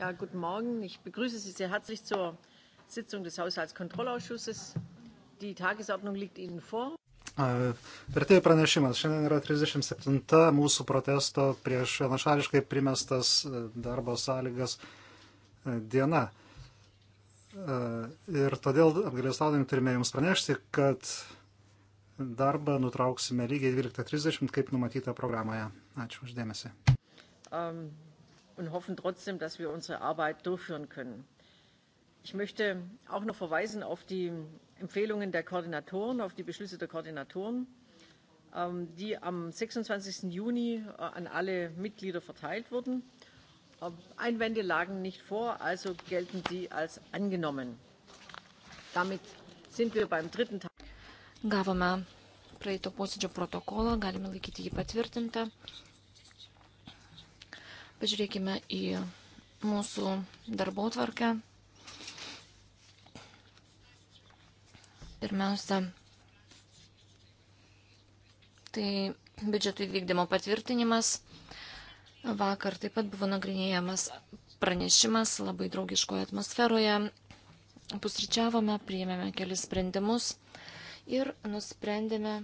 Ja, guten Morgen. Ich begrüße Sie sehr herzlich zur Sitzung des Haushaltskontrollausschusses. Die Tagesordnung liegt Ihnen vor. Äh, Vertėjų pranešimas. Šiandien yra 37 mūsų protesto prieš vienašališkai primestas e, darbo sąlygas e, diena. E, ir todėl apgailestaudami turime Jums pranešti, kad darbą nutrauksime lygiai 12.30, kaip numatyta programoje. Ačiū uždėmesi. Um und hoffen trotzdem, dass wir unsere Arbeit durchführen können. Ich möchte auch noch verweisen auf die Empfehlungen der Koordinatoren, auf die Beschlüsse der Koordinatoren, ähm, die am 26. Juni äh, an alle Mitglieder verteilt wurden. Äh, Einwände lagen nicht vor, also gelten sie als angenommen. Damit sind wir beim dritten Teil. Gavome praeito posėdžio protokolą, galime laikyti jį patvirtintą. Pažiūrėkime į mūsų darbo tvarkę. Pirmiausia, tai biudžeto įvykdymo patvirtinimas. Vakar taip pat buvo nagrinėjamas pranešimas labai draugiškoje atmosferoje. Pusryčiavome, priėmėme kelis sprendimus ir nusprendėme,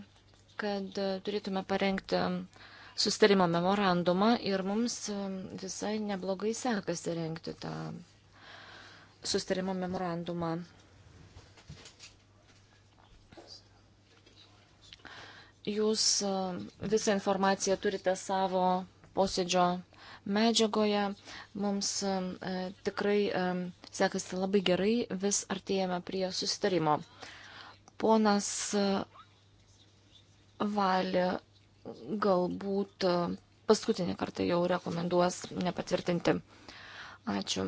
kad turėtume parengti sustarimo memorandumą ir mums e, visai neblogai sekasi renkti tą sustarimo memorandumą. Jūs e, visą informaciją turite savo posėdžio medžiagoje. Mums e, tikrai sekasi labai gerai, vis artėjame prie sustarimo. Ponas Valė galbūt e, paskutinį kartą jau rekomenduos nepatvirtinti. Ačiū.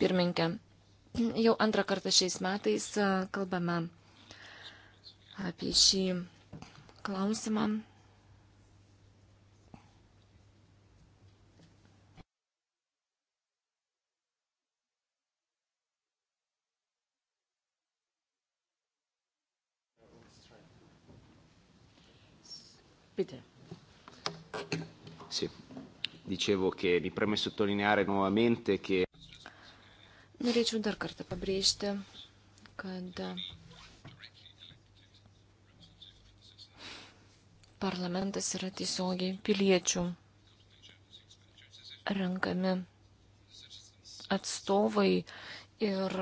Pirminkė, jau antrą kartą šiais metais e, kalbame apie šį klausimą. Bitte. Sì, dicevo che mi preme sottolineare nuovamente che. Norėčiau dar kartą pabrėžti, kad parlamentas yra tiesiogiai piliečių renkami atstovai ir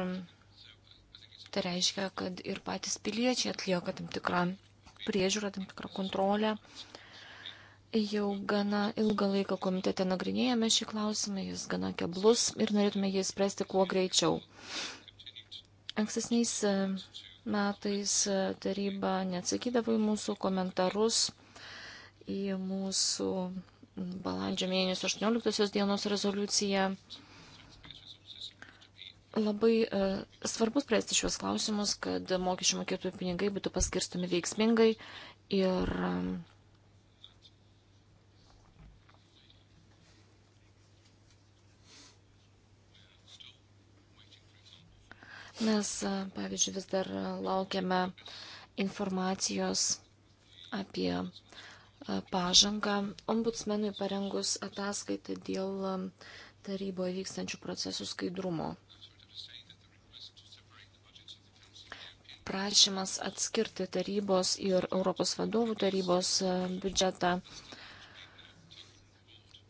tai reiškia, kad ir patys piliečiai atlieka tam tikrą priežiūrą, tam tikrą kontrolę. Jau gana ilgą laiką komitete nagrinėjame šį klausimą, jis gana keblus ir norėtume jį spręsti kuo greičiau. Ankstesniais e, metais e, taryba neatsakydavo į mūsų komentarus, į mūsų balandžio mėnesio 18 dienos rezoliuciją. Labai e, svarbus prėsti šios klausimus, kad mokesčių mokėtojų pinigai būtų paskirstami veiksmingai ir e, Mes, e, pavyzdžiui, vis dar laukiame informacijos apie e, pažangą ombudsmenui parengus ataskaitą dėl e, taryboje vykstančių procesų skaidrumo. prašymas atskirti tarybos ir Europos vadovų tarybos e, biudžetą,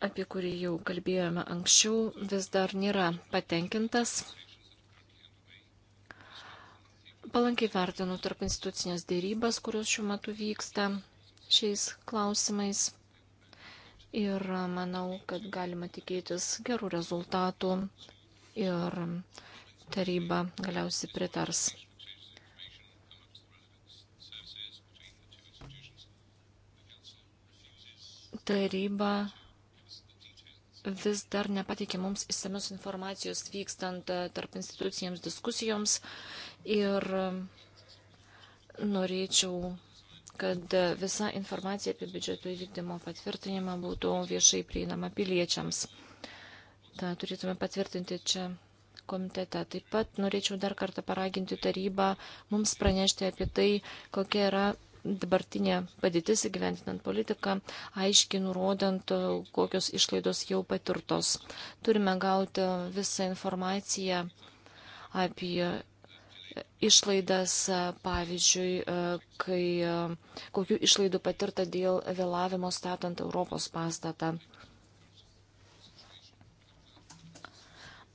apie kurį jau kalbėjome anksčiau, vis dar nėra patenkintas. Palankiai vertinu tarp institucinės dėrybas, kurios šiuo metu vyksta šiais klausimais. Ir manau, kad galima tikėtis gerų rezultatų ir taryba galiausiai pritars taryba vis dar nepateikė mums įsamios informacijos vykstant e, tarp institucijams diskusijoms ir e, norėčiau, kad e, visa informacija apie biudžeto įvykdymo patvirtinimą būtų viešai prieinama piliečiams. Ta turėtume patvirtinti čia komitete. Taip pat norėčiau dar kartą paraginti tarybą mums pranešti apie tai, kokia yra dabartinė padėtis įgyventinant politiką, aiškiai nurodant, e, kokios išlaidos jau patirtos. Turime gauti visą informaciją apie išlaidas, e, pavyzdžiui, e, kai, kokiu išlaidu patirta dėl vėlavimo statant Europos pastatą.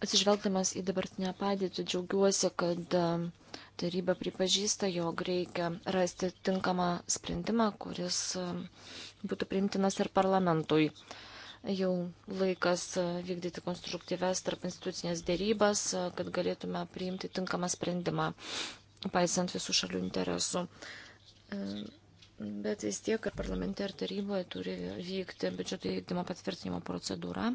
Atsižvelgdamas į dabartinę padėtį, džiaugiuosi, kad Taryba pripažįsta, jog reikia rasti tinkamą sprendimą, kuris e, būtų priimtinas ir parlamentui. Jau laikas e, vykdyti konstruktyves tarp institucinės dėrybas, e, kad galėtume priimti tinkamą sprendimą, paisant visų šalių interesų. Bet vis tiek ir parlamente, ir taryboje turi vykti biudžeto įvykdymo patvirtinimo procedūra.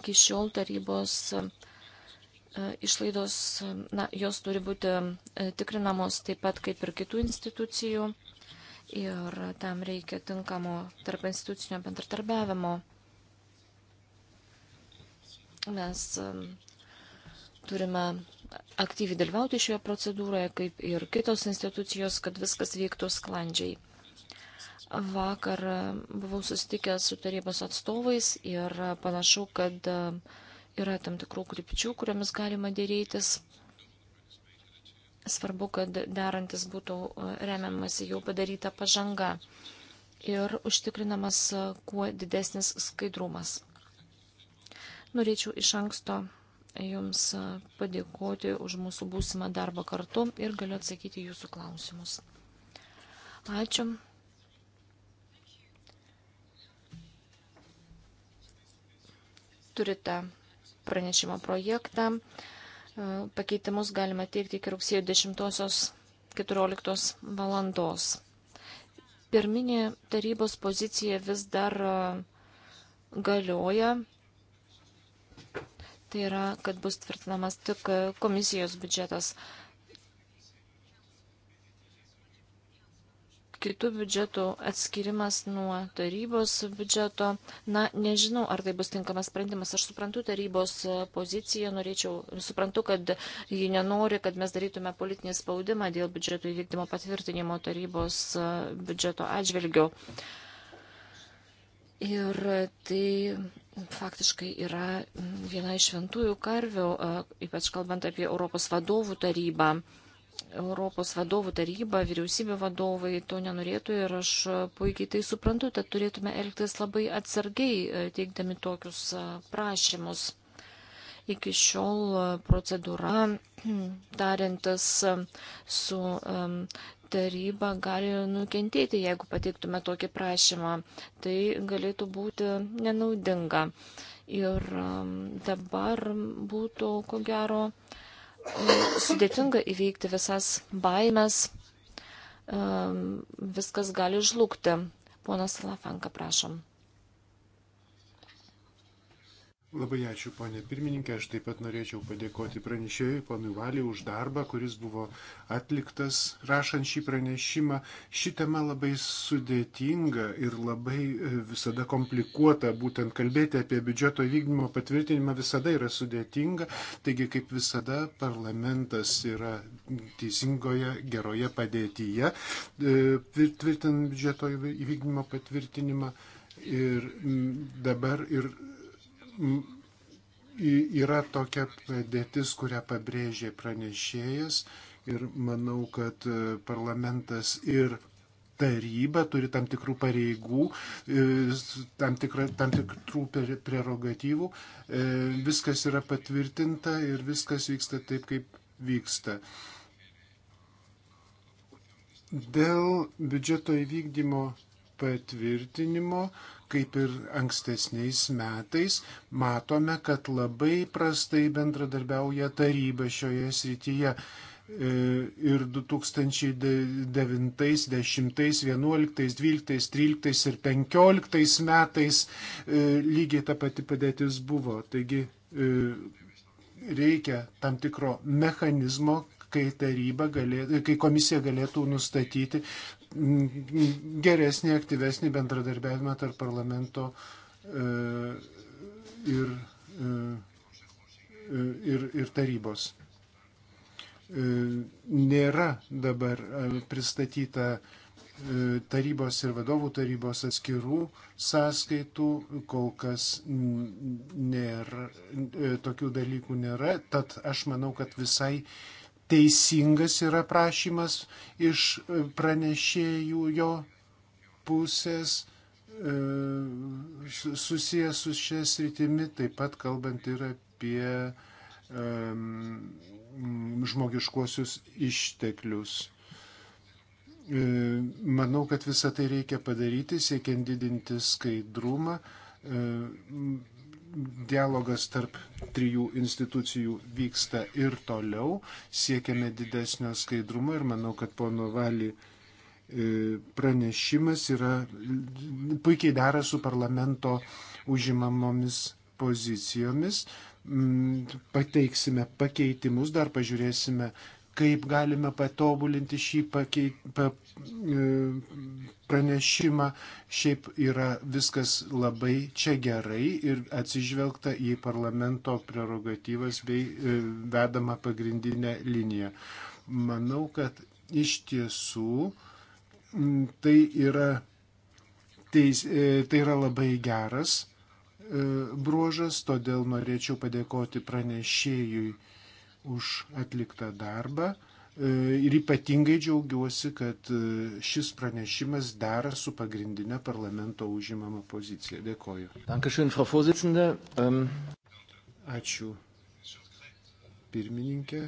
Iki šiol tarybos uh, E, išlaidos, e, na, jos turi būti e, tikrinamos taip pat kaip ir kitų institucijų ir tam reikia tinkamo tarp institucinio bendratarbiavimo. Mes turime aktyviai dalyvauti šioje procedūroje, kaip ir kitos institucijos, kad viskas vyktų sklandžiai. Vakar buvau susitikęs su tarybos atstovais ir panašu, kad Yra tam tikrų krypčių, kuriomis galima dėrėtis. Svarbu, kad darantis būtų e, remiamasi jau padaryta pažanga ir užtikrinamas e, kuo didesnis skaidrumas. Norėčiau iš anksto Jums e, padėkoti už mūsų būsimą darbą kartu ir galiu atsakyti Jūsų klausimus. Ačiū. Turite pranešimo projektą. E, pakeitimus galima teikti iki rugsėjo 10.14 valandos. Pirminė tarybos pozicija vis dar e, galioja. Tai yra, kad bus tvirtinamas tik e, komisijos biudžetas. Uh, kitų biudžetų atskirimas nuo tarybos biudžeto. Na, nežinau, ar tai bus tinkamas sprendimas. Aš suprantu tarybos poziciją, norėčiau, suprantu, kad ji nenori, kad mes darytume politinį spaudimą dėl biudžeto įvykdymo patvirtinimo tarybos biudžeto atžvilgiu. Ir tai faktiškai yra viena iš šventųjų karvių, ypač kalbant apie Europos vadovų tarybą. Europos vadovų taryba, vyriausybių vadovai to nenorėtų ir aš puikiai tai suprantu, tad turėtume elgtis labai atsargiai e, teikdami tokius e, prašymus. Iki šiol e, procedūra tarintas su taryba gali nukentėti, jeigu pateiktume tokį prašymą. Tai galėtų būti nenaudinga. Ir dabar būtų, ko gero, sudėtinga įveikti visas baimės, viskas gali žlugti. Ponas Lafanka, prašom. Labai ačiū, ponė pirmininkė. Aš taip pat norėčiau padėkoti pranešėjui, ponui Valiui, už darbą, kuris buvo atliktas rašant šį pranešimą. Ši tema labai sudėtinga ir labai e, visada komplikuota. Būtent kalbėti apie biudžeto vykdymo patvirtinimą visada yra sudėtinga. Taigi, kaip visada, parlamentas yra teisingoje, geroje padėtyje, e, tvirtinant biudžeto įvykdymo patvirtinimą. Ir dabar ir yra tokia padėtis, kurią pabrėžė pranešėjas ir manau, kad e, parlamentas ir taryba turi tam tikrų pareigų, e, tam, tikra, tam tikrų prerogatyvų. E, viskas yra patvirtinta ir viskas vyksta taip, kaip vyksta. Dėl biudžeto įvykdymo patvirtinimo kaip ir ankstesniais metais, matome, kad labai prastai bendradarbiauja taryba šioje srityje. E, ir 2009, 10, 11, 12, 13 ir 15 metais e, lygiai ta pati padėtis buvo. Taigi e, reikia tam tikro mechanizmo, kai, galėtų, kai komisija galėtų nustatyti geresnį, aktyvesnį bendradarbiavimą tarp parlamento e, ir, e, e, ir, ir tarybos. Nėra dabar pristatyta tarybos ir vadovų tarybos atskirų sąskaitų, kol kas nėra, tokių dalykų nėra, tad aš manau, kad visai teisingas yra prašymas iš e, pranešėjų jo pusės e, susijęs su šia sritimi, taip pat kalbant ir apie um, žmogiškuosius išteklius. E, manau, kad visą tai reikia padaryti, siekiant didinti skaidrumą dialogas tarp trijų institucijų vyksta ir toliau. Siekiame didesnio skaidrumo ir manau, kad pono Valį e, pranešimas yra puikiai dera su parlamento užimamomis pozicijomis. Mm, pateiksime pakeitimus, dar pažiūrėsime, kaip galime patobulinti šį pakei, pa, E, pranešimą. Šiaip yra viskas labai čia gerai ir atsižvelgta į parlamento prerogatyvas bei e, vedama pagrindinę liniją. Manau, kad iš tiesų tai yra, teis, e, tai yra labai geras bruožas, todėl norėčiau padėkoti pranešėjui už atliktą darbą E, ir ypatingai džiaugiuosi, kad e, šis pranešimas dera su pagrindinė parlamento užimama pozicija. Dėkoju. Ähm, Ačiū, pirmininkė.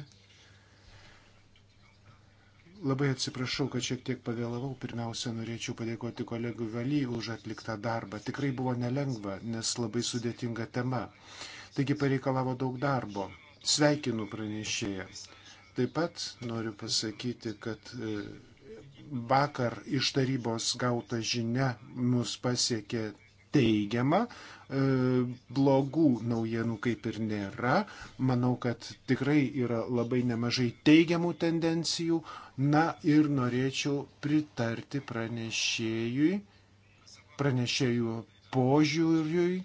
Labai atsiprašau, kad šiek tiek pavėlavau. Pirmiausia, norėčiau padėkoti kolegui Valy už atliktą darbą. Tikrai buvo nelengva, nes labai sudėtinga tema. Taigi pareikalavo daug darbo. Sveikinu pranešėją. Taip pat noriu pasakyti, kad e, vakar iš tarybos gauta žinia mus pasiekė teigiama, e, blogų naujienų kaip ir nėra. Manau, kad tikrai yra labai nemažai teigiamų tendencijų. Na ir norėčiau pritarti pranešėjui, pranešėjų požiūriui,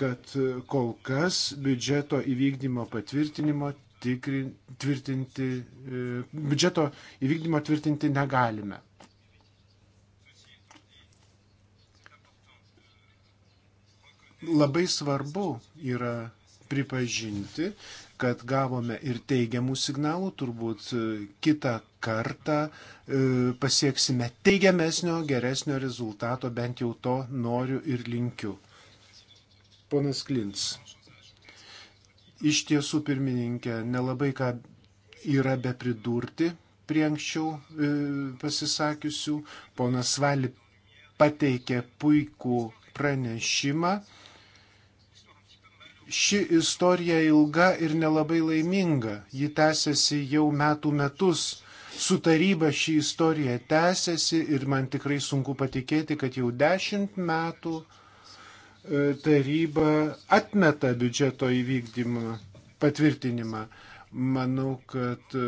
kad e, kol kas biudžeto įvykdymo patvirtinimo tikrin, tvirtinti, e, biudžeto įvykdymo tvirtinti negalime. Labai svarbu yra pripažinti, kad gavome ir teigiamų signalų, turbūt e, kitą kartą e, pasieksime teigiamesnio, geresnio rezultato, bent jau to noriu ir linkiu. Ponas Klins. Iš tiesų, pirmininkė, nelabai ką yra be pridurti prie anksčiau e, pasisakiusių. Ponas Vali pateikė puikų pranešimą. Ši istorija ilga ir nelabai laiminga. Ji tęsiasi jau metų metus. Su taryba ši istorija tęsiasi ir man tikrai sunku patikėti, kad jau dešimt metų E, taryba atmeta biudžeto įvykdymą, patvirtinimą. Manau, kad e,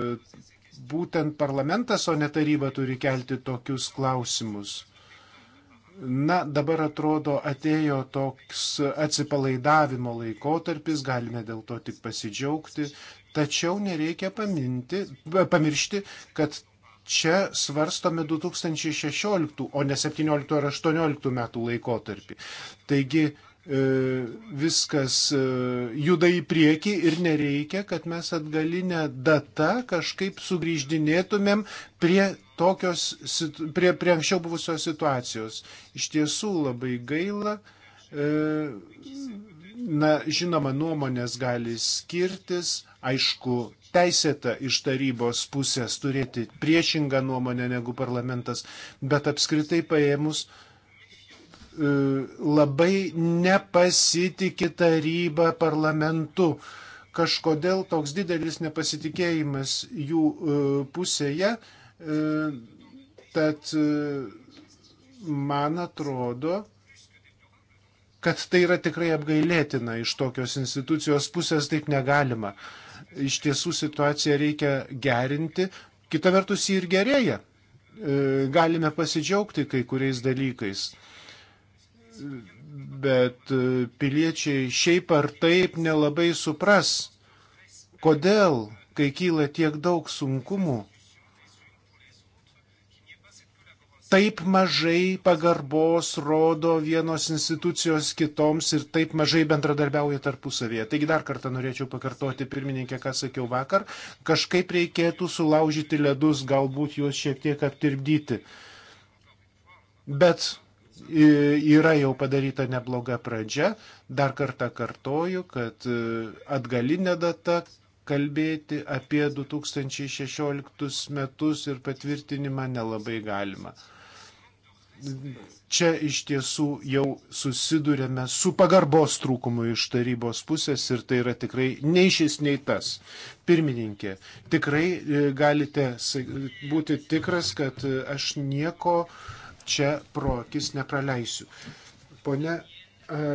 būtent parlamentas, o ne taryba turi kelti tokius klausimus. Na, dabar atrodo atėjo toks atsipalaidavimo laikotarpis, galime dėl to tik pasidžiaugti, tačiau nereikia paminti, pamiršti, kad čia svarstome 2016, o ne 17 ar 18 metų laikotarpį. Taigi e, viskas e, juda į priekį ir nereikia, kad mes atgalinę datą kažkaip sugrįždinėtumėm prie, tokios, prie, prie anksčiau buvusios situacijos. Iš tiesų labai gaila. E, Na, žinoma, nuomonės gali skirtis, aišku, teisėta iš tarybos pusės turėti priešingą nuomonę negu parlamentas, bet apskritai paėmus e, labai nepasitikė taryba parlamentu. Kažkodėl toks didelis nepasitikėjimas jų e, pusėje, e, tad man atrodo, kad tai yra tikrai apgailėtina iš tokios institucijos pusės taip negalima. Iš tiesų situaciją reikia gerinti, kita vertus jį ir gerėja. E, galime pasidžiaugti kai kuriais dalykais. Bet e, piliečiai šiaip ar taip nelabai supras, kodėl, kai kyla tiek daug sunkumų, taip mažai pagarbos rodo vienos institucijos kitoms ir taip mažai bendradarbiauja tarpusavėje. Taigi dar kartą norėčiau pakartoti pirmininkę, ką sakiau vakar, kažkaip reikėtų sulaužyti ledus, galbūt juos šiek tiek aptirbdyti. Bet e, yra jau padaryta nebloga pradžia. Dar kartą kartoju, kad e, atgalinė data kalbėti apie 2016 metus ir patvirtinimą nelabai galima čia iš tiesų jau susidurėme su pagarbos trūkumu iš tarybos pusės ir tai yra tikrai nei šis, nei tas. Pirmininkė, tikrai e, galite būti tikras, kad e, aš nieko čia prokis nepraleisiu. Pone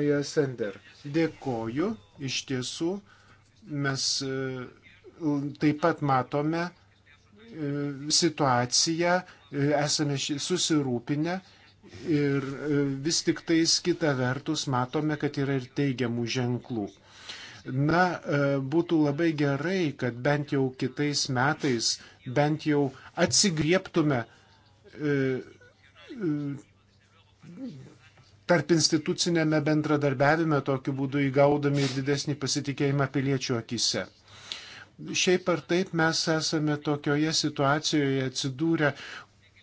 Jasender, e, dėkoju, iš tiesų mes taip pat matome situaciją, esame susirūpinę Ir e, vis tik tais kita vertus matome, kad yra ir teigiamų ženklų. Na, e, būtų labai gerai, kad bent jau kitais metais, bent jau atsigrieptume e, tarp institucinėme bendradarbiavime tokiu būdu įgaudami ir didesnį pasitikėjimą piliečių akise. Šiaip ar taip mes esame tokioje situacijoje atsidūrę,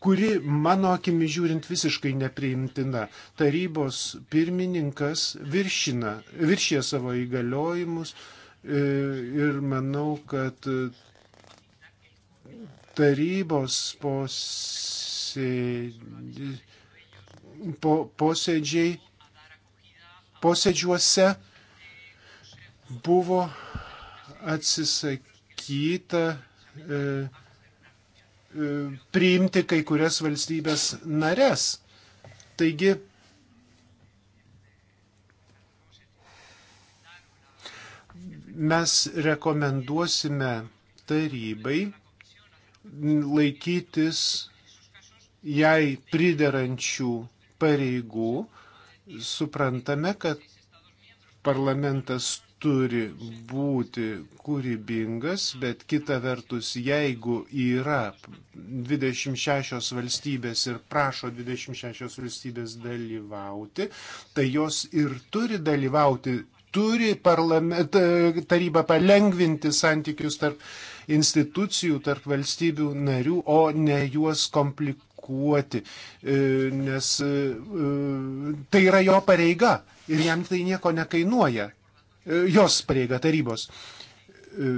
kuri mano akimi žiūrint visiškai nepriimtina. Tarybos pirmininkas viršina, viršė savo įgaliojimus e, ir manau, kad tarybos posėdžiai, po, posėdžiai posėdžiuose buvo atsisakyta e, E, priimti kai kurias valstybės nares. Taigi, mes rekomenduosime tarybai laikytis jai priderančių pareigų. Suprantame, kad parlamentas turi būti kūrybingas, bet kita vertus, jeigu yra 26 valstybės ir prašo 26 valstybės dalyvauti, tai jos ir turi dalyvauti, turi taryba palengvinti santykius tarp institucijų, tarp valstybių narių, o ne juos komplikuoti komunikuoti, e, nes e, e, tai yra jo pareiga ir jam tai nieko nekainuoja. E, jos pareiga tarybos. E,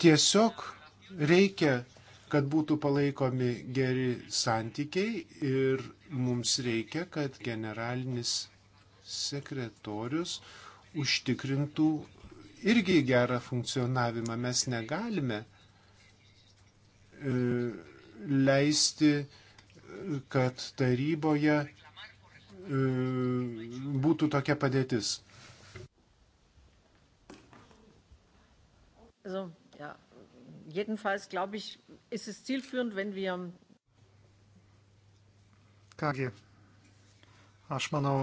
tiesiog reikia, kad būtų palaikomi geri santykiai ir mums reikia, kad generalinis sekretorius užtikrintų irgi gerą funkcionavimą. Mes negalime e, leisti, kad taryboje E, būtų tokia padėtis. Also, ja, jedenfalls glaube ich, ist es zielführend, wenn wir. Kągi, aš manau,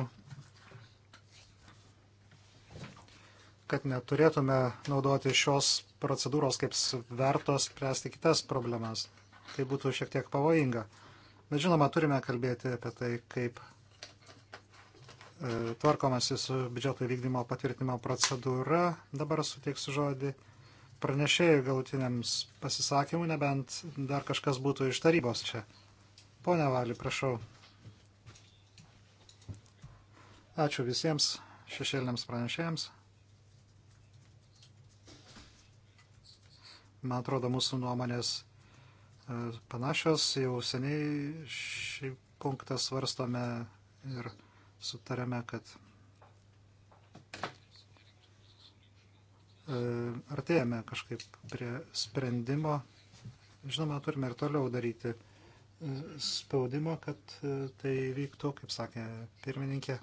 kad neturėtume naudoti šios procedūros kaip svertos spręsti kitas problemas. Tai būtų šiek tiek pavojinga. Bet žinoma, turime kalbėti apie tai, kaip E, tvarkomasi su biudžeto vykdymo patvirtinimo procedūra. Dabar suteiksiu žodį pranešėjų galutiniams pasisakymų, nebent dar kažkas būtų iš tarybos čia. Pone Valį, prašau. Ačiū visiems šešėliniams pranešėjams. Man atrodo, mūsų nuomonės e, panašios, jau seniai šį punktą svarstome ir sutarėme, kad e, artėjame kažkaip prie sprendimo. Žinoma, turime ir toliau daryti e, spaudimo, kad e, tai vyktų, kaip sakė pirmininkė.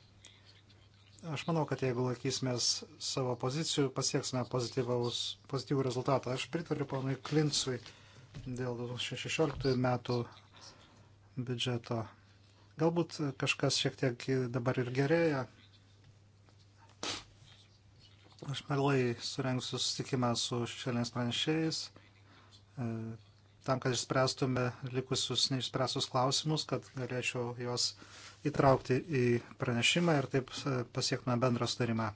Aš manau, kad jeigu laikysimės savo pozicijų, pasieksime pozityvų rezultatą. Aš pritariu ponui Klinsui dėl 2016 metų biudžeto Galbūt kažkas šiek tiek dabar ir gerėja. Aš melai surengsiu susitikimą su šešėliniais pranešėjais, e, tam, kad išspręstume likusius neišspręstus klausimus, kad galėčiau juos įtraukti į pranešimą ir taip e, pasiektume bendrą sutarimą.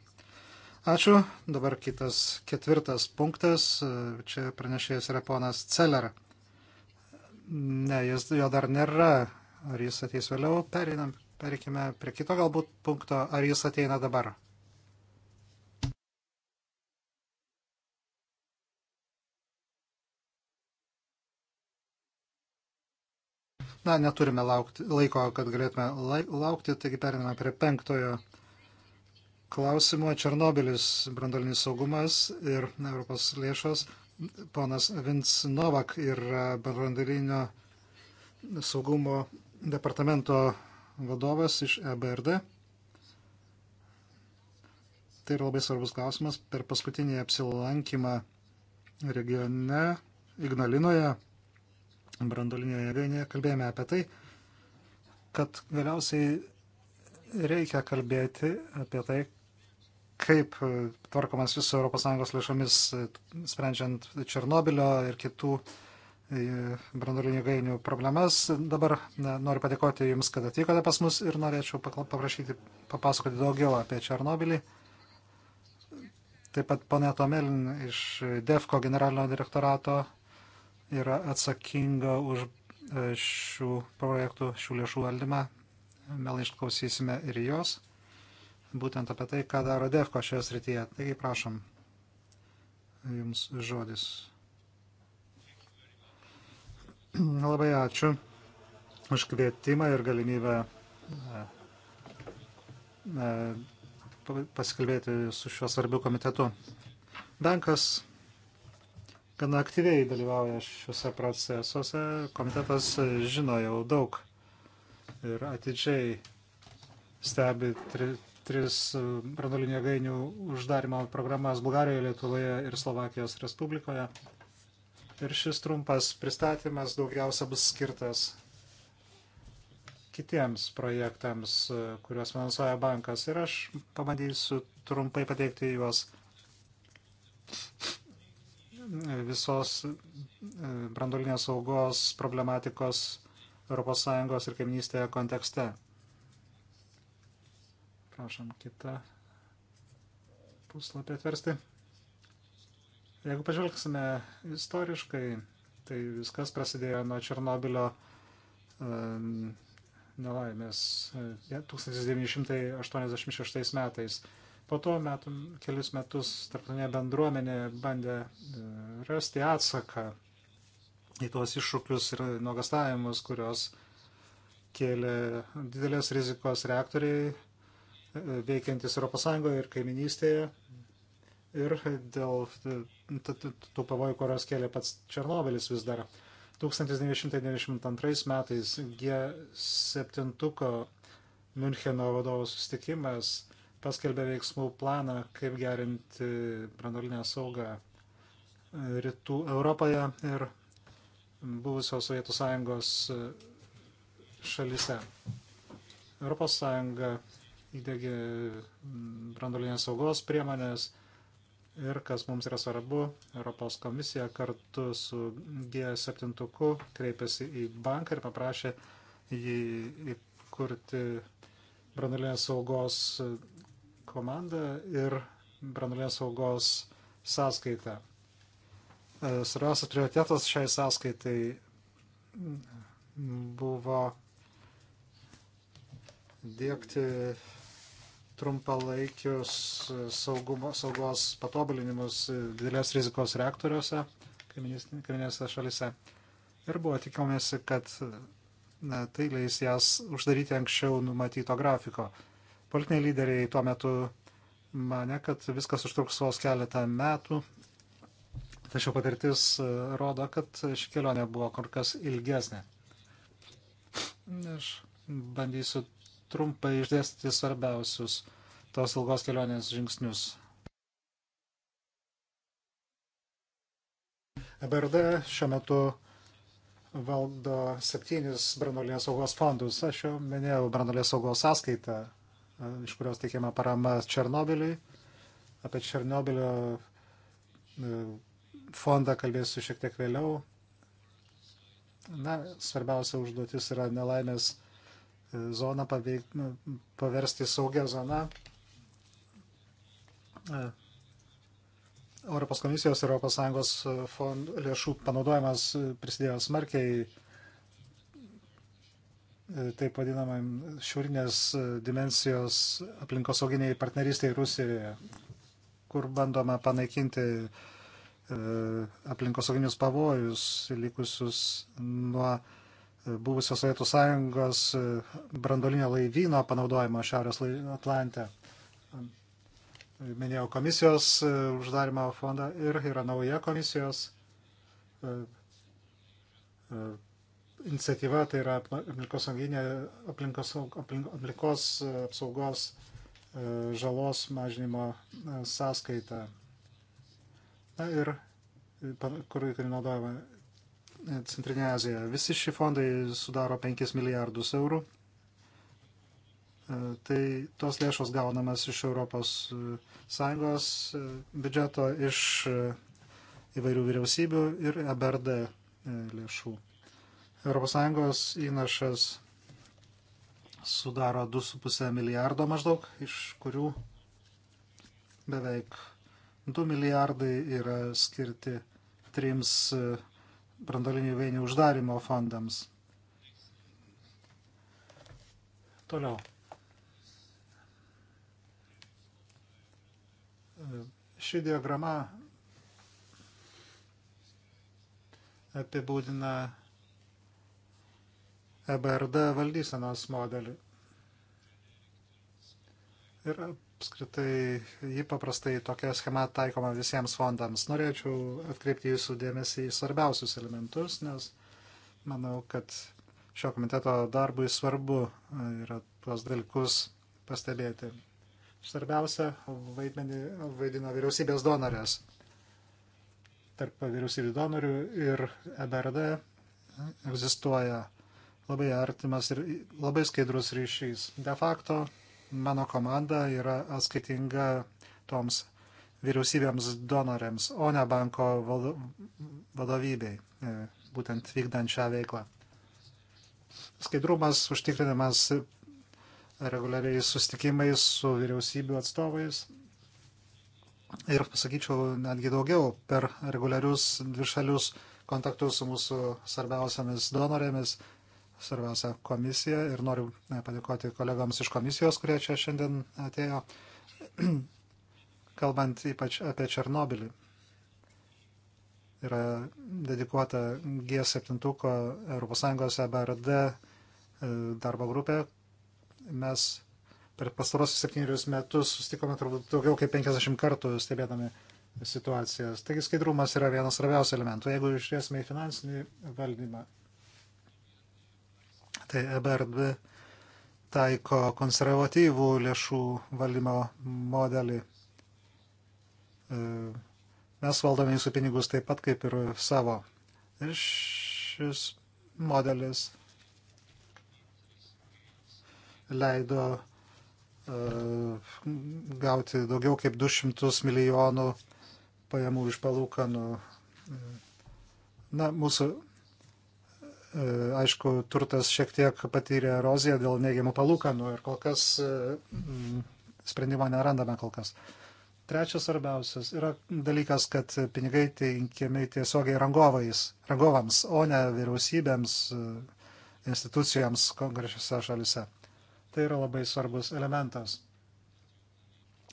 Ačiū. Dabar kitas ketvirtas punktas. E, čia pranešėjas yra ponas Celler. Ne, jis, jo dar nėra ar jis ateis vėliau. Perinam, perikime prie kito galbūt punkto, ar jis ateina dabar. Na, neturime laukti, laiko, kad galėtume lai, laukti, taigi periname prie penktojo klausimo. Černobilis, brandolinis saugumas ir Europos lėšos. Ponas Vins Novak ir brandolinio saugumo departamento vadovas iš EBRD. Tai yra labai svarbus klausimas. Per paskutinį apsilankymą regione Ignalinoje, brandolinėje jėgainėje, kalbėjome apie tai, kad galiausiai reikia kalbėti apie tai, kaip tvarkomas viso ES lėšomis, sprendžiant Černobilio ir kitų uh, branduolinių gainių problemas. Dabar noriu padėkoti Jums, kad atvykote pas mus ir norėčiau paprašyti papasakoti daugiau apie Černobilį. Taip pat ponė Tomelin iš DEFCO generalinio direktorato yra atsakinga už e, šių projektų, šių lėšų valdymą. Melai išklausysime ir jos, būtent apie tai, ką daro DEFCO šioje srityje. Taigi prašom, jums žodis. Labai ačiū už kvietimą ir galimybę e, e, pasikalbėti su šiuo svarbiu komitetu. Bankas gana aktyviai dalyvauja šiuose procesuose. Komitetas žino jau daug ir atidžiai stebi tri, tris branduolinių jėgainių uždarimo programas Bulgarijoje, Lietuvoje ir Slovakijos Respublikoje. Ir šis trumpas pristatymas daugiausia bus skirtas kitiems projektams, kuriuos finansuoja bankas. Ir aš pabandysiu trumpai pateikti juos visos e, brandolinės saugos problematikos ES ir kaiminystėje kontekste. Prašom kitą puslapį atversti. Jeigu pažvelgsime istoriškai, tai viskas prasidėjo nuo Černobilio um, nelaimės 1986 e, metais. Po to metų, kelius metus tarptautinė bendruomenė bandė e, rasti atsaką į tuos iššūkius ir nuogastavimus, kurios kėlė didelės rizikos reaktoriai e, veikiantis ES ir kaiminystėje ir dėl tų pavojų, kurios kėlė pats Černobilis vis dar. 1992 metais G7 Müncheno vadovų sustikimas paskelbė veiksmų planą, kaip gerinti brandolinę saugą rytų Europoje ir buvusios Sovietų sąjungos šalyse. Europos sąjunga įdėgė brandolinės saugos priemonės Ir kas mums yra svarbu, Europos komisija kartu su G7 kreipėsi į banką ir paprašė jį įkurti branduolinės saugos komandą ir branduolinės saugos sąskaitą. E, svarbiausias prioritetas šiai sąskaitai buvo dėkti trumpalaikius saugumo, saugos patobulinimus didelės rizikos reaktoriuose kaiminėse šalise. Ir buvo tikimasi, kad na, tai leis jas uždaryti anksčiau numatyto grafiko. Politiniai lyderiai tuo metu mane, kad viskas užtruks vos keletą metų. Tačiau patirtis e, rodo, kad ši kelionė buvo kur kas ilgesnė. Aš bandysiu trumpai išdėstyti svarbiausius tos ilgos kelionės žingsnius. EBRD šiuo metu valdo septynis branduolės saugos fondus. Aš jau minėjau branduolės saugos sąskaitą, e, iš kurios teikiama parama Černobiliui. Apie Černobilio e, fondą kalbėsiu šiek tiek vėliau. Na, svarbiausia užduotis yra nelaimės zoną paveik, paversti saugią zoną. E, Europos komisijos ir Europos Sąjungos e, fond, lėšų panaudojimas e, prisidėjo smarkiai taip vadinamam šiaurinės dimensijos aplinkosauginiai partnerystiai Rusijoje, kur bandoma panaikinti aplinkosauginius pavojus likusius nuo buvusios Sovietų sąjungos e, brandolinio laivyno panaudojimo Šiaurės Atlante. Minėjau komisijos e, uždarimo fondą ir yra nauja komisijos e, iniciatyva, tai yra aplinkos, aplinkos, aplinkos apsaugos žalos mažinimo sąskaita. Na ir kur naudojama Centrinė Azija. Visi šie fondai sudaro 5 milijardus eurų. E, tai tos lėšos gaunamas iš Europos e, Sąjungos e, biudžeto, iš įvairių vyriausybių ir EBRD lėšų. Europos Sąjungos įnašas sudaro 2,5 milijardo maždaug, iš kurių beveik 2 milijardai yra skirti trims brandolinių veinių uždarimo fondams. Toliau. Ši diagrama apibūdina EBRD valdysenos modelį. Ir apskritai ji paprastai tokia schema taikoma visiems fondams. Norėčiau atkreipti jūsų dėmesį į svarbiausius elementus, nes manau, kad šio komiteto darbui svarbu e, yra tuos dalykus pastebėti. Svarbiausia vaidmenį vaidina vyriausybės donorės. Tarp vyriausybių donorių ir EBRD e, egzistuoja labai artimas ir labai skaidrus ryšys. De facto mano komanda yra atskaitinga toms vyriausybėms donorėms, o ne banko vadovybei, e, būtent vykdančią veiklą. Skaidrumas užtikrinimas reguliariai sustikimais su vyriausybių atstovais ir, pasakyčiau, netgi daugiau per reguliarius dvišalius kontaktus su mūsų svarbiausiamis donorėmis svarbiausia komisija ir noriu e, padėkoti kolegoms iš komisijos, kurie čia šiandien atėjo, kalbant ypač apie Černobilį. Yra dedikuota G7 ES EBRD darbo grupė. Mes per pastarosius septynerius metus sustikome turbūt daugiau kaip 50 kartų stebėdami situacijas. Taigi skaidrumas yra vienas svarbiausių elementų. Jeigu išriesime į finansinį valdymą, tai EBRD taiko konservatyvų lėšų valdymo modelį. E, mes valdome jūsų pinigus taip pat kaip ir savo. Ir šis modelis leido uh, gauti daugiau kaip 200 milijonų pajamų iš palūkanų. Na, mūsų E, aišku, turtas šiek tiek patyrė eroziją dėl neigiamų palūkanų ir kol kas e, sprendimo nerandame kol kas. Trečias svarbiausias yra dalykas, kad pinigai teikiami tiesiogiai rangovais, rangovams, o ne vyriausybėms, e, institucijoms konkrečiose šalise. Tai yra labai svarbus elementas.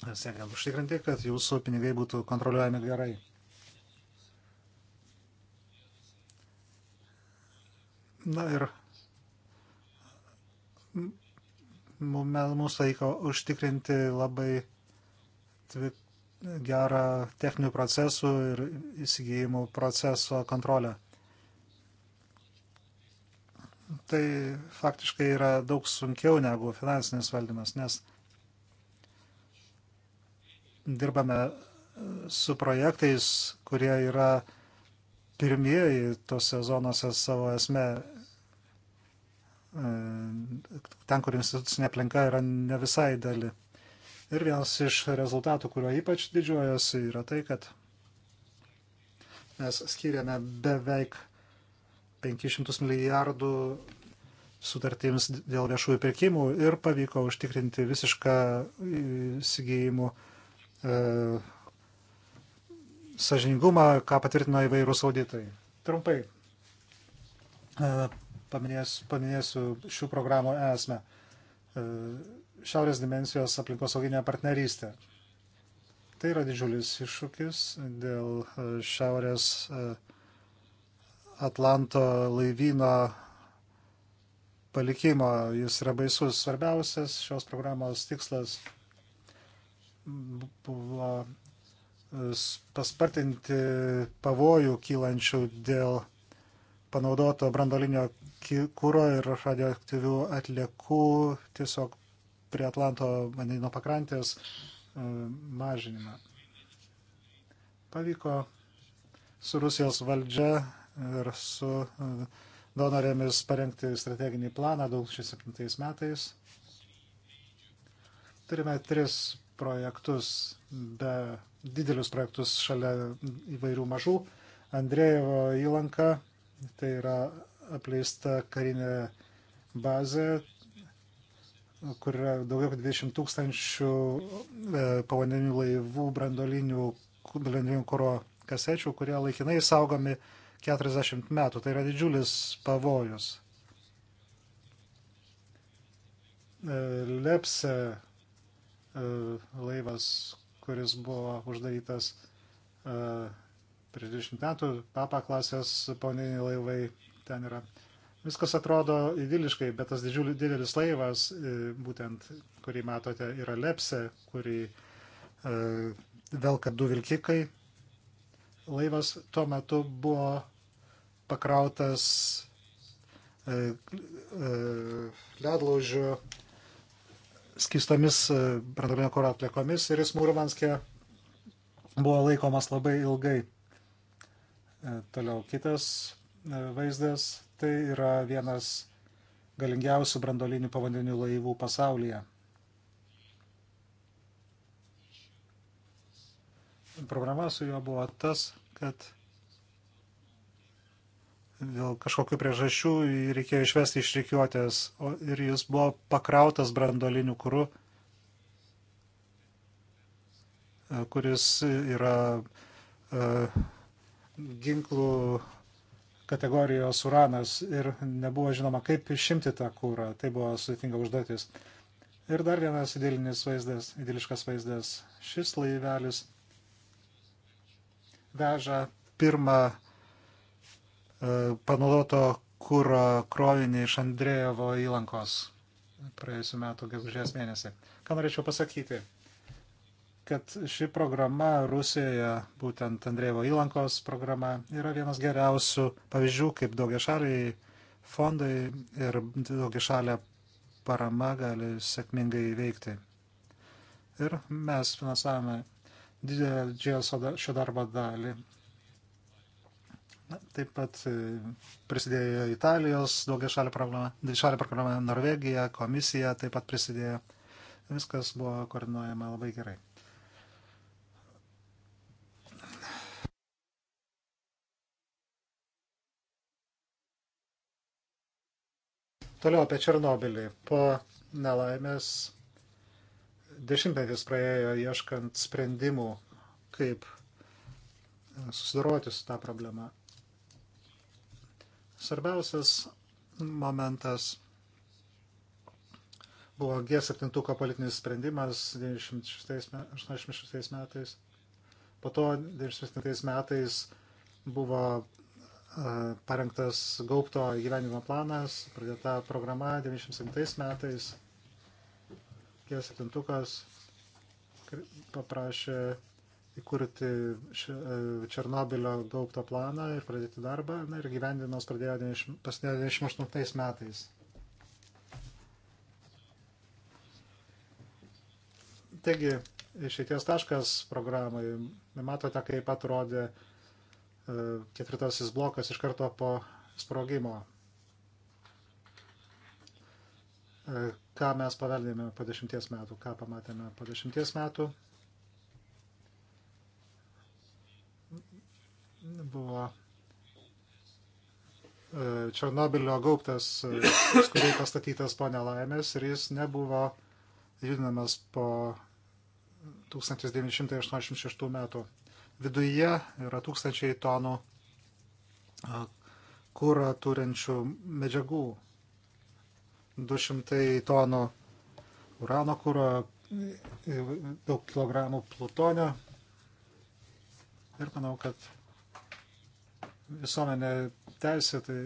Siekiant užtikrinti, kad jūsų pinigai būtų kontroliuojami gerai. Na ir mums laiko užtikrinti labai gerą techninių procesų ir įsigijimų proceso kontrolę. Tai faktiškai yra daug sunkiau negu finansinis valdymas, nes dirbame su projektais, kurie yra pirmieji tose zonose savo esme, e, ten, kur institucinė aplinka yra ne visai dali. Ir vienas iš rezultatų, kurio ypač didžiuojosi, yra tai, kad mes skiriame beveik 500 milijardų sutartims dėl viešųjų pirkimų ir pavyko užtikrinti visišką įsigijimų e, sažiningumą, ką patvirtina įvairūs auditai. Trumpai e, paminės, paminėsiu šių programų esmę. E, Šiaurės dimensijos aplinkosauginė partnerystė. Tai yra didžiulis iššūkis dėl e, Šiaurės Atlanto laivyno palikimo. Jis yra baisus. Svarbiausias šios programos tikslas buvo paspartinti pavojų kylančių dėl panaudoto brandolinio kūro ir radioaktyvių atliekų tiesiog prie Atlanto vandenino pakrantės e, mažinimą. Pavyko su Rusijos valdžia ir su e, donorėmis parengti strateginį planą 2007 metais. Turime tris projektus, be didelius projektus šalia įvairių mažų. Andrėjevo įlanka, tai yra apleista karinė bazė, kur yra daugiau kaip 20 tūkstančių e, povandeninių laivų, brandolinių, brandolinių kuro kasečių, kurie laikinai saugomi 40 metų. Tai yra didžiulis pavojus. E, Lepse E, laivas, kuris buvo uždarytas e, prieš 20 metų, papa klasės poniniai laivai ten yra. Viskas atrodo idiliškai, bet tas didžiulis, didelis laivas, e, būtent kurį matote, yra lepse, kurį velka du vilkikai. Laivas tuo metu buvo pakrautas ledlaužių skistomis e, branduolinio kuro atliekomis ir jis Mūrmanskė buvo laikomas labai ilgai. E, toliau kitas e, vaizdas tai yra vienas galingiausių branduolinių povandeninių laivų pasaulyje. Problema su juo buvo tas, kad dėl kažkokių priežasčių jį reikėjo išvesti iš reikiuotės ir jis buvo pakrautas brandoliniu kuru, e, kuris yra uh, ginklų kategorijos uranas ir nebuvo žinoma, kaip išimti tą kūrą. Tai buvo sudėtinga užduotis. Ir dar vienas idilinis vaizdas, idiliškas vaizdas. Šis laivelis veža pirmą E, panaudoto kūro krovinį iš Andrėjevo įlankos praėjusiu metu gegužės mėnesį. Ką norėčiau pasakyti, kad ši programa Rusijoje, būtent Andrėjevo įlankos programa, yra vienas geriausių pavyzdžių, kaip daugiašaliai fondai ir daugiašalė parama gali sėkmingai veikti. Ir mes finansavome didelę šio darbo dalį Na, taip pat e, prisidėjo Italijos daugia šalia problema, šalia problema Norvegija, komisija taip pat prisidėjo. Viskas buvo koordinuojama labai gerai. Toliau apie Černobilį. Po nelaimės dešimtmetis praėjo ieškant sprendimų, kaip susidoroti su tą problemą. Svarbiausias momentas buvo G7 politinis sprendimas 1986 metais. Po to 1997 metais buvo e, parengtas gaupto gyvenimo planas, pradėta programa 1997 metais. G7 paprašė įkurti e, Černobilio gaubto planą ir pradėti darbą. Na ir gyvendimas pradėjo 1998 metais. Taigi, išeities taškas programai. Matote, kaip atrodė e, ketvirtasis blokas iš karto po sprogimo. E, ką mes paveldėjome po dešimties metų, ką pamatėme po dešimties metų. buvo e, Černobilio gaubtas, skubiai e, pastatytas po nelaimės ir jis nebuvo judinamas po 1986 metų. Viduje yra tūkstančiai tonų e, kūrą turinčių medžiagų, 200 tonų urano kūro, daug kilogramų plutonio. Ir manau, kad visuomenė teisėtai,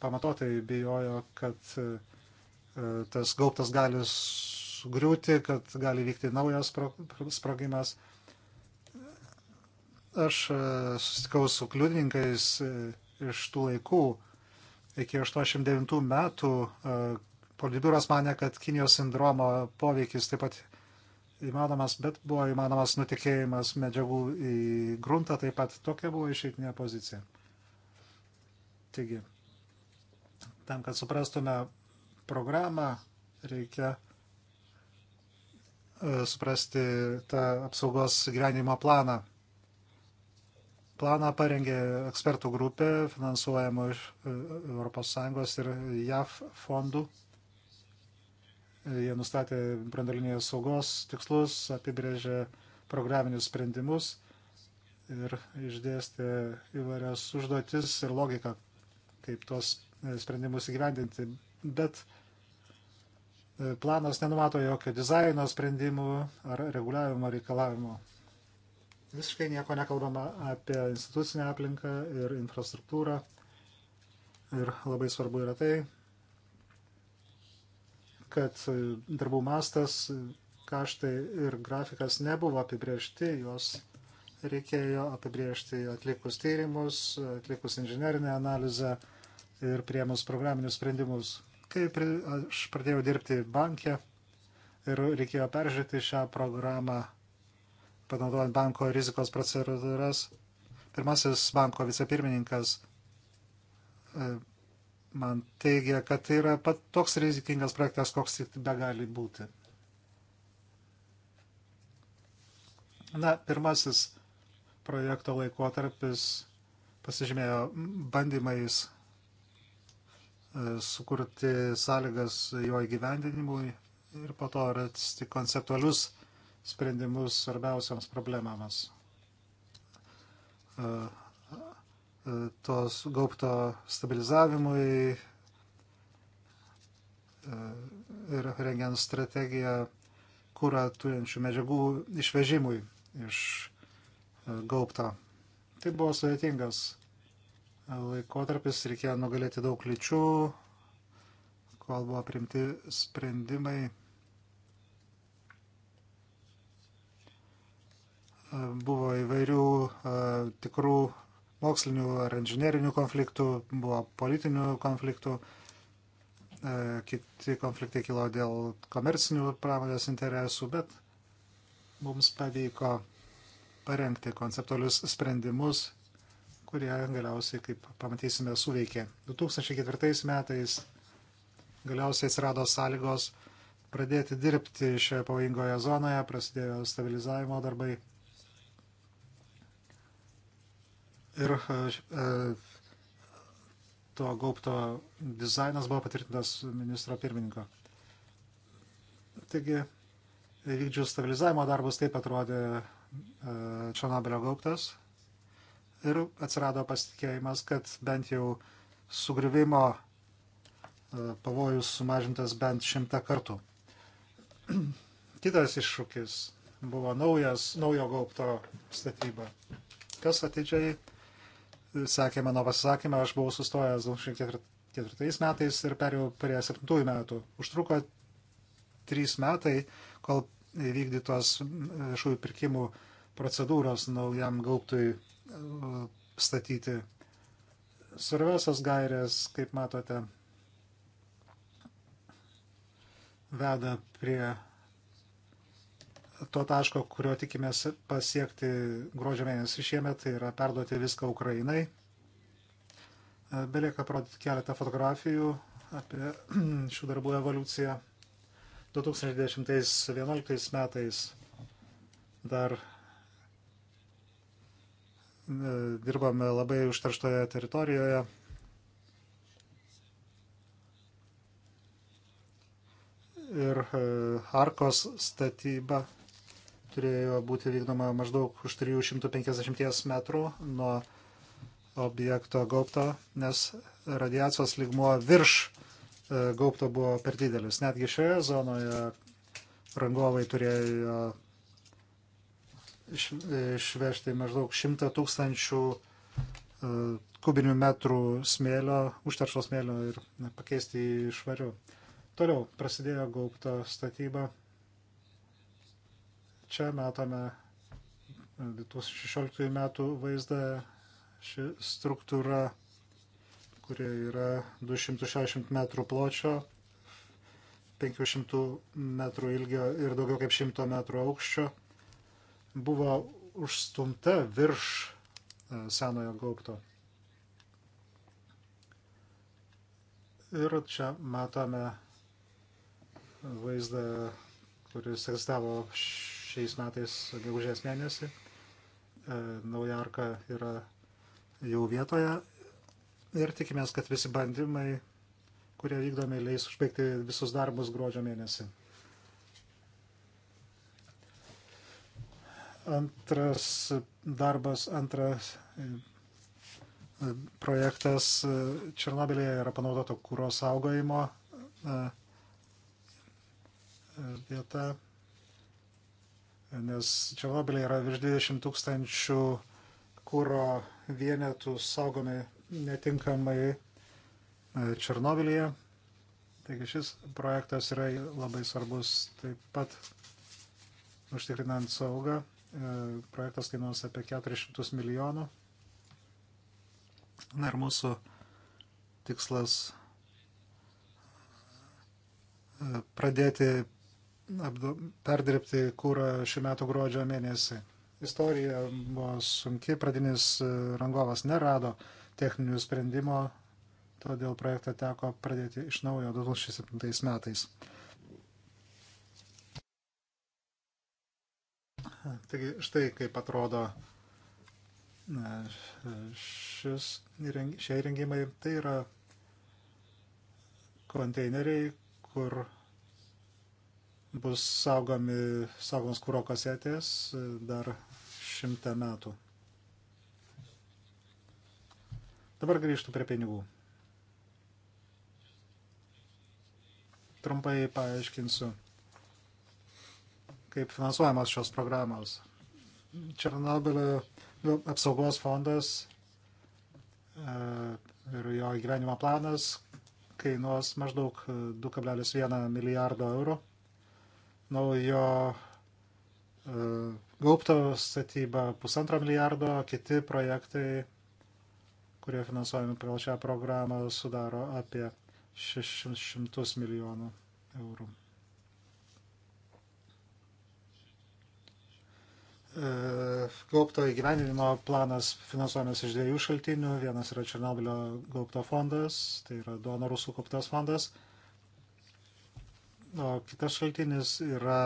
pamatotai bijojo, kad e, tas gaubtas gali sugriūti, kad gali vykti naujas sprogimas. Aš e, susitikau su kliudininkais e, iš tų laikų. Iki 89 metų politbiuras mane, kad Kinijos sindromo poveikis taip pat įmanomas, bet buvo įmanomas nutikėjimas medžiagų į gruntą, taip pat tokia buvo išeitinė pozicija. Taigi, tam, kad suprastume programą, reikia e, suprasti tą apsaugos gyvenimo planą. Planą parengė ekspertų grupė, finansuojama iš e, ES ir JAF fondų. E, jie nustatė brandalinės saugos tikslus, apibrėžė programinius sprendimus ir išdėstė įvairias užduotis ir logiką, kaip tuos e, sprendimus įgyvendinti, bet e, planas nenumato jokio dizaino sprendimų ar reguliavimo reikalavimo. Visiškai nieko nekalbama apie institucinę aplinką ir infrastruktūrą. Ir labai svarbu yra tai, kad e, darbų mastas, kaštai ir grafikas nebuvo apibriežti, juos reikėjo apibriežti atlikus tyrimus, atlikus inžinerinę analizę, ir priemus programinius sprendimus. Kai aš pradėjau dirbti bankė ir reikėjo peržiūrėti šią programą, panaudojant banko rizikos procedūras, pirmasis banko vicepirmininkas e, man teigia, kad tai yra pat toks rizikingas projektas, koks tik be gali būti. Na, pirmasis projekto laikotarpis pasižymėjo bandymais E, sukurti sąlygas jo įgyvendinimui ir po to rasti konceptualius sprendimus svarbiausiams problemams. E, e, tos gaupto stabilizavimui ir rengiant strategiją kūrą turinčių medžiagų išvežimui iš gaupto. Tai buvo sudėtingas laikotarpis, reikėjo nugalėti daug kliučių, kol buvo primti sprendimai. Buvo įvairių tikrų mokslinių ar inžinierinių konfliktų, buvo politinių konfliktų, kiti konfliktai kilo dėl komercinių pramonės interesų, bet mums pavyko parengti konceptualius sprendimus kurie galiausiai, kaip pamatysime, suveikė. 2004 metais galiausiai atsirado sąlygos pradėti dirbti šioje pavojingoje zonoje, prasidėjo stabilizavimo darbai. Ir e, e to gaupto dizainas buvo patvirtintas ministro pirmininko. Taigi, vykdžius stabilizavimo darbus, taip atrodė e, Černobylio gaubtas ir atsirado pasitikėjimas, kad bent jau sugrįvimo e, pavojus sumažintas bent šimtą kartų. Kitas iššūkis buvo naujas, naujo gaupto statyba. Kas atidžiai e, sakė mano pasisakymą, aš buvau sustojęs 2004 metais ir perėjau prie 7 metų. Užtruko 3 metai, kol įvykdytos viešųjų pirkimų procedūros naujam gauptui statyti. Svarbiausias gairės, kaip matote, veda prie to taško, kurio tikimės pasiekti gruodžio mėnesį šiemet, tai yra perduoti viską Ukrainai. Belieka parodyti keletą fotografijų apie šių darbų evoliuciją. 2010-2011 metais dar dirbame labai užterštoje teritorijoje. Ir e, Arkos statyba turėjo būti vykdoma maždaug už 350 metrų nuo objekto gaupto, nes radiacijos lygmuo virš e, gaupto buvo per didelis. Netgi šioje zonoje rangovai turėjo išvežti e, maždaug 100 tūkstančių e, kubinių metrų smėlio, užteršo smėlio ir pakeisti į švarių. Toliau prasidėjo gaubto statyba. Čia matome 2016 e, metų vaizdą. Ši struktūra, kurie yra 260 metrų pločio, 500 metrų ilgio ir daugiau kaip 100 metrų aukščio buvo užstumta virš e, senojo gaubto. Ir čia matome vaizdą, kuris egzistavo šiais metais gegužės mėnesį. E, Naujarka yra jau vietoje ir tikimės, kad visi bandymai, kurie vykdomi, leis užbaigti visus darbus gruodžio mėnesį. antras darbas, antras e, projektas e, Černobilėje yra panaudoto kūro saugojimo e, vieta, nes Černobilėje yra virš 20 tūkstančių kūro vienetų saugomi netinkamai Černobilėje. Taigi šis projektas yra labai svarbus taip pat užtikrinant saugą E, projektas kainuos apie 400 milijonų. Na ir mūsų tikslas e, pradėti apdo, perdirbti kūrą šių metų gruodžio mėnesį. Istorija buvo sunki, pradinis e, rangovas nerado techninių sprendimo, todėl projektą teko pradėti iš naujo 2007 metais. Taigi štai kaip atrodo šis, šie įrengimai. Tai yra konteineriai, kur bus saugomi, saugomos kūro kasetės dar šimtą metų. Dabar grįžtų prie pinigų. Trumpai paaiškinsiu kaip finansuojamas šios programos. Černobilio apsaugos fondas e, ir jo gyvenimo planas kainuos maždaug 2,1 e, milijardo eurų. Naujo e, gaupto statyba pusantro milijardo, kiti projektai, kurie finansuojami pagal šią programą, sudaro apie 600 milijonų eurų. E, gaupto įgyvendinimo planas finansuojamas iš dviejų šaltinių. Vienas yra Černobilio gaupto fondas, tai yra donorų sukauptas fondas. O kitas šaltinis yra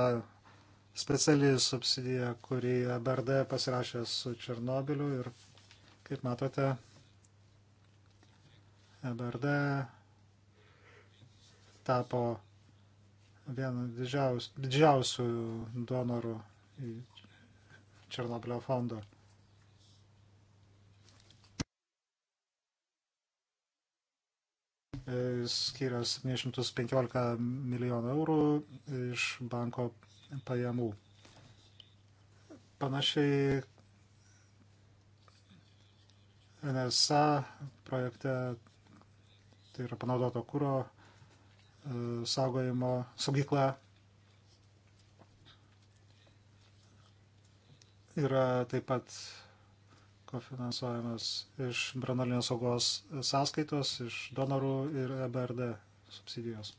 speciali subsidija, kurį e BRD pasirašė su Černobiliu ir, kaip matote, e BRD tapo vienu didžiausių, didžiausių donorų į Černobilio fondo. E, skiria 715 milijonų eurų iš banko pajamų. Panašiai NSA projekte tai yra panaudoto kūro e, saugojimo saugykla yra taip pat kofinansuojamas iš branolinės saugos sąskaitos, iš donorų ir EBRD subsidijos.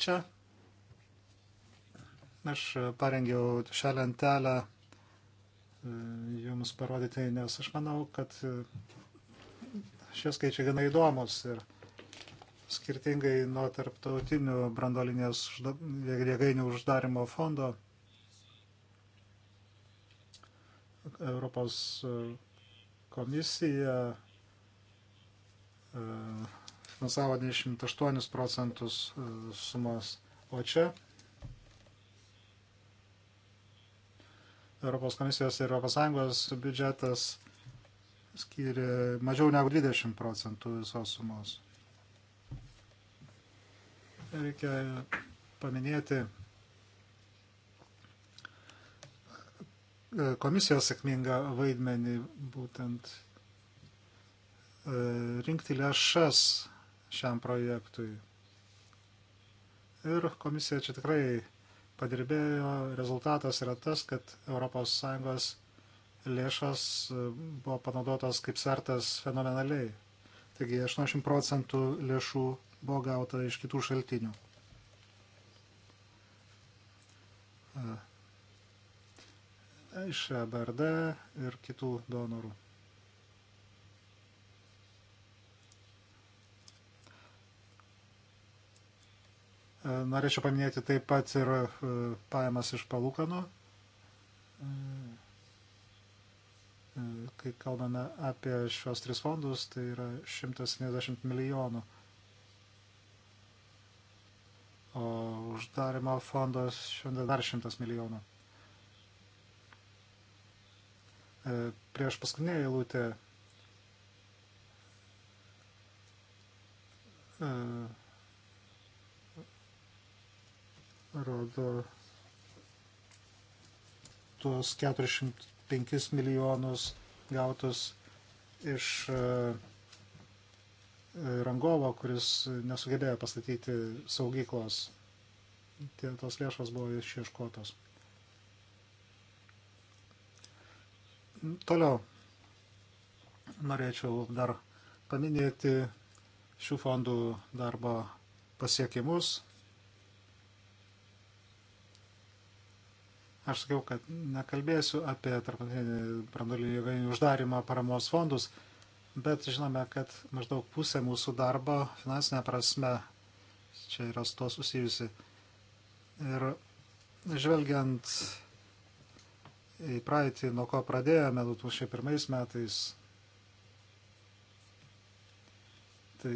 Čia aš parengiau šią lentelę e, jums parodyti, nes aš manau, kad e, šie skaičiai gana įdomus ir skirtingai nuo tarptautinių brandolinės jėgainių uždarimo fondo Europos e, komisija e, finansavo 98 procentus e, sumos, o čia Europos komisijos ir Europos Sąjungos biudžetas skiria mažiau negu 20 procentų visos sumos. Reikia paminėti E, komisijos sėkmingą vaidmenį būtent e, rinkti lėšas šiam projektui. Ir komisija čia tikrai padirbėjo. Rezultatas yra tas, kad ES lėšas e, buvo panaudotos kaip svertas fenomenaliai. Taigi 80 procentų lėšų buvo gauta iš kitų šaltinių iš EBRD ir kitų donorų. E, norėčiau paminėti taip pat ir e, pajamas iš palūkanų. E, kai kalbame apie šios tris fondus, tai yra 170 milijonų. O uždarimo fondos šiandien dar 100 milijonų. E, prieš paskutinę eilutę e, rodo tuos 45 milijonus gautus iš e, rangovo, kuris nesugebėjo pastatyti saugyklos. Tie tos lėšos buvo išieškotos. Toliau norėčiau dar paminėti šių fondų darbo pasiekimus. Aš sakiau, kad nekalbėsiu apie tarptautinį branduolinį jėgainių uždarimą paramos fondus, bet žinome, kad maždaug pusė mūsų darbo finansinė prasme čia yra su to susijusi. Ir žvelgiant į praeitį, nuo ko pradėjome 2001 metais. Tai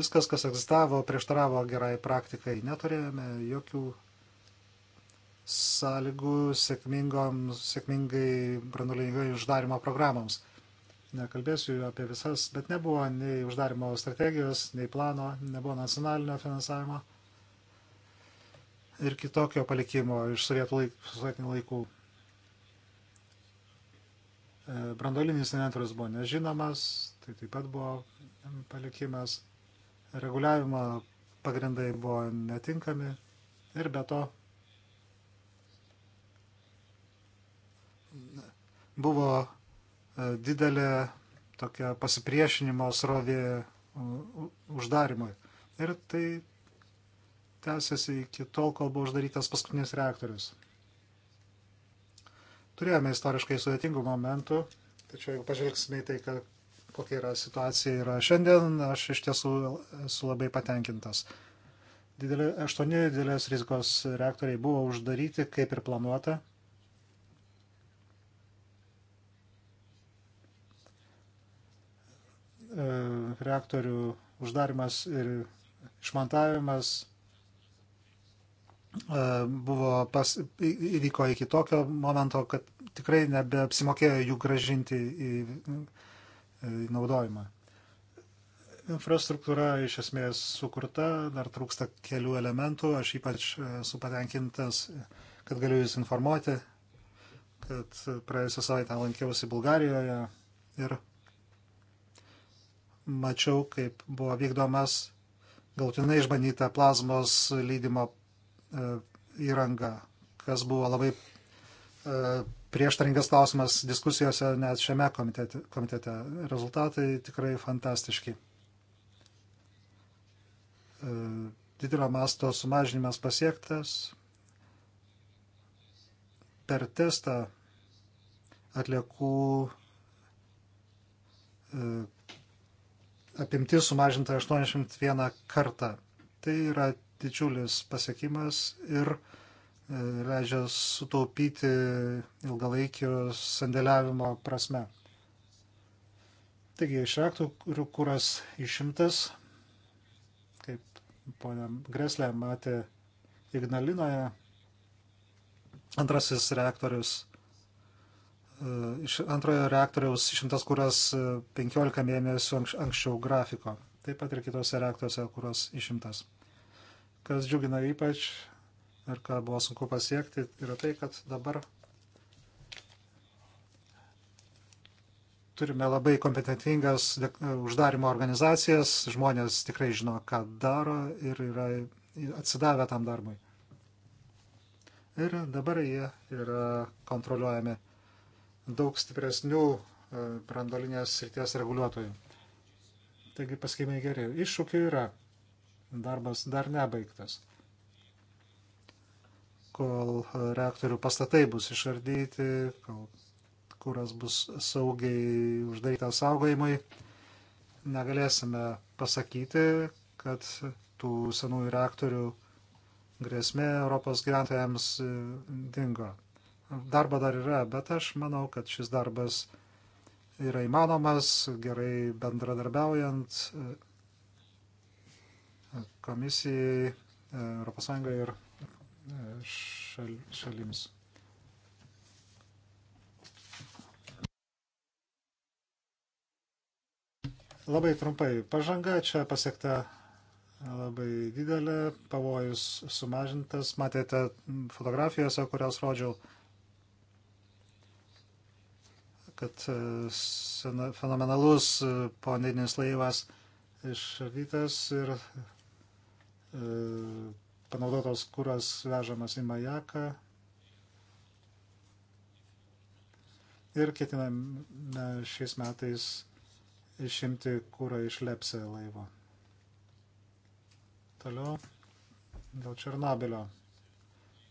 viskas, kas egzistavo, prieštaravo gerai praktikai. Neturėjome jokių sąlygų sėkmingai branduolinio uždarimo programams. Nekalbėsiu apie visas, bet nebuvo nei uždarimo strategijos, nei plano, nebuvo nacionalinio finansavimo ir kitokio palikimo iš sovietų laik, sovietinių laikų. E, Brandolinis inventorius buvo nežinomas, tai taip pat buvo palikimas. Reguliavimo pagrindai buvo netinkami ir be to buvo e, didelė tokia pasipriešinimo srovė uždarimui. Ir tai tęsiasi iki tol, kol buvo uždarytas paskutinis reaktorius. Turėjome istoriškai sudėtingų momentų, tačiau jeigu pažvelgsime į tai, kad, kokia yra situacija yra šiandien, aš iš tiesų esu labai patenkintas. Didelė, aštuoni didelės rizikos reaktoriai buvo uždaryti, kaip ir planuota. E, reaktorių uždarimas ir išmontavimas E, buvo pas, įvyko iki tokio momento, kad tikrai nebeapsimokėjo jų gražinti į, į naudojimą. Infrastruktūra iš esmės sukurta, dar trūksta kelių elementų, aš ypač e, esu patenkintas, kad galiu Jūs informuoti, kad praėjusią savaitę lankiausi Bulgarijoje ir mačiau, kaip buvo vykdomas galtinai išbandyta plazmos lydimo E, įrangą, kas buvo labai e, prieštaringas klausimas diskusijose net šiame komitete. komitete. Rezultatai tikrai fantastiški. E, didelio masto sumažinimas pasiektas. Per testą atliekų apimtis sumažinta 81 kartą. Tai yra didžiulis pasiekimas ir e, leidžia sutaupyti ilgalaikio sandėliavimo prasme. Taigi iš reaktorių kuras išimtas, kaip ponia Greslė matė Ignalinoje, antrasis reaktorius e, iš antrojo reaktoriaus išimtas kuras 15 e, mėnesių anksčiau grafiko. Taip pat ir kitose reaktoriuose kuras išimtas. Kas džiugina ypač ir ką buvo sunku pasiekti, yra tai, kad dabar turime labai kompetentingas uždarimo organizacijas, žmonės tikrai žino, ką daro ir yra atsidavę tam darbui. Ir dabar jie yra kontroliuojami daug stipresnių e, brandolinės srities reguliuotojų. Taigi pasakymai geri. Iššūkių yra darbas dar nebaigtas. Kol reaktorių pastatai bus išardyti, kol kuras bus saugiai uždarytas saugojimui, negalėsime pasakyti, kad tų senųjų reaktorių grėsmė Europos gyventojams e, dingo. Darbo dar yra, bet aš manau, kad šis darbas yra įmanomas gerai bendradarbiaujant e, komisijai, ES ir e, šal, šalims. Labai trumpai, pažanga čia pasiekta labai didelė, pavojus sumažintas, matėte fotografijose, kurias rodžiau, kad e, fenomenalus e, ponidinis laivas išvytas ir E, panaudotos kuras vežamas į Majaką. Ir ketiname šiais metais išimti kūrą iš Lepse laivo. Toliau dėl Černobilio.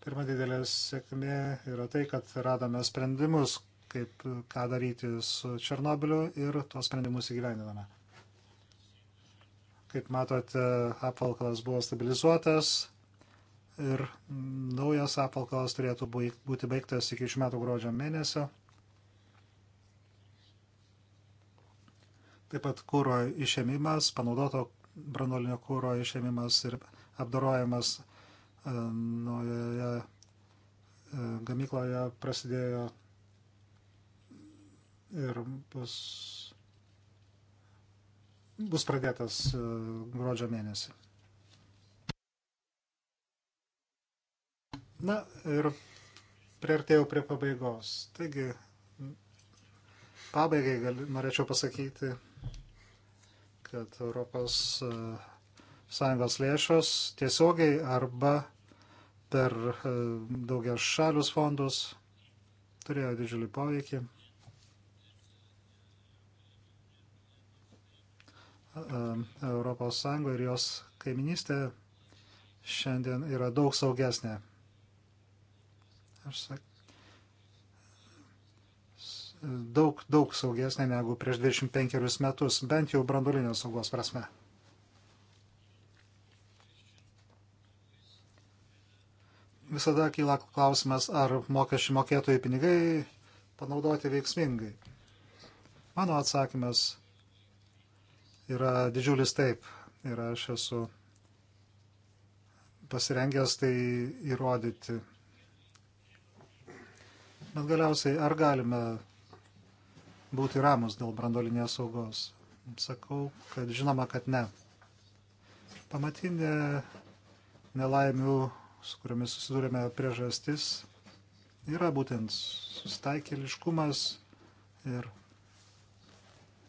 Pirma didelė sėkmė yra tai, kad radome sprendimus, kaip ką daryti su Černobiliu ir tuos sprendimus įgyvendiname. Kaip matote, apvalkalas buvo stabilizuotas ir naujas apvalkalas turėtų būti baigtas iki šių metų gruodžio mėnesio. Taip pat kūro išėmimas, panaudoto branolinio kūro išėmimas ir apdorojimas e, naujoje e, gamykloje prasidėjo ir bus bus pradėtas e, gruodžio mėnesį. Na ir priartėjau prie pabaigos. Taigi, pabaigai gal, norėčiau pasakyti, kad Europos e, Sąjungos lėšos tiesiogiai arba per e, daugias šalius fondus turėjo didžiulį poveikį. Um, Europos Sąjunga ir jos kaiminystė šiandien yra daug saugesnė. Aš sakau, daug, daug saugesnė negu prieš 25 metus, bent jau brandulinės saugos prasme. Visada kyla klausimas, ar mokesčių mokėtojų pinigai panaudoti veiksmingai. Mano atsakymas yra didžiulis taip. Ir aš esu pasirengęs tai įrodyti. Bet galiausiai, ar galime būti ramus dėl brandolinės saugos? Sakau, kad žinoma, kad ne. Pamatinė nelaimių, su kuriomis susidūrėme priežastis, yra būtent sustaikėliškumas ir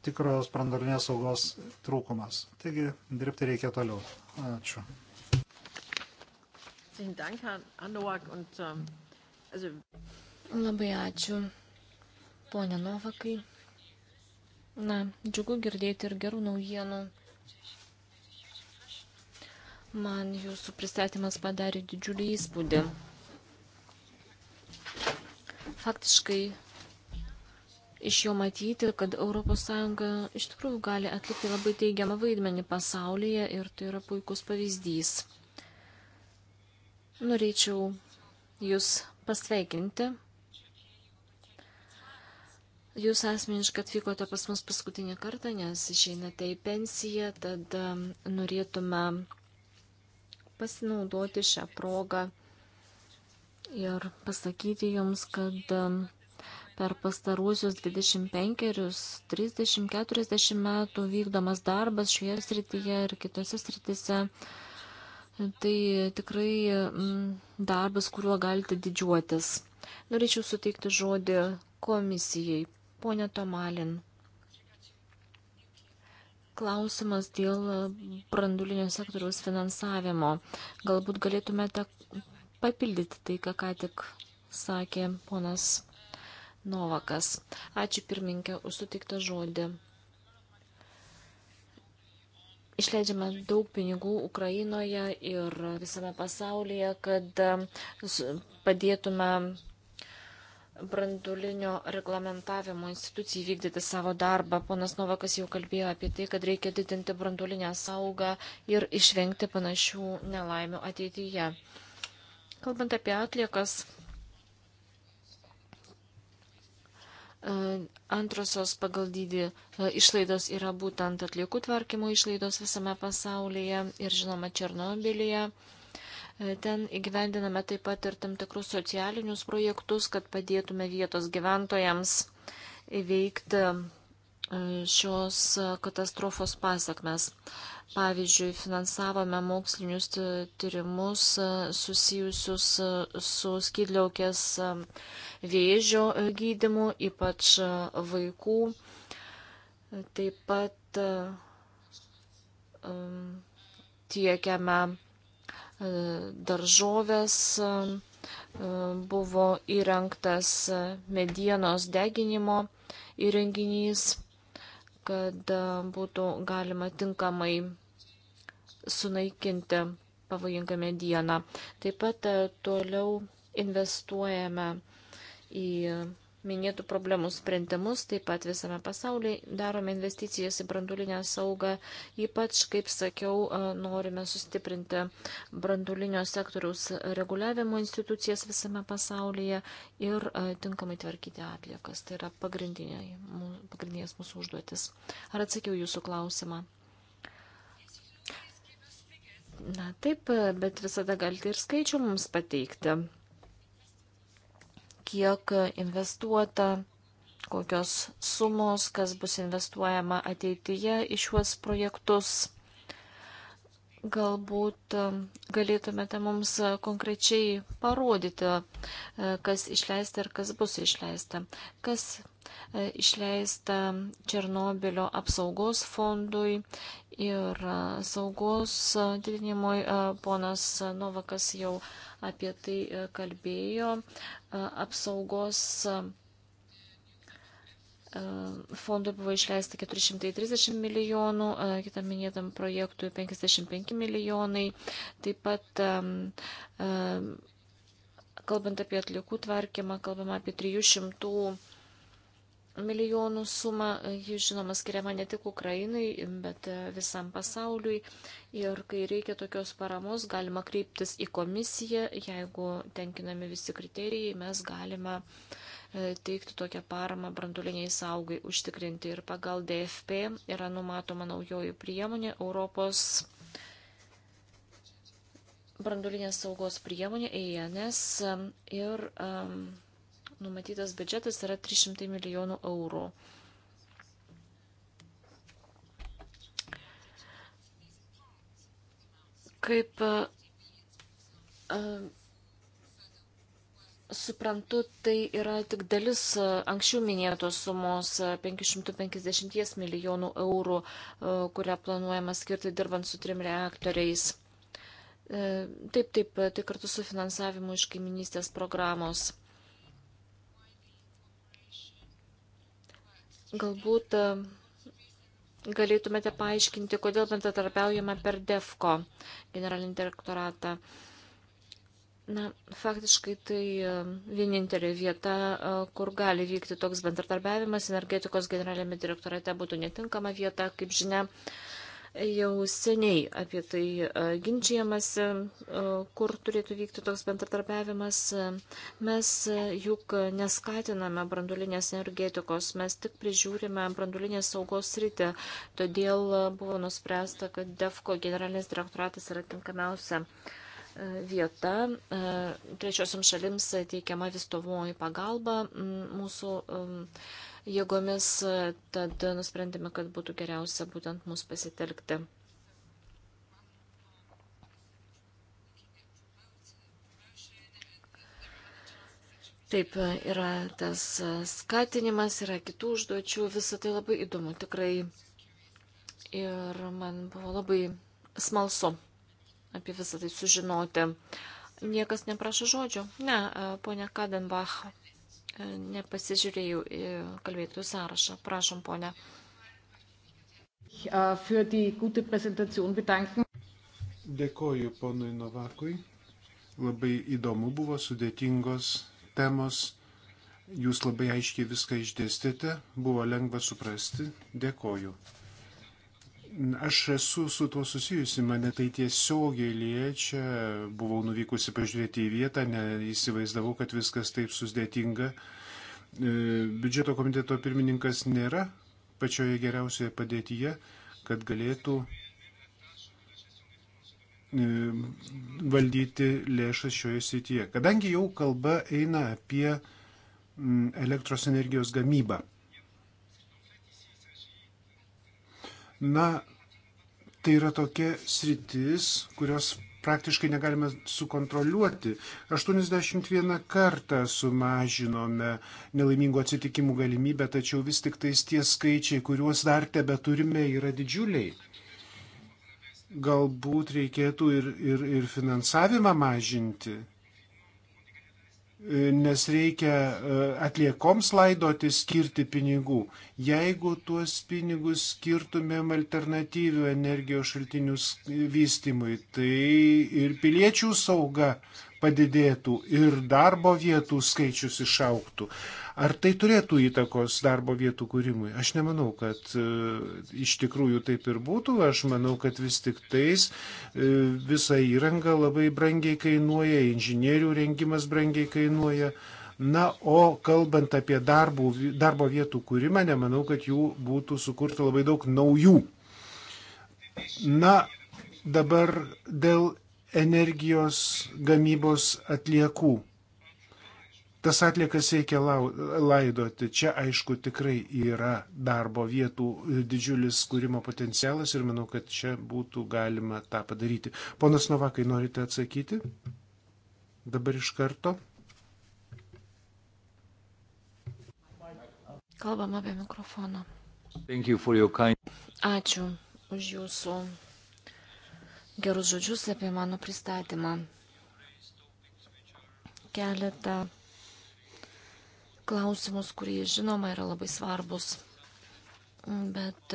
tikros brandolinės saugos trūkumas. Taigi dirbti reikia toliau. Ačiū. Ähm, Labai ačiū, ponė Novakai. Na, džiugu girdėti ir gerų naujienų. Man jūsų pristatymas padarė didžiulį įspūdį. Faktiškai Iš jo matyti, kad ES iš tikrųjų gali atlikti labai teigiamą vaidmenį pasaulyje ir tai yra puikus pavyzdys. Norėčiau Jūs pasveikinti. Jūs asmeniškai atvykote pas mus paskutinį kartą, nes išeinate į pensiją, tad um, norėtume pasinaudoti šią progą ir pasakyti jums, kad um, Per pastaruosius 25, 30, 40 metų vykdomas darbas šioje srityje ir kitose srityse, tai tikrai mm, darbas, kuriuo galite didžiuotis. Norėčiau suteikti žodį komisijai. Pone Tomalin. Klausimas dėl brandulinio sektoriaus finansavimo. Galbūt galėtumėte papildyti tai, ką ką tik sakė ponas Novakas. Ačiū pirminkė už sutiktą žodį. Išleidžiame daug pinigų Ukrainoje ir visame pasaulyje, kad um, padėtume brandulinio reglamentavimo institucijai vykdyti savo darbą. Ponas Novakas jau kalbėjo apie tai, kad reikia didinti brandulinę saugą ir išvengti panašių nelaimių ateityje. Kalbant apie atliekas, E, antrosios pagal dydį e, išlaidos yra būtent atliekų tvarkymo išlaidos visame pasaulyje ir žinoma Černobilyje. E, ten įgyvendiname taip pat ir tam tikrus socialinius projektus, kad padėtume vietos gyventojams įveikti šios katastrofos pasiekmes. Pavyzdžiui, finansavome mokslinius tyrimus e, susijusius e, su skydliaukės e, vėžio gydimu, ypač vaikų. Taip pat tiekiame daržovės, buvo įrengtas medienos deginimo įrenginys kad e, būtų galima tinkamai sunaikinti pavojingą medieną. Taip pat e, toliau investuojame į minėtų problemų sprendimus, taip pat visame pasaulyje darome investicijas į brandulinę saugą, ypač, kaip sakiau, norime sustiprinti brandulinio sektoriaus reguliavimo institucijas visame pasaulyje ir tinkamai tvarkyti atliekas. Tai yra pagrindinės mūsų užduotis. Ar atsakiau jūsų klausimą? Na taip, bet visada galite ir skaičių mums pateikti kiek investuota, kokios sumos, kas bus investuojama ateityje į šiuos projektus. Galbūt um, galėtumėte mums uh, konkrečiai parodyti, uh, kas išleista ir kas bus išleista. Kas uh, išleista Černobilio apsaugos fondui ir saugos didinimui. Ponas Novakas jau apie tai kalbėjo. Apsaugos fondui E, fondui buvo išleista 430 milijonų, e, kitam minėtam projektui 55 milijonai. Taip pat, e, kalbant apie atliekų tvarkymą, kalbama apie 300 milijonų sumą. Ji, žinoma, skiriama ne tik Ukrainai, bet visam pasauliui. Ir kai reikia tokios paramos, galima kreiptis į komisiją. Jeigu tenkinami visi kriterijai, mes galime uh, E, teikti tokią paramą branduliniai saugai užtikrinti. Ir pagal DFP yra numatoma naujoji priemonė Europos brandulinės saugos priemonė EINS ir um, numatytas biudžetas yra 300 milijonų eurų. Kaip uh, um, suprantu, tai yra tik dalis e, anksčiau minėtos sumos 550 e, milijonų eurų, e, kurią planuojama skirti dirbant su trim reaktoriais. Taip, taip, tai kartu su finansavimu iš kaiminystės programos. Galbūt galėtumėte paaiškinti, kodėl bendradarbiaujama per DEFCO generalinį direktoratą. Uh, Na, faktiškai tai e, vienintelė vieta, e, kur gali vykti toks bendradarbiavimas energetikos generalinėme direktorate būtų netinkama vieta, kaip žinia. Jau seniai apie tai e, ginčiamasi, kur turėtų vykti toks bendradarbiavimas. Mes juk neskatiname brandulinės energetikos, mes tik prižiūrime brandulinės saugos rytį. Todėl buvo nuspręsta, kad DEFCO generalinis direktoratas yra tinkamiausia vieta. E, trečiosiam šalims teikiama vystovoji pagalba mūsų e, jėgomis, e, tad nusprendėme, kad būtų geriausia būtent mus pasitelkti. Taip, yra tas skatinimas, yra kitų užduočių, visą tai labai įdomu tikrai. Ir man buvo labai smalsu apie visą tai sužinoti. Niekas neprašo žodžio. Ne, e, ponia Kadenbach, e, nepasižiūrėjau į kalbėtojų sąrašą. Prašom, ponia. E, Dėkoju ponui Novakui. Labai įdomu buvo, sudėtingos temos. Jūs labai aiškiai viską išdėstėte, buvo lengva suprasti. Dėkoju. Aš esu su tuo susijusi, mane tai tiesiogiai liečia, buvau nuvykusi pažiūrėti į vietą, neįsivaizdavau, kad viskas taip sudėtinga. E, biudžeto komiteto pirmininkas nėra pačioje geriausioje padėtyje, kad galėtų e, valdyti lėšas šioje srityje. Kadangi jau kalba eina apie mm, elektros energijos gamybą. Na, tai yra tokia sritis, kurios praktiškai negalime sukontroliuoti. 81 kartą sumažinome nelaimingų atsitikimų galimybę, tačiau vis tik tais tie skaičiai, kuriuos dar tebe turime, yra didžiuliai. Galbūt reikėtų ir, ir, ir finansavimą mažinti, nes reikia e, atliekoms laidoti skirti pinigų. Jeigu tuos pinigus skirtumėm alternatyvių energijos šaltinių vystimui, tai ir piliečių sauga uh, padidėtų ir darbo vietų skaičius išauktų. Ar tai turėtų įtakos darbo vietų kūrimui? Aš nemanau, kad e, iš tikrųjų taip ir būtų. Aš manau, kad vis tik tais e, visa įranga labai brangiai kainuoja, inžinierių rengimas brangiai kainuoja. Na, o kalbant apie darbų, darbo vietų kūrimą, nemanau, kad jų būtų sukurta labai daug naujų. Na, dabar dėl energijos gamybos atliekų. Tas atliekas reikia laidoti. Čia aišku tikrai yra darbo vietų e, didžiulis skūrimo potencialas ir manau, kad čia būtų galima tą padaryti. Ponas Novakai, norite atsakyti? Dabar iš karto. Kalbam apie mikrofoną. You kind... Ačiū už jūsų gerus žodžius apie mano pristatymą. Keletą klausimus, kurie žinoma yra labai svarbus, bet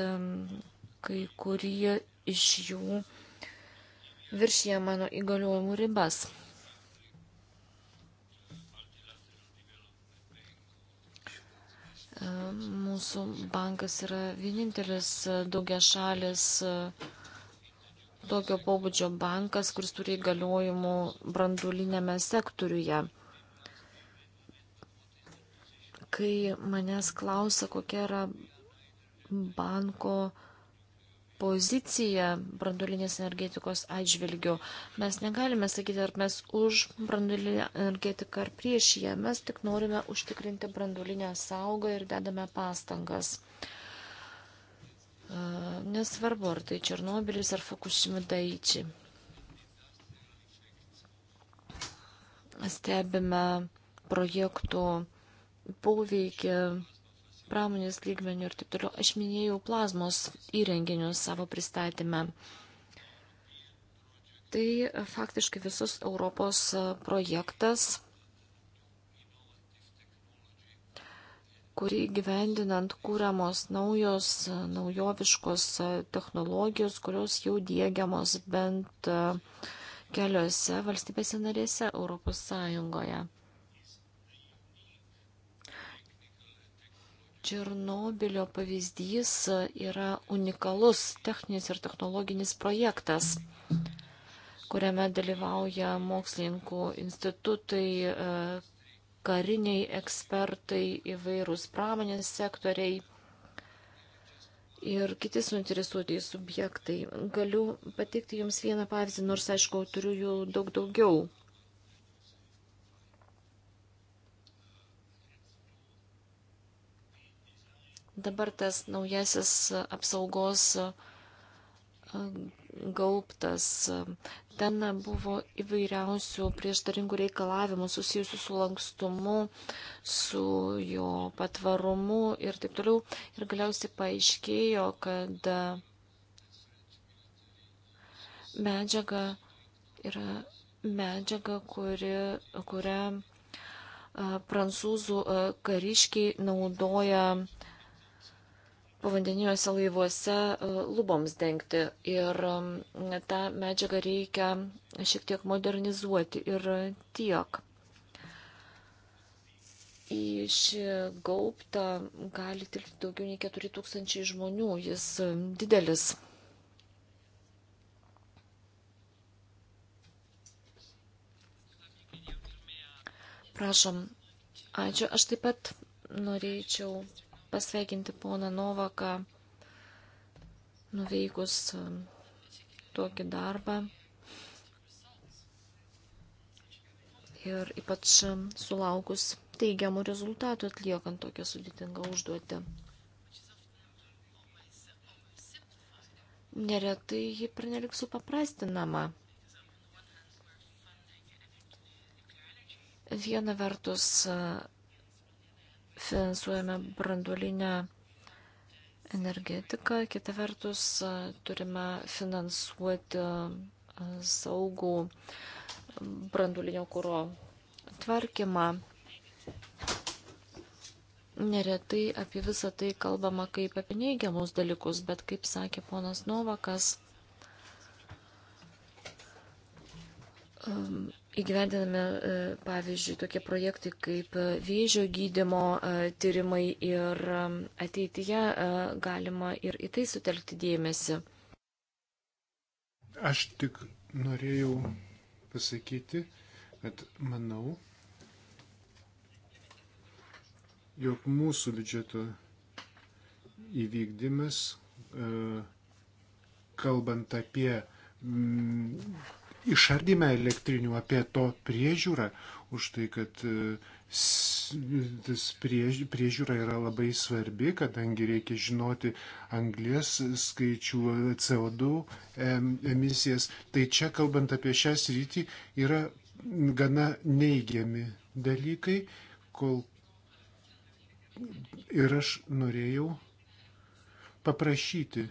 kai kurie iš jų viršyje mano įgaliojimų ribas. Mūsų bankas yra vienintelis daugia šalis tokio pobūdžio bankas, kuris turi įgaliojimų brandulinėme sektoriuje. Kai manęs klausa, kokia yra banko poziciją brandulinės energetikos atžvilgiu. Mes negalime sakyti, ar mes už brandulinę energetiką ar prieš ją. Mes tik norime užtikrinti brandulinę saugą ir dedame pastangas. Nesvarbu, ar tai Černobilis ar Fukushima Daiči. Stebime projektų poveikį pramonės lygmenių ir taip toliau. Aš minėjau plazmos įrenginius savo pristatymę. Tai faktiškai visus Europos projektas kurį gyvendinant kūriamos naujos, naujoviškos technologijos, kurios jau dėgiamos bent e, keliose valstybėse narėse Europos Sąjungoje. Černobilio pavyzdys yra unikalus techninis ir technologinis projektas kuriame dalyvauja mokslininkų institutai, e, kariniai ekspertai, įvairūs pramonės sektoriai ir kiti suinteresuotieji subjektai. Galiu pateikti Jums vieną pavyzdį, nors aišku, turiu jų daug daugiau. Dabar tas naujasis apsaugos gaubtas. Ten buvo įvairiausių prieštaringų reikalavimų susijusių su lankstumu, su jo patvarumu ir taip toliau. Ir galiausiai paaiškėjo, kad medžiaga yra medžiaga, kuri, kurią prancūzų kariškiai naudoja povandeniniuose laivuose e, luboms dengti. Ir tą medžiagą reikia šiek tiek modernizuoti ir tiek. Į šį gaubtą gali tilpti daugiau nei 4000 žmonių, jis e, didelis. Prašom, ačiū. Aš taip pat norėčiau pasveikinti poną Novaką nuveikus um, tokį darbą. Ir ypač um, sulaukus teigiamų rezultatų atliekant tokią sudėtingą užduotį. Neretai ji pernelik supaprastinama. Viena vertus finansuojame branduolinę energetiką, kita vertus turime finansuoti saugų branduolinio kūro tvarkymą. Neretai apie visą tai kalbama kaip apie neigiamus dalykus, bet kaip sakė ponas Novakas, Įgyvendiname, pavyzdžiui, tokie projektai kaip e, vėžio gydimo e, tyrimai ir e, ateityje galima ir į tai sutelkti dėmesį. Aš tik norėjau pasakyti, kad manau, jog mūsų biudžeto įvykdymas, kalbant apie išardymą elektrinių, apie to priežiūrą, už tai, kad e, priežiūra yra labai svarbi, kadangi reikia žinoti anglės skaičių, CO2 emisijas. Tai čia, kalbant apie šią sritį, yra gana neigiami dalykai, kol ir aš norėjau paprašyti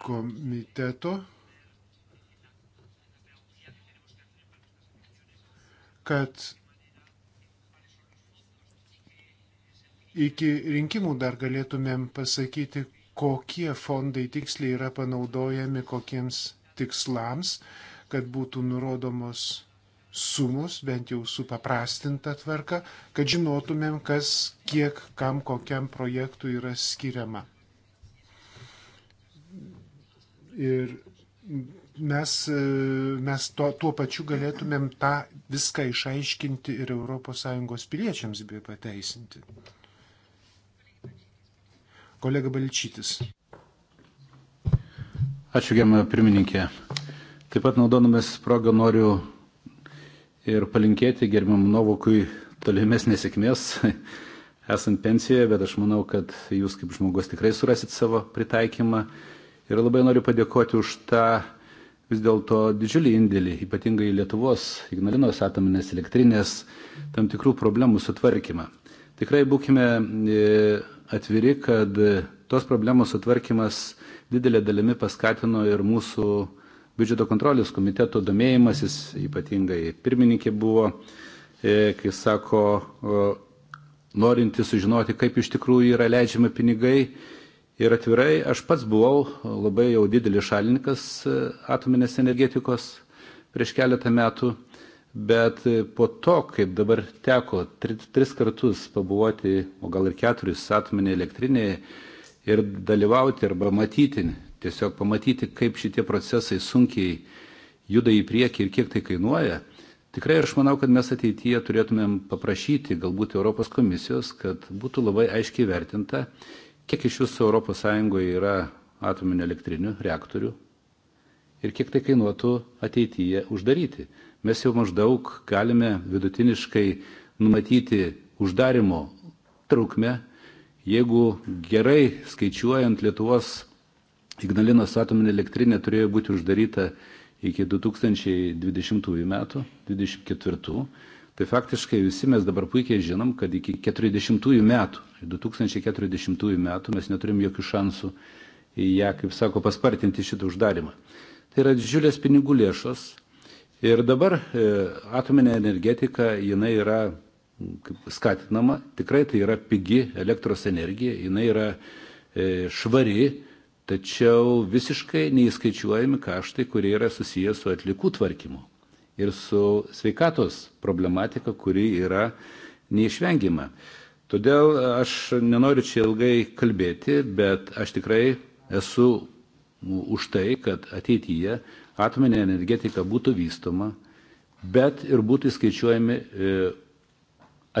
komiteto kad iki rinkimų dar galėtumėm pasakyti, kokie fondai tiksliai yra panaudojami kokiems tikslams, kad būtų nurodomos sumus, bent jau supaprastinta tvarka, kad žinotumėm, kas kiek kam kokiam projektui yra skiriama. Ir mes, e, mes to, tuo pačiu galėtumėm tą viską išaiškinti ir ES piliečiams bei pateisinti. Kolega Balčytis. Ačiū, gerbiamą pirmininkę. Taip pat naudodamas progą noriu ir palinkėti gerbiamam Novokui tolimesnės sėkmės esant pensijoje, bet aš manau, kad jūs kaip žmogus tikrai surasit savo pritaikymą. Ir labai noriu padėkoti už tą vis dėlto didžiulį indėlį, ypatingai Lietuvos Ignalinos atominės elektrinės tam tikrų problemų sutvarkymą. Tikrai būkime e, atviri, kad tos problemos sutvarkymas didelė dalimi paskatino ir mūsų biudžeto kontrolės komiteto domėjimasis, ypatingai pirmininkė buvo, e, kai sako, norinti sužinoti, kaip iš tikrųjų yra leidžiami pinigai Ir atvirai, aš pats buvau labai jau didelis šalininkas e, atominės energetikos prieš keletą metų, bet e, po to, kaip dabar teko tri, tris kartus pabuvoti, o gal ir keturis atominėje elektrinėje ir dalyvauti arba matyti, tiesiog pamatyti, kaip šitie procesai sunkiai juda į priekį ir kiek tai kainuoja, Tikrai aš manau, kad mes ateityje turėtumėm paprašyti galbūt Europos komisijos, kad būtų labai aiškiai vertinta kiek iš jūsų Europos Sąjungoje yra atominių elektrinių, reaktorių ir kiek tai kainuotų ateityje uždaryti. Mes jau maždaug galime vidutiniškai numatyti uždarimo trukmę, jeigu gerai skaičiuojant Lietuvos Ignalinos atominė elektrinė turėjo būti uždaryta iki 2020 metų, 2024, Tai faktiškai visi mes dabar puikiai žinom, kad iki 40 metų, 2040 metų mes neturim jokių šansų į ją, kaip sako, paspartinti šitą uždarimą. Tai yra didžiulės pinigų lėšos. Ir dabar e, atominė energetika, jinai yra kaip, skatinama, tikrai tai yra pigi elektros energija, jinai yra e, švari, tačiau visiškai neįskaičiuojami kaštai, kurie yra susijęs su atlikų tvarkymu ir su sveikatos problematika, kuri yra neišvengiama. Todėl e, aš nenoriu čia ilgai kalbėti, bet aš tikrai esu už tai, kad ateityje atominė energetika būtų vystoma, bet ir būtų įskaičiuojami e,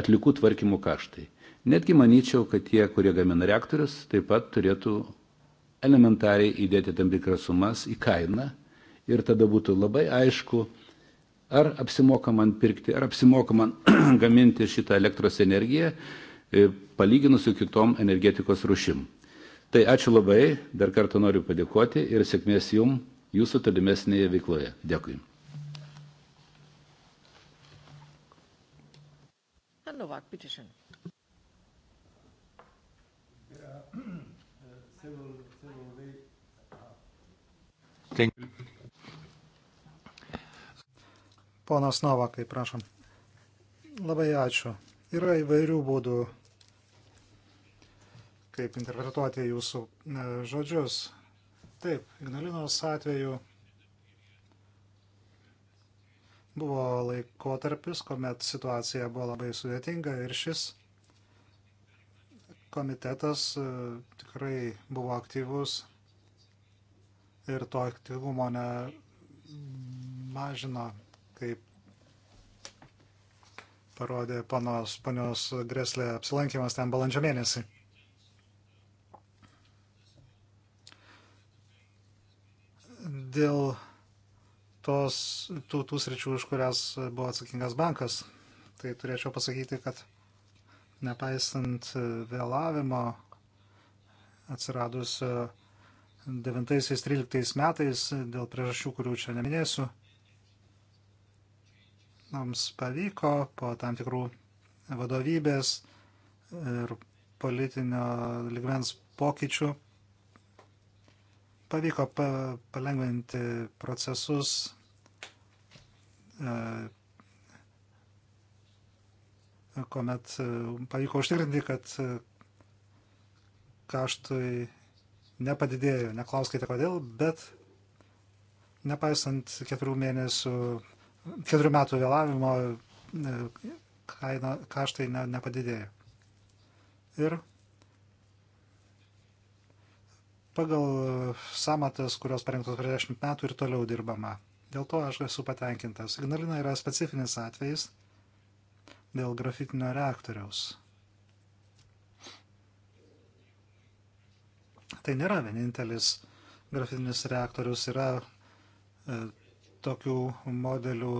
atlikų tvarkymo kaštai. Netgi manyčiau, kad tie, kurie gamina reaktorius, taip pat turėtų elementariai įdėti tam tikras sumas į kainą ir tada būtų labai aišku, ar apsimoka man pirkti, ar apsimoka man gaminti šitą elektros energiją, e, palyginus su kitom energetikos rušim. Tai ačiū labai, dar kartą noriu padėkoti ir sėkmės jums jūsų tolimesnėje veikloje. Dėkui. Herr Nowak, bitteschön. Thank you. Ponas Novakai, prašom. Labai ačiū. Yra įvairių būdų, kaip interpretuoti jūsų e, žodžius. Taip, Ignalinos atveju buvo laikotarpis, kuomet situacija buvo labai sudėtinga ir šis komitetas e, tikrai buvo aktyvus ir to aktyvumo nemažino kaip parodė panos, panios Greslė apsilankimas ten balandžio mėnesį. Dėl tos, tų, tų sričių, už kurias buvo atsakingas bankas, tai turėčiau pasakyti, kad nepaisant vėlavimo atsiradus 9-13 metais dėl priežasčių, kurių čia neminėsiu, mums pavyko po tam tikrų vadovybės ir politinio ligmens pokyčių. Pavyko pa palengventi procesus e, kuomet e, pavyko užtikrinti, kad e, kaštui nepadidėjo. Neklauskite kodėl, bet nepaisant keturių mėnesių keturių metų vėlavimo e, kaina, kaštai ne, nepadidėjo. Ir pagal samatas, kurios parengtos prieš 10 metų ir toliau dirbama. Dėl to aš esu patenkintas. Ignalina yra specifinis atvejis dėl grafitinio reaktoriaus. Tai nėra vienintelis grafitinis reaktorius, yra e, tokių modelių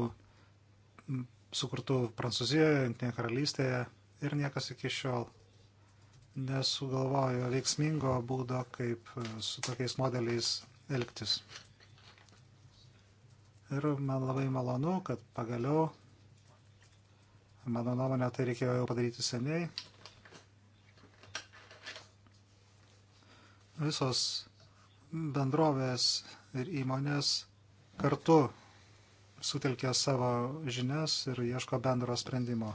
sukurtų Prancūzijoje, Junktinėje karalystėje ir niekas iki šiol nesugalvojo veiksmingo būdo, kaip e, su tokiais modeliais elgtis. Ir man labai malonu, kad pagaliau, mano nuomonė, tai reikėjo jau padaryti seniai. Visos bendrovės ir įmonės kartu sutelkia savo žinias ir ieško bendro sprendimo.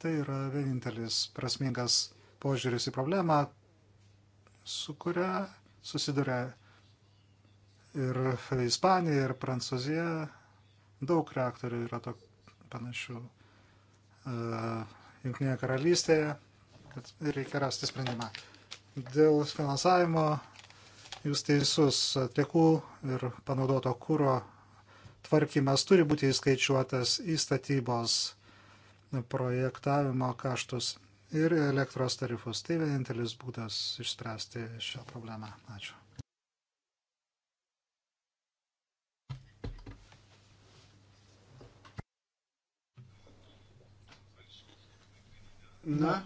Tai yra vienintelis prasmingas požiūris į problemą, su kuria susiduria ir Ispanija, ir Prancūzija. Daug reaktorių yra to panašių uh, Junktinėje karalystėje, kad reikia rasti sprendimą. Dėl finansavimo Jūs teisus, tiekų ir panaudoto kūro tvarkymas turi būti įskaičiuotas į statybos projektavimo kaštus ir elektros tarifus. Tai vienintelis būdas išspręsti šią problemą. Ačiū. Na,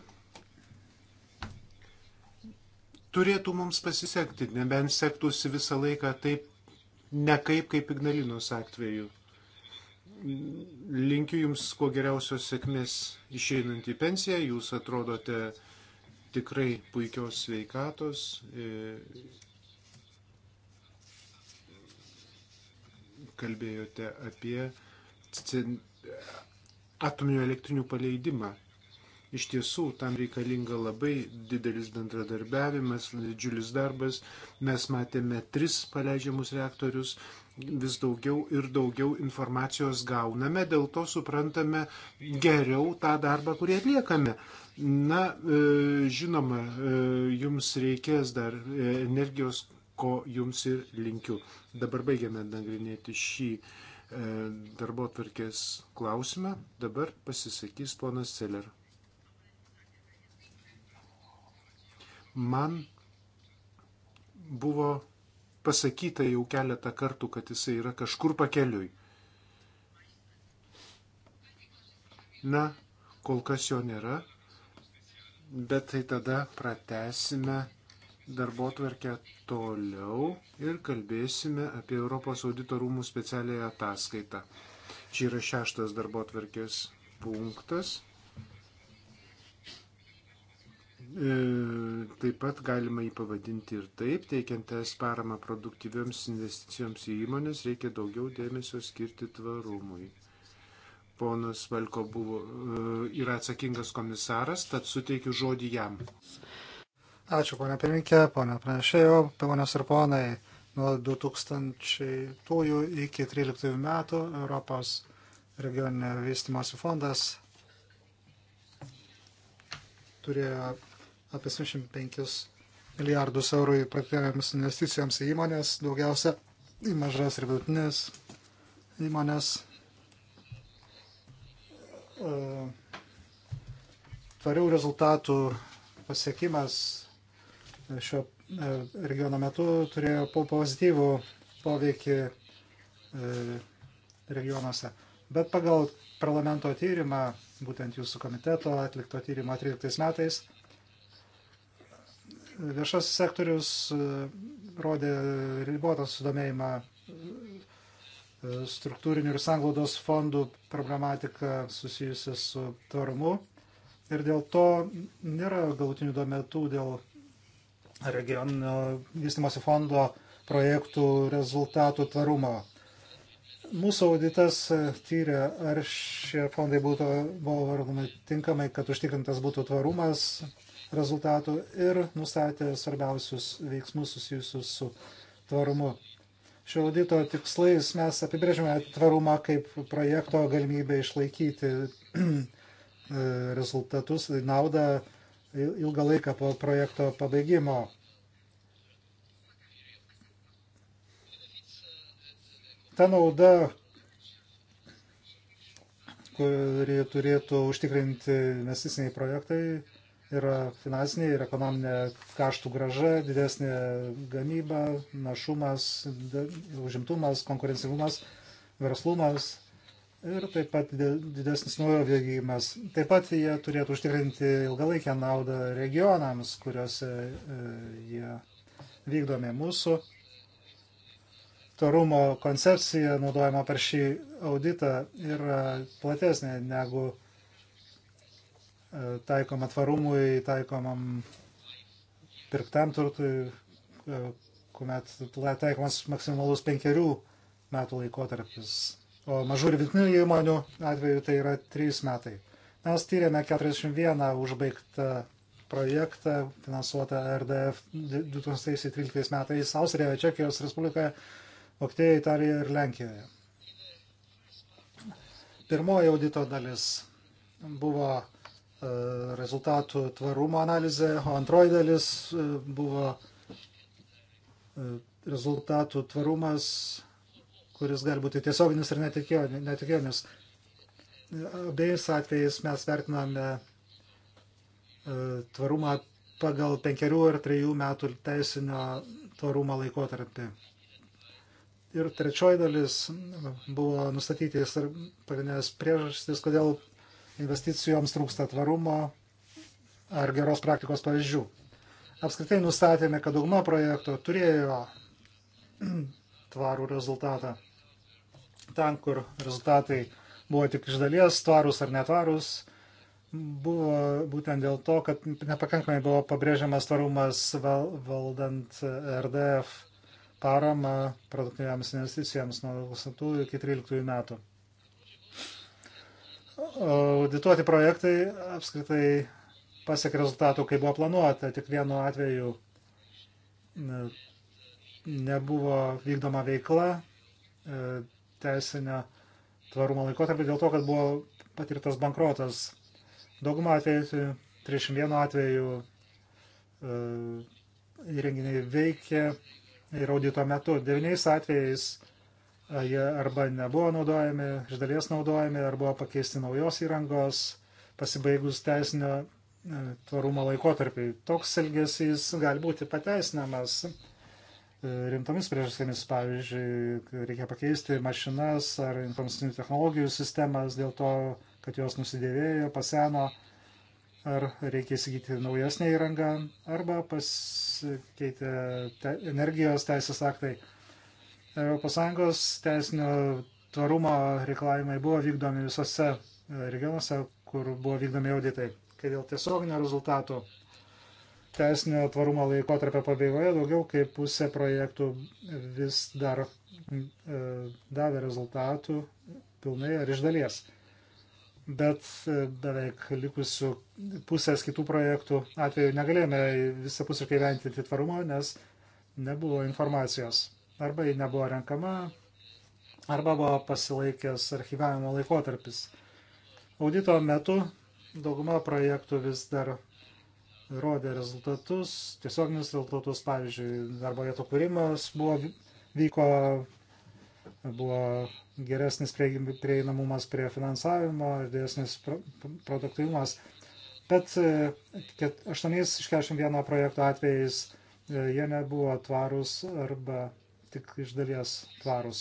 Turėtų mums pasisekti, nebent sektųsi visą laiką taip nekaip kaip Ignalinos atveju. Linkiu Jums kuo geriausios sėkmės išeinant į pensiją, Jūs atrodote tikrai puikios sveikatos. Kalbėjote apie atominių elektrinių paleidimą Iš tiesų, tam reikalinga labai didelis bendradarbiavimas, didžiulis darbas. Mes matėme tris paleidžiamus reaktorius, vis daugiau ir daugiau informacijos gauname, dėl to suprantame geriau tą darbą, kurį atliekame. Na, e, žinoma, e, jums reikės dar e, energijos, ko jums ir linkiu. Dabar baigiame nagrinėti šį darbo tvarkės klausimą. Dabar pasisakys ponas Celer. Man buvo pasakyta jau keletą kartų, kad jisai yra kažkur pakeliui. Na, kol kas jo nėra, bet tai tada pratesime darbo tvarkę toliau ir kalbėsime apie Europos audito rūmų specialiąją ataskaitą. Čia yra šeštas darbo tvarkės punktas. E, taip pat galima jį pavadinti ir taip, teikiant es paramą produktyvioms investicijoms į įmonės, reikia daugiau dėmesio skirti tvarumui. Ponas Valko buvo, e, yra atsakingas komisaras, tad suteikiu žodį jam. Ačiū, ponia pirminkė, ponia pranešėjo, ponios ir ponai. Nuo 2000 iki 2013 metų Europos regioninio vystimosi fondas turėjo apie 75 milijardus eurų į praktiniams investicijoms į įmonės, daugiausia į mažas ir vidutinės įmonės. E, tvarių rezultatų pasiekimas šio e, regiono metu turėjo pozityvų poveikį e, regionuose. Bet pagal parlamento tyrimą, būtent jūsų komiteto atlikto tyrimo 13 metais, Viešas sektorius e, rodė ribotą sudomėjimą e, struktūrinių ir sanglaudos fondų problematika susijusi su tvarumu. Ir dėl to nėra galutinių duometų dėl regioninio vystimosi fondo projektų rezultatų tvarumo. Mūsų auditas tyrė, ar šie fondai būtų, buvo vardomi tinkamai, kad užtikrintas būtų tvarumas, rezultatų ir nustatė svarbiausius veiksmus susijusius su tvarumu. Šio audito tikslais mes apibrėžime tvarumą kaip projekto galimybę išlaikyti e, rezultatus, tai naudą ilgą laiką po projekto pabaigimo. Ta nauda, kuri turėtų užtikrinti investiciniai projektai, yra finansinė ir ekonominė kaštų graža, didesnė gamyba, našumas, užimtumas, konkurencingumas, verslumas ir taip pat didesnis naujo vėgymas. Taip pat jie turėtų užtikrinti ilgalaikę naudą regionams, kuriuose e, jie vykdomi mūsų. Tarumo koncepcija naudojama per šį auditą yra platesnė negu E, taikom atvarumui, taikomam pirktam turtui, e, kuomet taikomas maksimalus penkerių metų laikotarpis. O mažų ir vidutinių įmonių atveju tai yra trys metai. Mes tyrėme 41 užbaigtą projektą finansuotą RDF 2013 metais Austrijoje, Čekijos Respublikoje, Vokietijoje, Italijoje ir Lenkijoje. Pirmoji audito dalis buvo E, rezultatų tvarumo analizė, o antroji dalis e, buvo e, rezultatų tvarumas, kuris gali būti tiesioginis ir netikėjomis. Abiejais atvejais mes vertiname tvarumą pagal penkerių ar trejų metų teisinio tvarumo laikotarpį. Ir trečioji dalis buvo nustatyti pagrindinės priežastys, kodėl investicijoms trūksta tvarumo ar geros praktikos pavyzdžių. Apskritai nustatėme, kad dauguma projekto turėjo tvarų rezultatą. Ten, kur rezultatai buvo tik iš dalies tvarus ar netvarus, buvo būtent dėl to, kad nepakankamai buvo pabrėžiamas tvarumas valdant RDF paramą produktyviams investicijams nuo 2000 iki 2013 metų audituoti projektai apskritai pasiek rezultatų, kaip buvo planuota. Tik vienu atveju nebuvo vykdoma veikla e, teisinio tvarumo laikotarpį dėl to, kad buvo patirtas bankrotas. Dauguma atveju, 31 atveju e, įrenginiai veikė ir audito metu. Devyniais atvejais jie arba nebuvo naudojami, iš dalies naudojami, arba buvo pakeisti naujos įrangos pasibaigus teisinio e, tvarumo laikotarpiai. Toks elgesys gali būti pateisinamas e, rimtomis priežastėmis, pavyzdžiui, reikia pakeisti mašinas ar informacinių technologijų sistemas dėl to, kad jos nusidėvėjo, paseno, ar reikia įsigyti naujesnę įrangą, arba pasikeitė te energijos teisės aktai. ES teisinio tvarumo reikalavimai buvo vykdomi visose e, regionuose, kur buvo vykdomi auditai. Kai dėl tiesioginio rezultato teisinio tvarumo laiko tarp pabaigoje daugiau kaip pusė projektų vis dar e, davė rezultatų pilnai ar iš dalies. Bet e, beveik likusių pusės kitų projektų atveju negalėjome visapusiškai ventinti tvarumo, nes nebuvo informacijos arba ji nebuvo renkama, arba buvo pasilaikęs archyvavimo laikotarpis. Audito metu dauguma projektų vis dar rodė rezultatus, tiesioginius rezultatus, pavyzdžiui, darbo vietų kūrimas buvo, vyko, buvo geresnis prieinamumas prie finansavimo ir didesnis produktyvumas. Bet 8 e, iš 41 projekto atvejais e, jie nebuvo tvarūs arba tik iš dalies tvarus.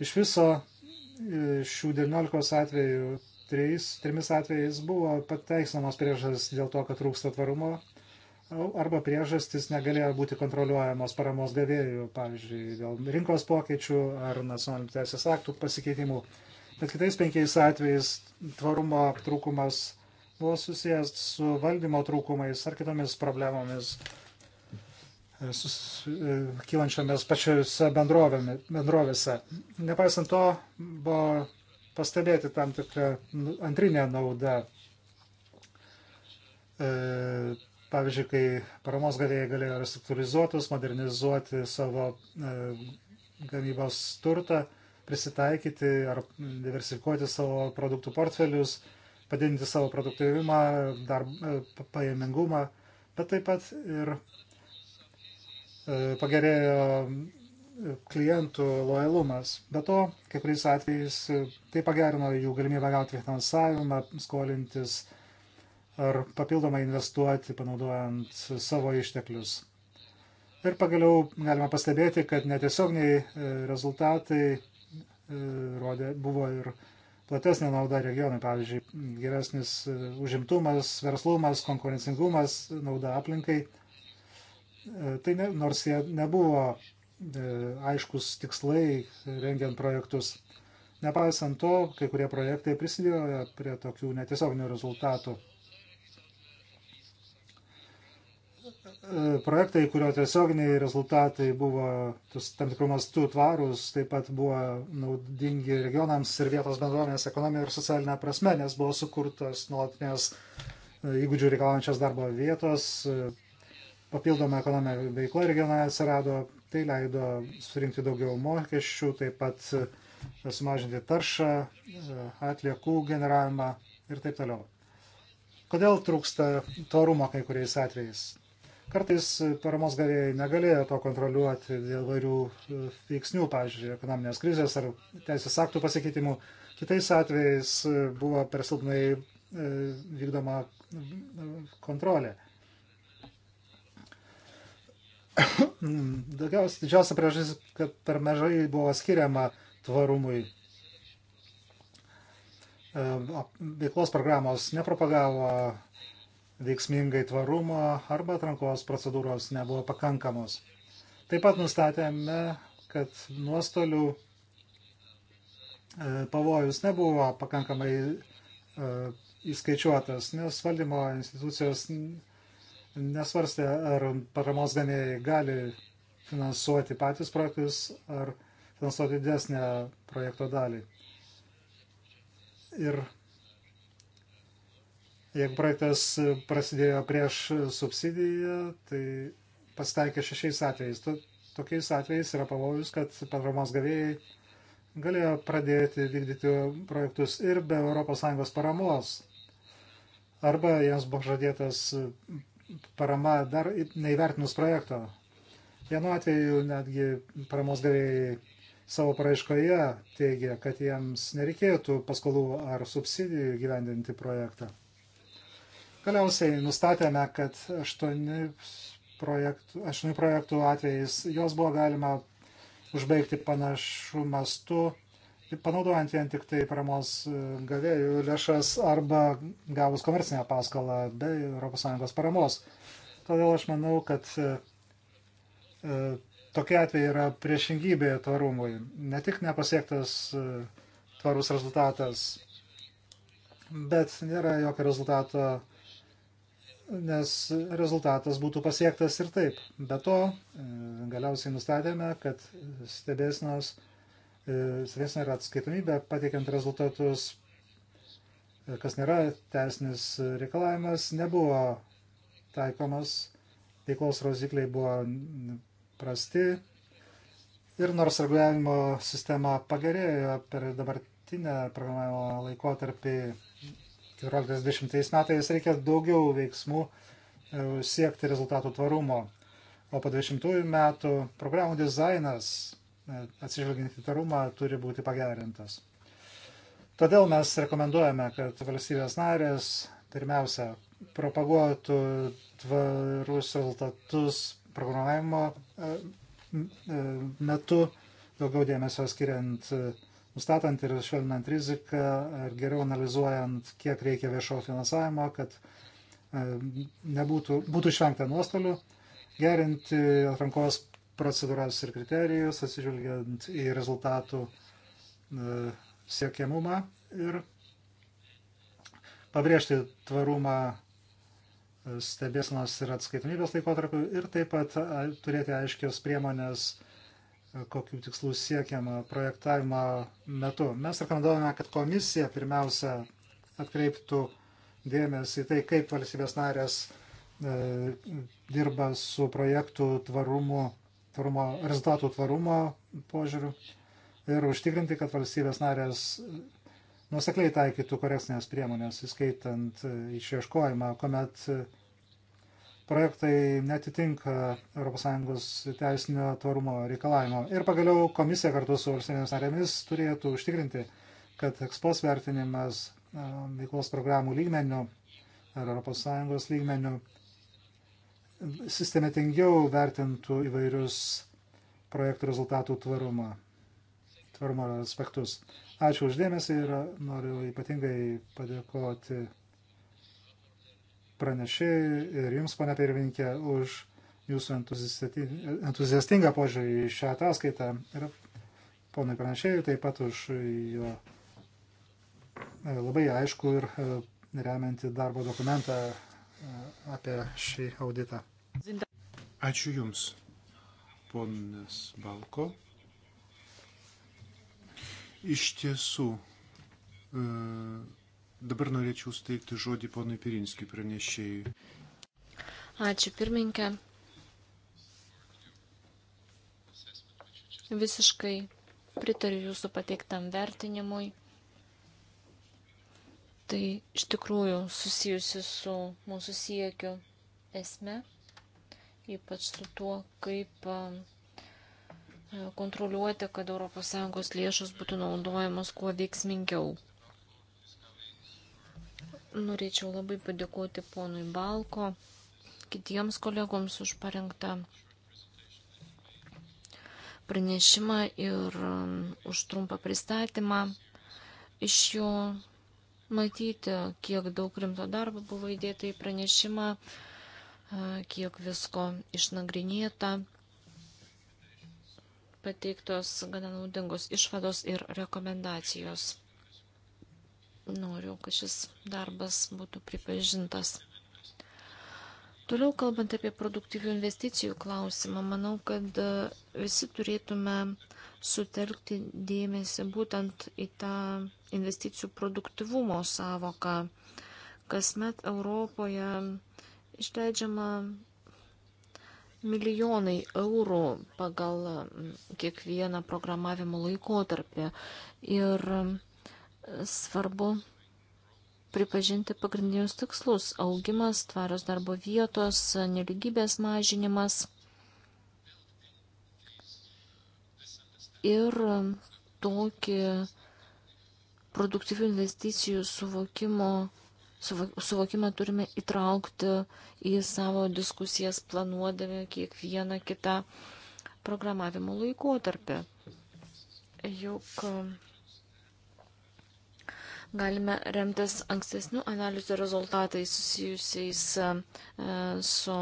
Iš viso e, šių 19 atvejų, 3, 3 atvejais buvo pateisinamos priežastis dėl to, kad trūksta tvarumo e, arba priežastis negalėjo būti kontroliuojamos paramos gavėjų, pavyzdžiui, dėl rinkos pokyčių ar nacionalinių teisės aktų pasikeitimų. Bet kitais penkiais atvejais tvarumo trūkumas buvo susijęs su valdymo trūkumais ar kitomis problemomis E, e, kylančiomis pačiose bendrovėse. Nepaisant to, buvo pastebėti tam tikrą antrinę naudą. E, pavyzdžiui, kai paramos gavėjai galėjo restruktūrizuotis, modernizuoti savo gamybos turtą, prisitaikyti ar diversifikuoti savo produktų portfelius, padidinti savo produktyvumą, dar pajamingumą, bet taip pat ir E, pagerėjo e, klientų lojalumas. Be to, kai kuriais atvejais e, tai pagerino jų galimybę gauti finansavimą, skolintis ar papildomai investuoti, panaudojant savo išteklius. Ir pagaliau galima pastebėti, kad netiesiogniai rezultatai rodė, buvo ir platesnė nauda regionui, pavyzdžiui, geresnis užimtumas, verslumas, konkurencingumas, nauda aplinkai E, tai ne, nors jie nebuvo e, aiškus tikslai rengiant projektus. Nepaisant to, kai kurie projektai prisidėjo prie tokių netiesioginių rezultatų. E, projektai, kurio tiesioginiai rezultatai buvo tus, tam tikrų mastų tvarūs, taip pat buvo naudingi regionams ir vietos bendruomenės ekonominė ir socialinė prasme, nes buvo sukurtos nuolatinės įgūdžių reikalaujančios darbo vietos, papildoma ekonominė veikla regione atsirado, tai leido surinkti daugiau mokesčių, taip pat e, sumažinti taršą, e, atliekų generavimą ir taip toliau. Kodėl trūksta torumo kai kuriais atvejais? Kartais paramos gavėjai negalėjo to kontroliuoti dėl vairių e, veiksnių, pavyzdžiui, ekonominės krizės ar teisės aktų pasikeitimų. Kitais atvejais buvo per silpnai vykdoma kontrolė. Daugiausia, didžiausia priežastis, kad per mažai buvo skiriama tvarumui. E, veiklos programos nepropagavo veiksmingai tvarumo arba atrankos procedūros nebuvo pakankamos. Taip pat nustatėme, kad nuostolių e, pavojus nebuvo pakankamai e, įskaičiuotas, nes valdymo institucijos nesvarstė, ar paramos gamėjai gali finansuoti patys projektus ar finansuoti didesnę projekto dalį. Ir jeigu projektas prasidėjo prieš subsidiją, tai pasitaikė šešiais atvejais. Tokiais atvejais yra pavojus, kad paramos gavėjai galėjo pradėti vykdyti projektus ir be ES paramos. Arba jiems buvo žadėtas parama dar neįvertinus projekto. Vienu atveju netgi paramos gavėjai savo paraiškoje teigia, kad jiems nereikėtų paskolų ar subsidijų gyvendinti projektą. Galiausiai nustatėme, kad 8 projektų, 8 projektų atvejais jos buvo galima užbaigti panašių mastų panaudojant vien tik tai paramos e, gavėjų lėšas arba gavus komercinę paskolą be ES paramos. Todėl aš manau, kad e, e, tokie atvejai yra priešingybė tvarumui. Ne tik nepasiektas tvarus rezultatas, bet nėra jokio rezultato, nes rezultatas būtų pasiektas ir taip. Be to, galiausiai nustatėme, kad stebėsnos E, stebėsena ir atskaitomybė, pateikiant rezultatus, e, kas nėra teisinis reikalavimas, nebuvo taikomas, veiklos rozikliai buvo prasti ir nors reguliavimo sistema pagerėjo per dabartinę programavimo laikotarpį 14-20 metais, reikia daugiau veiksmų e, siekti rezultatų tvarumo. O po 20 metų programų dizainas atsižvelgiant į tarumą, turi būti pagerintas. Todėl mes rekomenduojame, kad valstybės narės pirmiausia propaguotų tvarus rezultatus programavimo e, e, metu, daugiau dėmesio skiriant, e, nustatant ir švelninant riziką, ar geriau analizuojant, kiek reikia viešo finansavimo, kad nebūtų, būtų išvengta nuostolių, gerinti atrankos procedūras ir kriterijus, atsižvelgiant į rezultatų e, siekiamumą ir pabrėžti tvarumą e, stebėsnos ir atskaitomybės laikotarpiu ir taip pat turėti aiškios priemonės, e, kokių tikslų siekiama projektavimo metu. Mes rekomenduojame, kad komisija pirmiausia atkreiptų dėmesį tai, kaip valstybės narės e, dirba su projektų tvarumu tvarumo, rezultatų tvarumo požiūrių ir užtikrinti, kad valstybės narės nusekliai taikytų korekcinės priemonės, įskaitant išieškojimą, kuomet projektai netitinka ES teisinio tvarumo reikalavimo. Ir pagaliau komisija kartu su valstybėmis narėmis turėtų užtikrinti, kad ekspos vertinimas veiklos programų lygmenių ar ES lygmenių sistemetingiau vertintų įvairius projektų rezultatų tvarumą, tvarumo aspektus. Ačiū uždėmesį ir noriu ypatingai padėkoti pranešėjai ir jums, pane pirmininkė, už jūsų entuziastingą požiūrį į šią ataskaitą ir ponui pranešėjui taip pat už jo e, labai aišku ir e, remianti darbo dokumentą apie šį auditą. Ačiū Jums, ponas Balko. Iš tiesų, e, dabar norėčiau steigti žodį ponui Pirinskijui pranešėjui. Ačiū pirmininkė. Visiškai pritariu jūsų pateiktam vertinimui tai iš tikrųjų susijusi su mūsų siekiu esme, ypač su tuo, kaip e, e, kontroliuoti, kad ES lėšos būtų naudojamos kuo veiksmingiau. Norėčiau labai padėkoti ponui Balko, kitiems kolegoms už parengtą pranešimą ir e, už trumpą pristatymą. Iš jo matyti, kiek daug rimto darbo buvo įdėta į pranešimą, kiek visko išnagrinėta, pateiktos gana naudingos išvados ir rekomendacijos. Noriu, kad šis darbas būtų pripažintas. Toliau kalbant apie produktyvių investicijų klausimą, manau, kad visi turėtume sutelkti dėmesį būtent į tą investicijų produktivumo savoką. Kasmet Europoje išleidžiama milijonai eurų pagal mm, kiekvieną programavimo laikotarpį. Ir mm, svarbu pripažinti pagrindinius tikslus - augimas, tvarios darbo vietos, neligybės mažinimas ir mm, tokį produktyvių investicijų suvokimo, suvokimą turime įtraukti į savo diskusijas planuodami kiekvieną kitą programavimo laikotarpį. Juk um, galime remtis ankstesnių analizų rezultatais susijusiais uh, su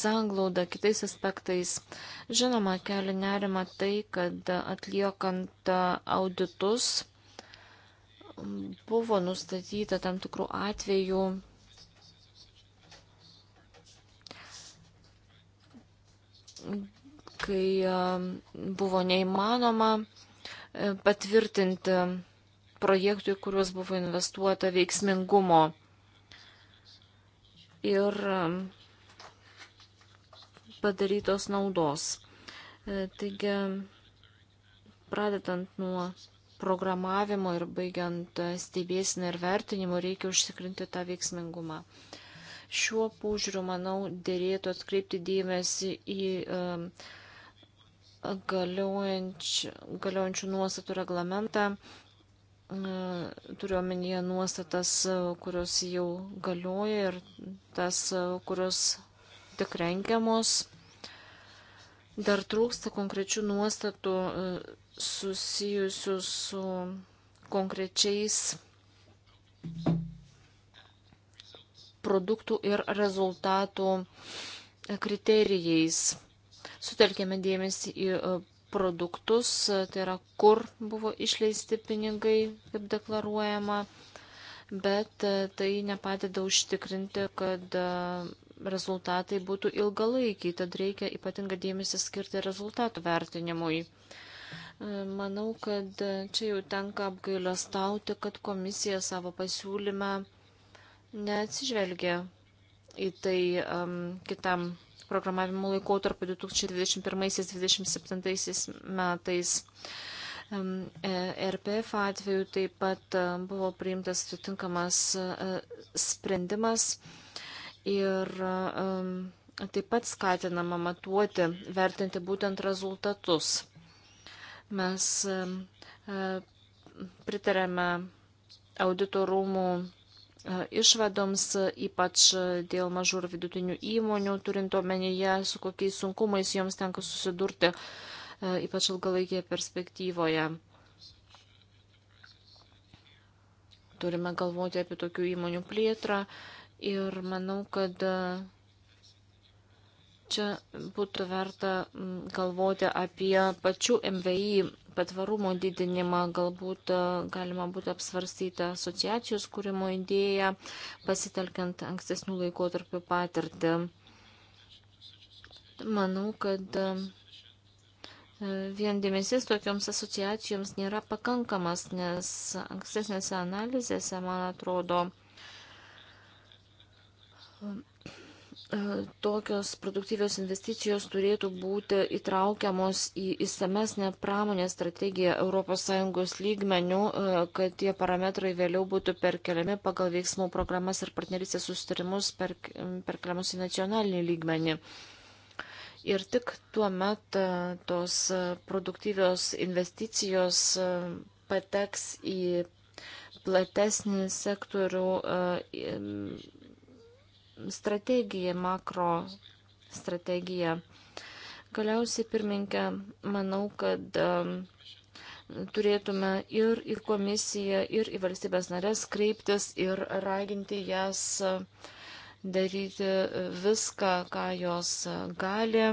sanglauda, kitais aspektais. Žinoma, kelia nerima tai, kad atliekant uh, auditus, buvo nustatyta tam tikrų atvejų, kai buvo neįmanoma e, patvirtinti projektų, į kuriuos buvo investuota veiksmingumo. Ir padarytos naudos. E, taigi, pradedant nuo programavimo ir baigiant stebėsinę ir vertinimu reikia užsikrinti tą veiksmingumą. Šiuo požiūriu, manau, dėrėtų atkreipti dėmesį į um, galiojančių, galiojančių nuostatų reglamentą, uh, turiu omenyje nuostatas, uh, kurios jau galioja ir tas, uh, kurios tik rengiamos. Dar trūksta konkrečių nuostatų susijusių su konkrečiais produktų ir rezultatų kriterijais. Sutelkėme dėmesį į e, produktus, tai yra kur buvo išleisti pinigai, kaip deklaruojama, bet e, tai nepadeda užtikrinti, kad e, rezultatai būtų ilgalaikiai, tad reikia ypatingą dėmesį skirti rezultatų vertinimui. Manau, kad čia jau tenka apgailestauti, kad komisija savo pasiūlyme neatsižvelgia į tai um, kitam programavimo laikotarpiu 2021-2027 metais. Um, e, RPF atveju taip pat um, buvo priimtas atitinkamas uh, sprendimas ir um, taip pat skatinama matuoti, vertinti būtent rezultatus. Mes e, pritarėme auditorumų e, išvadoms, ypač dėl mažų ir vidutinių įmonių, turint omenyje, su kokiais sunkumais joms tenka susidurti, e, ypač ilgalaikėje perspektyvoje. Turime galvoti apie tokių įmonių plėtrą ir manau, kad Čia būtų verta mm, galvoti apie pačių MVI patvarumo didinimą, galbūt e, galima būtų apsvarstyti asociacijos kūrimo idėją, pasitelkiant ankstesnių laikotarpių patirtį. Manau, kad e, Vien dėmesys tokioms asociacijoms nėra pakankamas, nes ankstesnėse analizėse, man atrodo, E, tokios produktyvios investicijos turėtų būti įtraukiamos į įsamesnę pramonės strategiją ES lygmenių, e, kad tie parametrai vėliau būtų perkeliami pagal veiksmų programas ir partnerystės sustarimus per, perkeliamus į nacionalinį lygmenį. Ir tik tuo met e, tos produktyvios investicijos pateks į platesnį sektorių strategija, makro strategija. Galiausiai, pirmininkė, manau, kad um, turėtume ir į komisiją, ir į valstybės narės kreiptis ir raginti jas uh, daryti uh, viską, ką jos uh, gali,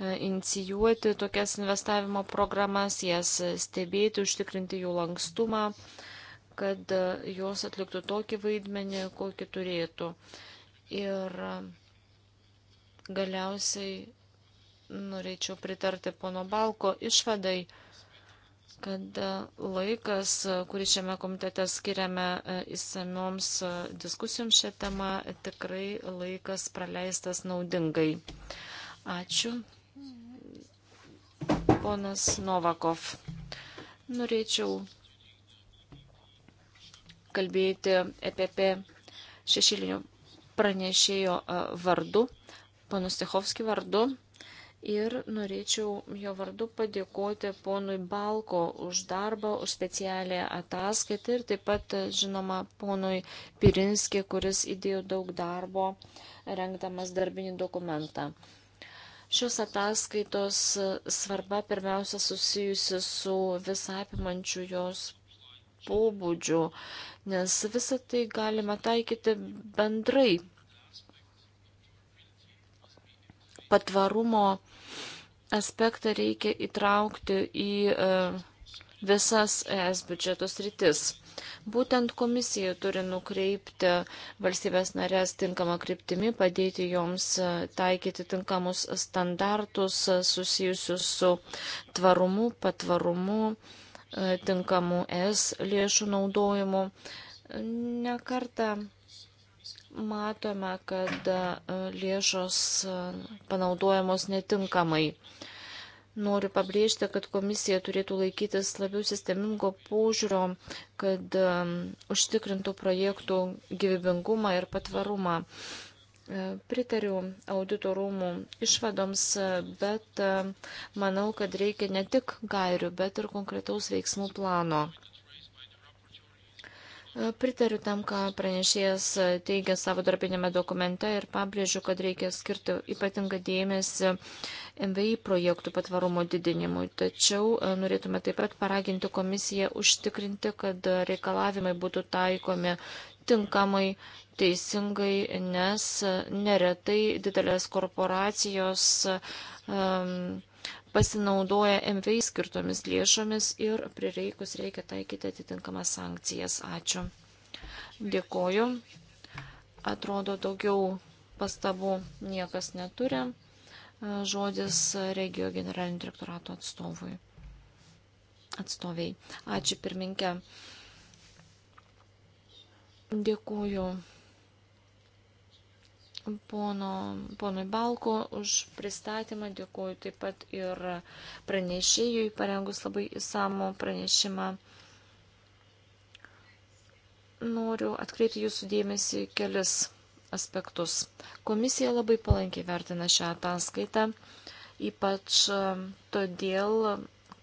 inicijuoti tokias investavimo programas, jas stebėti, užtikrinti jų lankstumą, kad jos atliktų tokį vaidmenį, kokį turėtų. Ir e, galiausiai norėčiau pritarti pono Balko išvadai, kad e, laikas, e, kurį šiame komitete skiriame įsamioms diskusijoms šią temą, tikrai laikas praleistas naudingai. Ačiū. Ponas Novakov. Norėčiau kalbėti apie šešėlinių pranešėjo vardu, panu Stechovskį vardu. Ir norėčiau jo vardu padėkoti ponui Balko už darbą, už specialią ataskaitą ir taip pat, žinoma, ponui Pirinski, kuris įdėjo daug darbo rengdamas darbinį dokumentą. Šios ataskaitos svarba pirmiausia susijusi su visapimančiu jos pobūdžių, nes visą tai galime taikyti bendrai. Patvarumo aspektą reikia įtraukti į e, visas ES biudžetos rytis. Būtent komisija turi nukreipti valstybės narės tinkamą kryptimį, padėti joms e, taikyti tinkamus standartus e, susijusius su tvarumu, patvarumu, E, tinkamų es lėšų naudojimu. Nekartą matome, kad e, lėšos e, panaudojamos netinkamai. Noriu pabrėžti, kad komisija turėtų laikytis labiau sistemingo požiūrio, kad užtikrintų projektų gyvybingumą ir patvarumą. Pritariu auditorumų išvadoms, bet e, manau, kad reikia ne tik gairių, bet ir konkretaus veiksmų plano. E, pritariu tam, ką pranešėjas teigia savo darbinėme dokumente ir pabrėžiu, kad reikia skirti ypatingą dėmesį MVI projektų patvarumo didinimui. Tačiau e, norėtume taip pat paraginti komisiją užtikrinti, kad reikalavimai būtų taikomi tinkamai teisingai, nes neretai didelės korporacijos um, pasinaudoja MVI skirtomis lėšomis ir prireikus reikia taikyti atitinkamas sankcijas. Ačiū. Dėkoju. Atrodo, daugiau pastabų niekas neturi. Žodis regio generalinio direktorato atstovui. Atstoviai. Ačiū pirminkė. Dėkoju pono, ponui Balko už pristatymą, dėkuoju taip pat ir pranešėjui, parengus labai įsamų pranešimą. Noriu atkreipti jūsų dėmesį kelis aspektus. Komisija labai palankiai vertina šią ataskaitą, ypač um, todėl,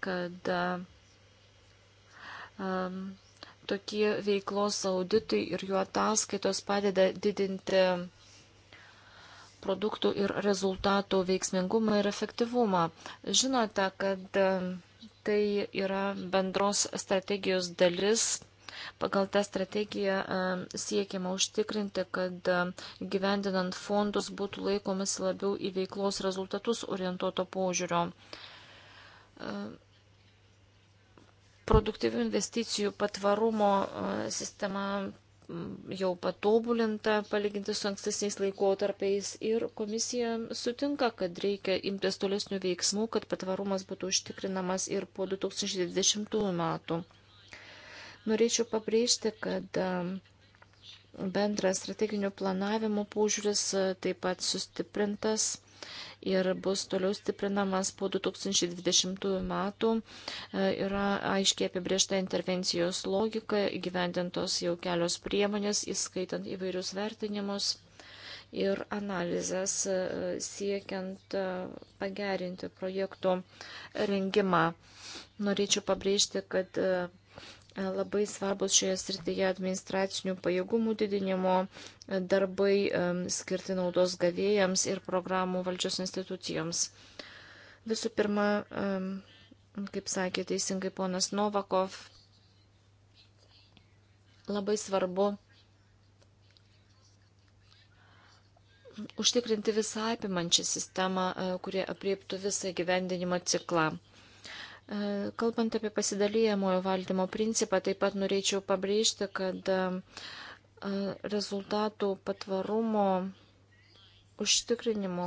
kad um, tokie veiklos auditai ir jų ataskaitos padeda didinti produktų ir rezultatų veiksmingumą ir efektyvumą. Žinote, kad tai yra bendros strategijos dalis. Pagal tą strategiją siekiama užtikrinti, kad gyvendinant fondus būtų laikomasi labiau į veiklos rezultatus orientuoto požiūrio produktyvių investicijų patvarumo sistema jau patobulinta palyginti su ankstesniais laikotarpiais ir komisija sutinka, kad reikia imtis tolesnių veiksmų, kad patvarumas būtų užtikrinamas ir po 2020 metų. Norėčiau pabrėžti, kad um, bendras strateginio planavimo požiūris uh, taip pat sustiprintas ir bus toliau stiprinamas po 2020 metų. E, yra aiškiai apibriešta intervencijos logika, gyvendintos jau kelios priemonės, įskaitant įvairius vertinimus ir analizės e, siekiant e, pagerinti projektų rengimą. Norėčiau pabrėžti, kad E, labai svarbus šioje srityje administracinių pajėgumų didinimo e, darbai e, skirti naudos gavėjams ir programų valdžios institucijoms. Visų pirma, kaip sakė teisingai ponas Novakov, labai svarbu užtikrinti visą apimančią sistemą, kurie apriektų visą gyvendinimo ciklą. E, kalbant apie pasidalyjamojo valdymo principą, taip pat norėčiau pabrėžti, kad e, e, rezultatų patvarumo užtikrinimo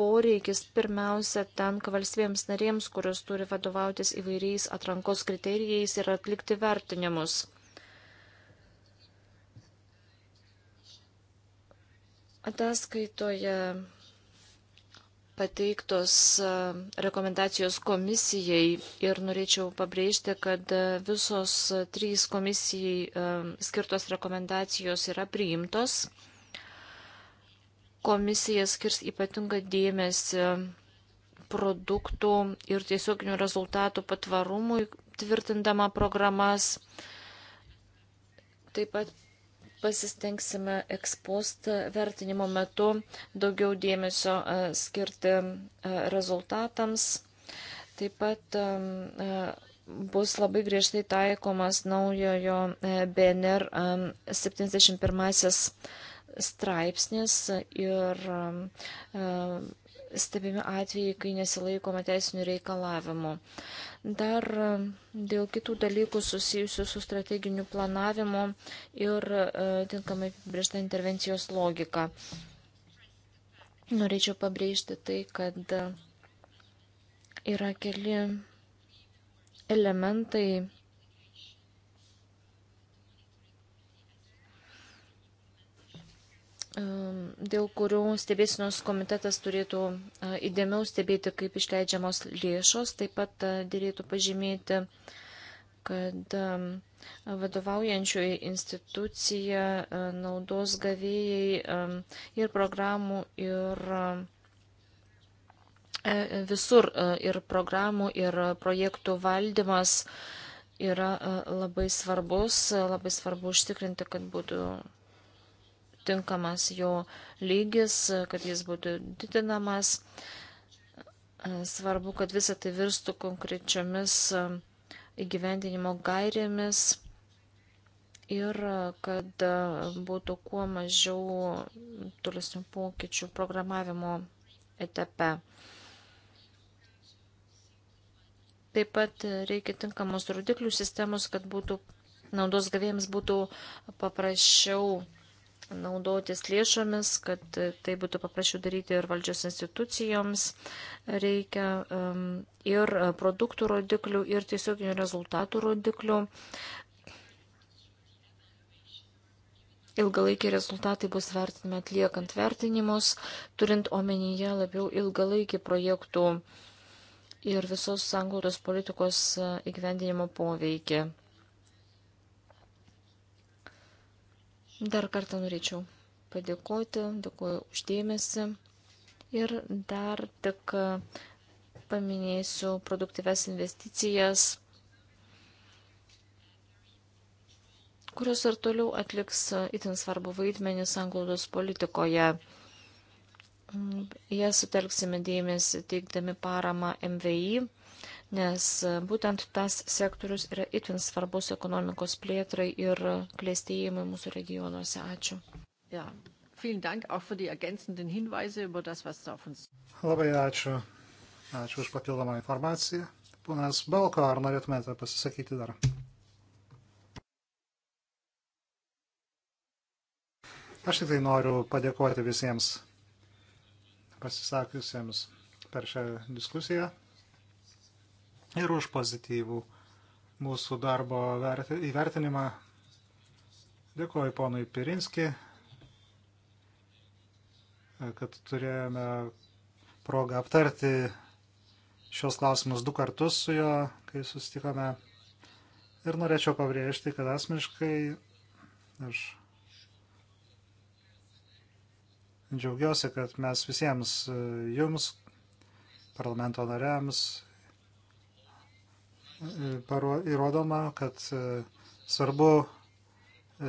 poreikis pirmiausia tenka valstybėms narėms, kurios turi vadovautis įvairiais atrankos kriterijais ir atlikti vertinimus. Ataskaitoje pateiktos e, rekomendacijos komisijai ir norėčiau pabrėžti, kad e, visos trys komisijai e, skirtos rekomendacijos yra priimtos. Komisija skirs ypatingą dėmesį produktų ir tiesioginių rezultatų patvarumui, tvirtindama programas. Taip pat pasistengsime ekspost vertinimo metu daugiau dėmesio e, skirti e, rezultatams. Taip pat e, bus labai griežtai taikomas naujojo BNR 71 straipsnis ir stebimi atvejai, kai nesilaikoma teisinių reikalavimų. Dar e, dėl kitų dalykų susijusių su strateginiu planavimu ir e, tinkamai apibriešta intervencijos logika. Norėčiau pabrėžti tai, kad e, yra keli elementai dėl kurių stebėsinos komitetas turėtų e, įdėmiau stebėti, kaip išleidžiamos lėšos. Taip pat e, dėlėtų pažymėti, kad vadovaujančioji institucija, e, naudos gavėjai ir programų ir visur ir programų ir projektų valdymas yra labai svarbus, labai svarbu užtikrinti, kad būtų tinkamas jo lygis, kad jis būtų didinamas. Svarbu, kad visa tai virstų konkrečiomis e, įgyvendinimo gairėmis ir e, kad e, būtų kuo mažiau tolesnių pokyčių programavimo etape. Taip pat reikia tinkamos rodiklių sistemos, kad būtų naudos gavėjams būtų paprasčiau naudotis lėšomis, kad tai būtų paprasčiau daryti ir valdžios institucijoms, reikia um, ir uh, produktų rodiklių, ir tiesioginių rezultatų rodiklių. Ilgalaikiai rezultatai bus vertinami atliekant vertinimus, turint omenyje labiau ilgalaikį projektų ir visos sanglaudos politikos uh, įgyvendinimo poveikį. Dar kartą norėčiau padėkoti, dėkoju uždėmesi ir dar tik paminėsiu produktyves investicijas, kurios ir toliau atliks itin svarbu vaidmenį sanglaudos politikoje. Jas sutelksime dėmesį teikdami paramą MVI nes būtent tas sektorius yra itin svarbus ekonomikos plėtrai ir klėstėjimui mūsų regionuose. Ačiū. Ja. Vielen Dank auch für die ergänzenden Hinweise über das, was da auf uns. Labai ačiū. Ačiū už papildomą informaciją. Ponas Balko, ar norėtumėte pasisakyti dar? Aš tik tai noriu padėkoti visiems pasisakiusiems per šią diskusiją ir už pozityvų mūsų darbo įvertinimą. Dėkuoju ponui Pirinski, kad turėjome progą aptarti šios klausimus du kartus su juo, kai susitikome. Ir norėčiau pabrėžti, kad asmeniškai aš džiaugiuosi, kad mes visiems jums, parlamento nariams įrodoma, kad e, svarbu e,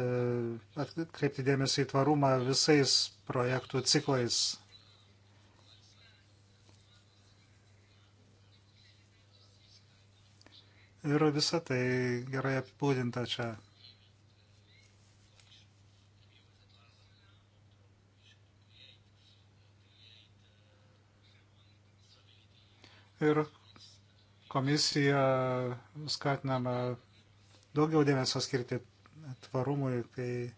atkreipti dėmesį į tvarumą visais projektų ciklais. Ir visa tai gerai apibūdinta čia. Ir komisija skatinama daugiau dėmesio skirti tvarumui, kai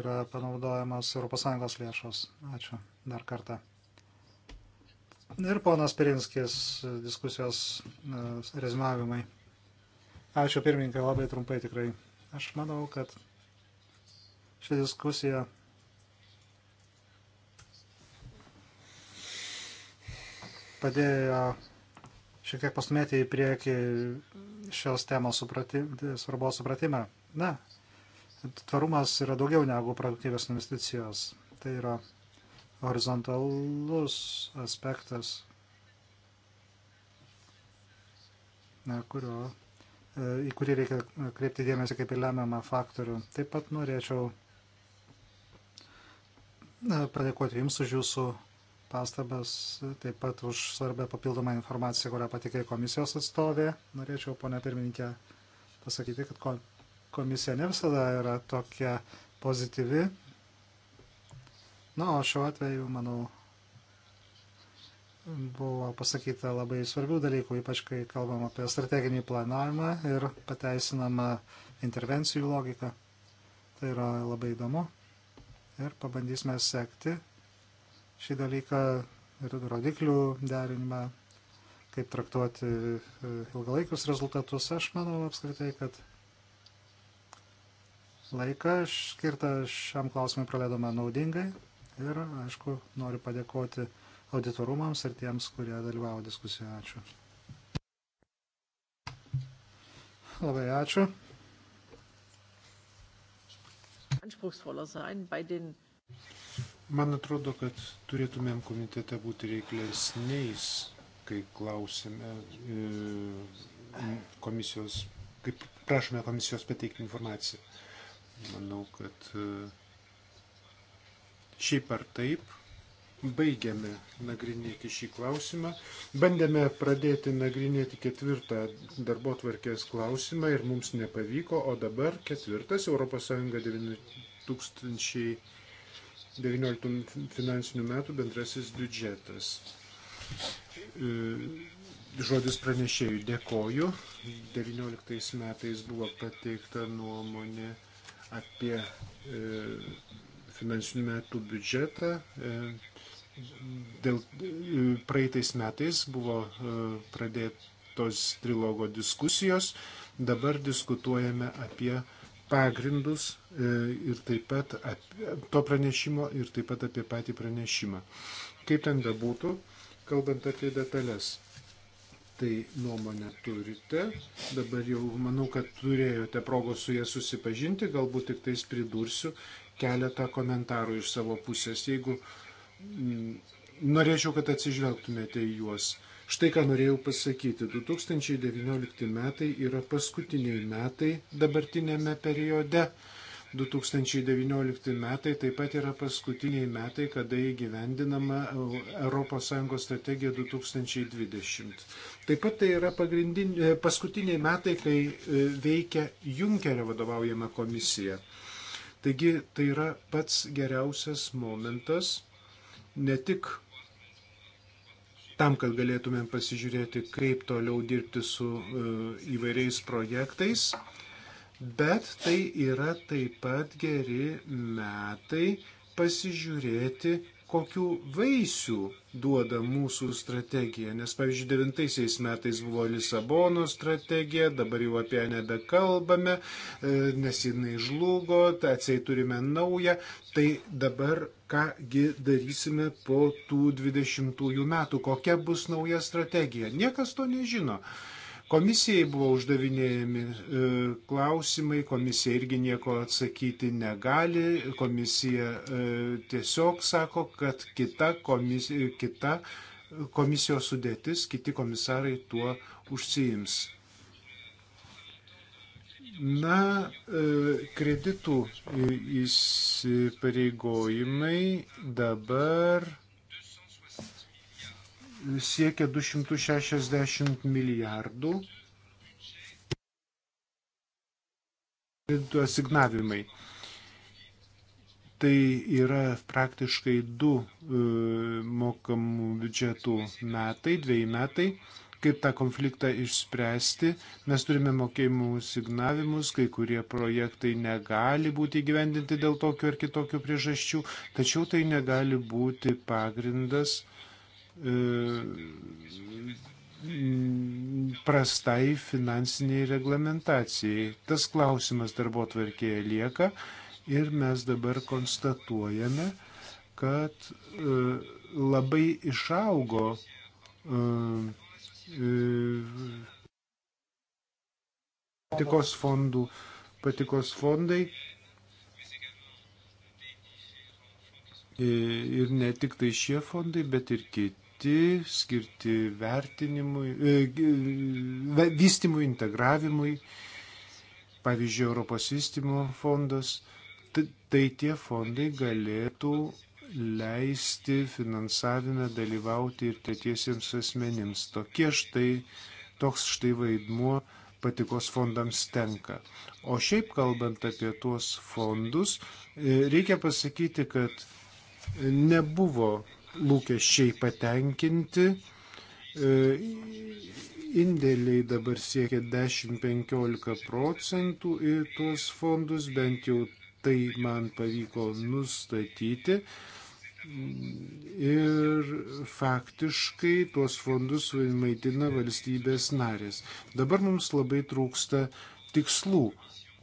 yra panaudojamos ES lėšos. Ačiū dar kartą. Ir ponas Pirinskis diskusijos rezumavimai. Ačiū pirmininkai, labai trumpai tikrai. Aš manau, kad ši diskusija padėjo šiek tiek pastumėti į priekį šios temos suprati, svarbos supratimą. Na, tvarumas yra daugiau negu produktyvės investicijos. Tai yra horizontalus aspektas, na, kurio, e, į kurį reikia kreipti dėmesį kaip į lemiamą faktorių. Taip pat norėčiau padėkoti Jums už Jūsų pastabas, taip pat už svarbę papildomą informaciją, kurią patikė komisijos atstovė. Norėčiau, ponia pirmininkė, pasakyti, kad komisija ne visada yra tokia pozityvi. Na, nu, o šiuo atveju, manau, buvo pasakyta labai svarbių dalykų, ypač kai kalbam apie strateginį planavimą ir pateisinamą intervencijų logiką. Tai yra labai įdomu ir pabandysime sekti šį dalyką ir rodiklių derinimą, kaip traktuoti e, ilgalaikius rezultatus. Aš manau apskritai, kad laiką skirtą šiam klausimui praleidome naudingai ir, aišku, noriu padėkoti auditorumams ir tiems, kurie dalyvavo diskusijoje. Ačiū. Labai ačiū. Anspruchsvoller sein bei den Man atrodo, kad turėtumėm komitete būti reiklesniais, kai klausime e, komisijos, kaip prašome komisijos pateikti informaciją. Manau, kad e, šiaip ar taip baigiame nagrinėti šį klausimą. Bandėme pradėti nagrinėti ketvirtą darbo tvarkės klausimą ir mums nepavyko, o dabar ketvirtas ES 9000. 19 finansinių metų bendrasis biudžetas. E, žodis pranešėjų dėkoju. 19 metais buvo pateikta nuomonė apie e, finansinių metų biudžetą. E, dėl, praeitais metais buvo pradėtos trilogo diskusijos. Dabar diskutuojame apie pagrindus e, ir taip pat apie to pranešimo ir taip pat apie patį pranešimą. Kaip ten bebūtų, kalbant apie detalės, tai nuomonę turite. Dabar jau manau, kad turėjote progos su jie susipažinti, galbūt tik tais pridursiu keletą komentarų iš savo pusės, jeigu m, mm, norėčiau, kad atsižvelgtumėte į juos. Štai ką norėjau pasakyti. 2019 metai yra paskutiniai metai dabartinėme periode. 2019 metai taip pat yra paskutiniai metai, kada įgyvendinama ES strategija 2020. Taip pat tai yra e, paskutiniai metai, kai e, veikia Junkerio vadovaujama komisija. Taigi tai yra pats geriausias momentas ne tik tam, kad galėtumėm pasižiūrėti, kaip toliau dirbti su e, įvairiais projektais. Bet tai yra taip pat geri metai pasižiūrėti, kokių vaisių duoda mūsų strategija. Nes, pavyzdžiui, devintaisiais metais buvo Lisabono strategija, dabar jau apie ją nebekalbame, e, nes jinai žlugo, atsiai turime naują. Tai dabar kągi darysime po tų 20 metų, kokia bus nauja strategija. Niekas to nežino. Komisijai buvo uždavinėjami e, klausimai, komisija irgi nieko atsakyti negali, komisija e, tiesiog sako, kad kita, komisija, kita komisijos sudėtis, kiti komisarai tuo užsiims. Na, e, kreditų įsipareigojimai dabar siekia 260 milijardų asignavimai. Tai yra praktiškai du e, mokamų biudžetų metai, dviejai metai. Kaip tą konfliktą išspręsti? Mes turime mokėjimų signavimus, kai kurie projektai negali būti įgyvendinti dėl tokių ar kitokių priežasčių, tačiau tai negali būti pagrindas uh, prastai finansiniai reglamentacijai. Tas klausimas darbo tvarkėje lieka ir mes dabar konstatuojame, kad e, labai išaugo e, e, patikos fondų, patikos fondai ir ne tik tai šie fondai, bet ir kiti skirti, skirti vertinimui, e, vystimui, integravimui, pavyzdžiui, Europos vystimo fondas, tai tie fondai galėtų leisti finansavime dalyvauti ir tretiesiems asmenims. Tokie štai, toks štai vaidmuo patikos fondams tenka. O šiaip kalbant apie tuos fondus, e, reikia pasakyti, kad nebuvo lūkesčiai patenkinti. E, indėliai dabar siekia 10-15 procentų į tuos fondus, bent jau tai man pavyko nustatyti. Ir faktiškai tuos fondus maitina valstybės narės. Dabar mums labai trūksta tikslų.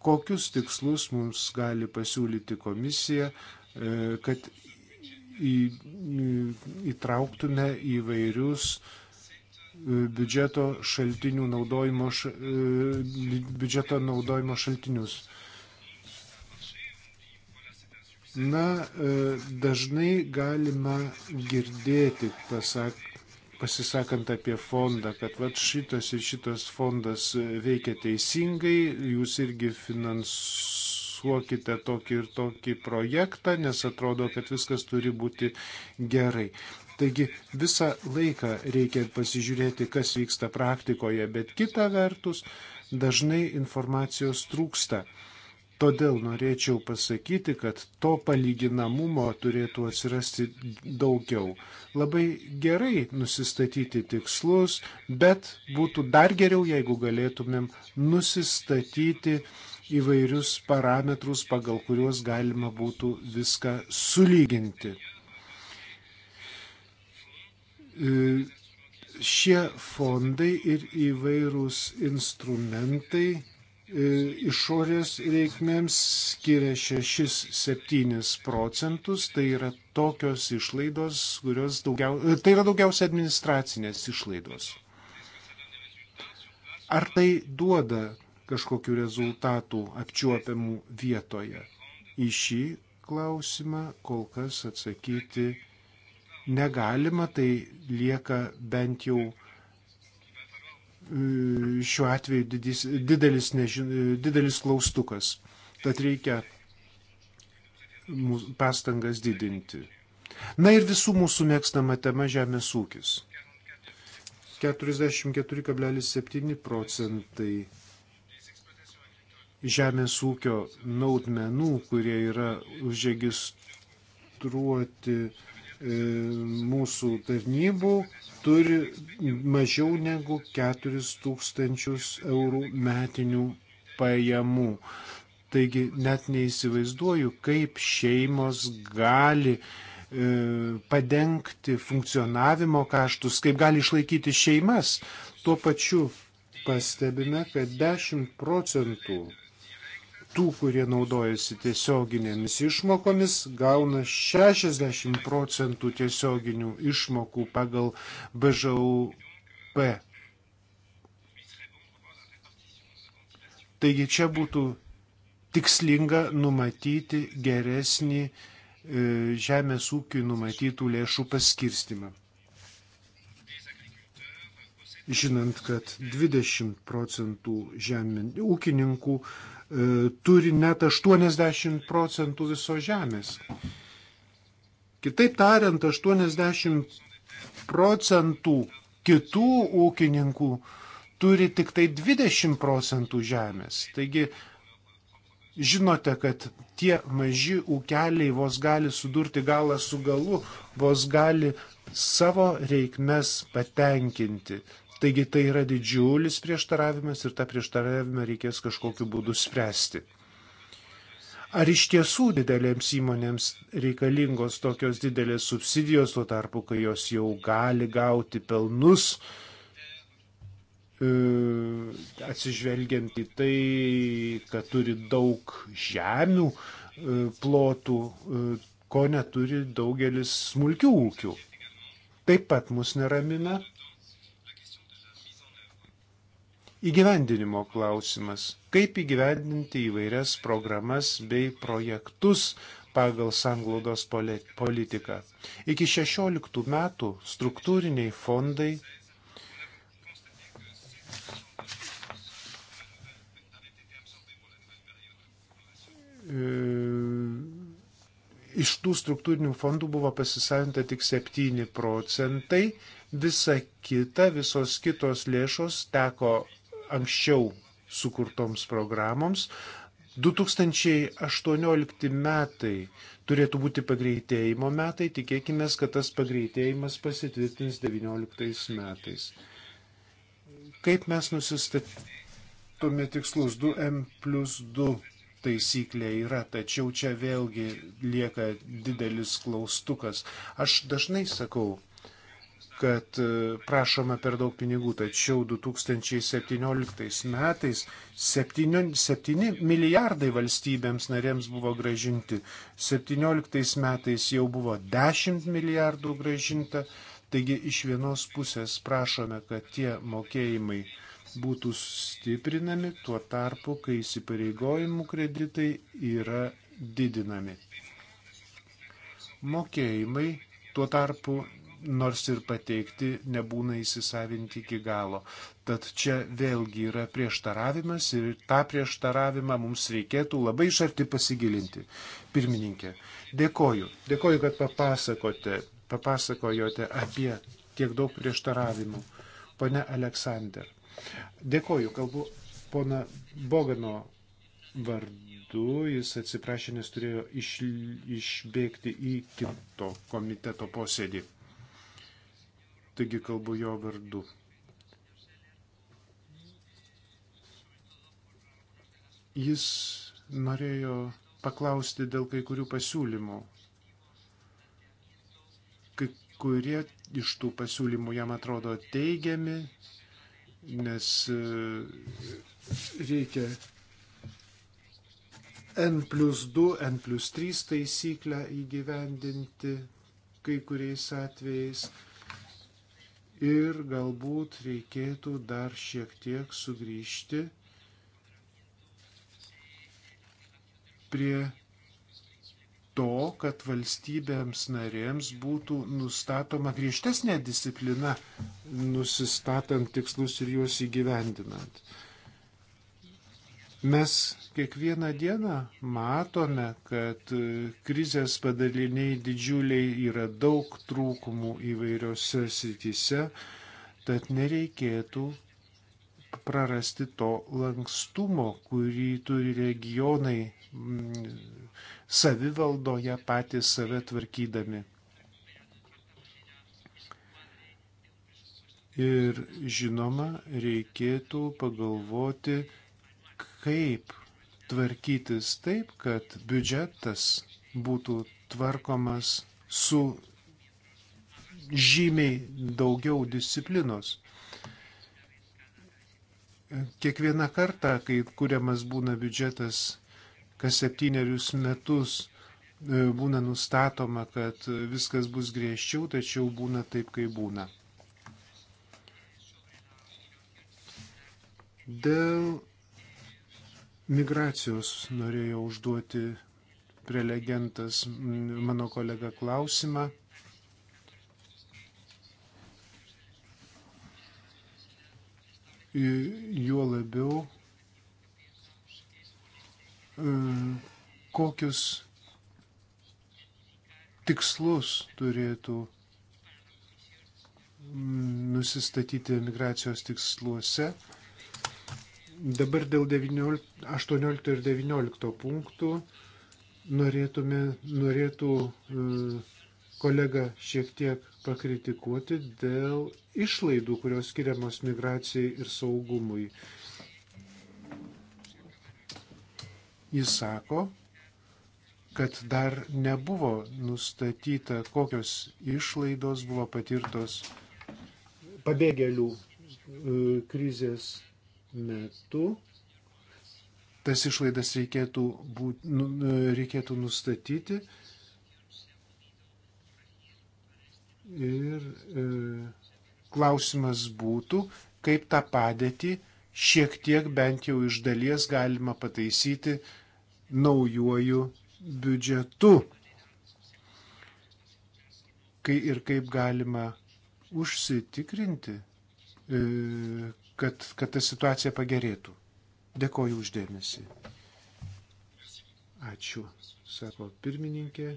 Kokius tikslus mums gali pasiūlyti komisija, e, kad į, į, įtrauktume įvairius e, biudžeto šaltinių naudojimo, š, e, biudžeto naudojimo šaltinius. Na, e, dažnai galima girdėti, pasak, pasisakant apie fondą, kad va šitas ir šitas fondas veikia teisingai, jūs irgi finansuojate finansuokite tokį ir tokį projektą, nes atrodo, kad viskas turi būti gerai. Taigi visą laiką reikia pasižiūrėti, kas vyksta praktikoje, bet kita vertus dažnai informacijos trūksta. Todėl norėčiau pasakyti, kad to palyginamumo turėtų atsirasti daugiau. Labai gerai nusistatyti tikslus, bet būtų dar geriau, jeigu galėtumėm nusistatyti uh, įvairius parametrus, pagal kuriuos galima būtų viską sulyginti. E, šie fondai ir įvairūs instrumentai e, išorės reikmėms skiria 6-7 procentus, tai yra tokios išlaidos, kurios daugiausia, e, tai yra daugiausia administracinės išlaidos. Ar tai duoda kažkokių rezultatų apčiuopiamų vietoje. Į šį klausimą kol kas atsakyti negalima, tai lieka bent jau e, šiuo atveju didis, didelis, nežin, e, didelis klaustukas. Tad reikia pastangas didinti. Na ir visų mūsų mėgstama tema - žemės ūkis. 44,7 procentai žemės ūkio naudmenų, kurie yra užregistruoti e, mūsų tarnybų, turi mažiau negu 4000 eurų metinių pajamų. Taigi net neįsivaizduoju, kaip šeimos gali e, padengti funkcionavimo kaštus, kaip gali išlaikyti šeimas. Tuo pačiu pastebime, kad 10 procentų tų, kurie naudojasi tiesioginėmis išmokomis, gauna 60 procentų tiesioginių išmokų pagal BŽUP. Taigi čia būtų tikslinga numatyti geresnį e, žemės ūkiui numatytų lėšų paskirstimą. Žinant, kad 20 procentų žemė, ūkininkų uh, E, turi net 80 procentų viso žemės. Kitaip tariant, 80 procentų kitų ūkininkų turi tik tai 20 procentų žemės. Taigi žinote, kad tie maži ūkeliai vos gali sudurti galą su galu, vos gali savo reikmes patenkinti. Taigi tai yra didžiulis prieštaravimas ir tą prieštaravimą reikės kažkokiu būdu spręsti. Ar iš tiesų didelėms įmonėms reikalingos tokios didelės subsidijos, tuo tarpu, kai jos jau gali gauti pelnus, e, atsižvelgiant į tai, kad turi daug žemių e, plotų, e, ko neturi daugelis smulkių ūkių. Taip pat mus neramina įgyvendinimo klausimas. Kaip įgyvendinti įvairias programas bei projektus pagal sanglaudos politiką. Iki 16 metų struktūriniai fondai e, iš tų struktūrinių fondų buvo pasisavinta tik 7 procentai, visa kita, visos kitos lėšos teko anksčiau sukurtoms programoms. 2018 metai turėtų būti pagreitėjimo metai, tikėkime, kad tas pagreitėjimas pasitvirtins 2019 metais. Kaip mes nusistatome tikslus 2M plus 2 taisyklė yra, tačiau čia vėlgi lieka didelis klaustukas. Aš dažnai sakau, kad e, prašoma per daug pinigų, tačiau 2017 metais 7, 7 milijardai valstybėms narėms buvo gražinti, 2017 metais jau buvo 10 milijardų gražinta, taigi iš vienos pusės prašome, kad tie mokėjimai būtų stiprinami, tuo tarpu, kai įsipareigojimų kreditai yra didinami. Mokėjimai tuo tarpu nors ir pateikti nebūna įsisavinti iki galo. Tad čia vėlgi yra prieštaravimas ir tą prieštaravimą mums reikėtų labai iš arti pasigilinti. Pirmininkė, dėkoju. Dėkoju, kad papasakote, papasakojote apie tiek daug prieštaravimų. Pone Aleksandr. Dėkoju, kalbu pona Bogano vardu, jis atsiprašė, nes turėjo iš, išbėgti į kito komiteto posėdį taigi kalbu jo vardu. Jis norėjo paklausti dėl kai kurių pasiūlymų. Kai kurie iš tų pasiūlymų jam atrodo teigiami, nes e, reikia N plus 2, N plus 3 taisyklę įgyvendinti kai kuriais atvejais ir galbūt reikėtų dar šiek tiek sugrįžti prie to, kad valstybėms narėms būtų nustatoma griežtesnė disciplina, nusistatant tikslus ir juos įgyvendinant. Mes kiekvieną dieną matome, kad krizės padaliniai didžiuliai yra daug trūkumų įvairiose srityse, tad nereikėtų prarasti to lankstumo, kurį turi regionai mm, savivaldoje patys save tvarkydami. Ir žinoma, reikėtų pagalvoti, kaip tvarkytis taip, kad biudžetas būtų tvarkomas su žymiai daugiau disciplinos. Kiekvieną kartą, kai kuriamas būna biudžetas, kas septynerius metus e, būna nustatoma, kad viskas bus griežčiau, tačiau būna taip, kaip būna. Dėl Migracijos norėjo užduoti prelegentas mano kolega klausimą. Juo labiau, e, kokius tikslus turėtų nusistatyti migracijos tiksluose Dabar dėl 19, 18 ir 19 punktų norėtume, norėtų e, kolega šiek tiek pakritikuoti dėl išlaidų, kurios skiriamos migracijai ir saugumui. Jis sako, kad dar nebuvo nustatyta, kokios išlaidos buvo patirtos pabėgėlių e, krizės metu tas išlaidas reikėtų, būt, nu, e, reikėtų nustatyti ir e, klausimas būtų, kaip tą padėtį šiek tiek bent jau iš dalies galima pataisyti naujuoju biudžetu. Kai ir kaip galima užsitikrinti, e, kad, kad ta situacija pagerėtų. Dėkoju uždėmesi. Ačiū, sako pirmininkė.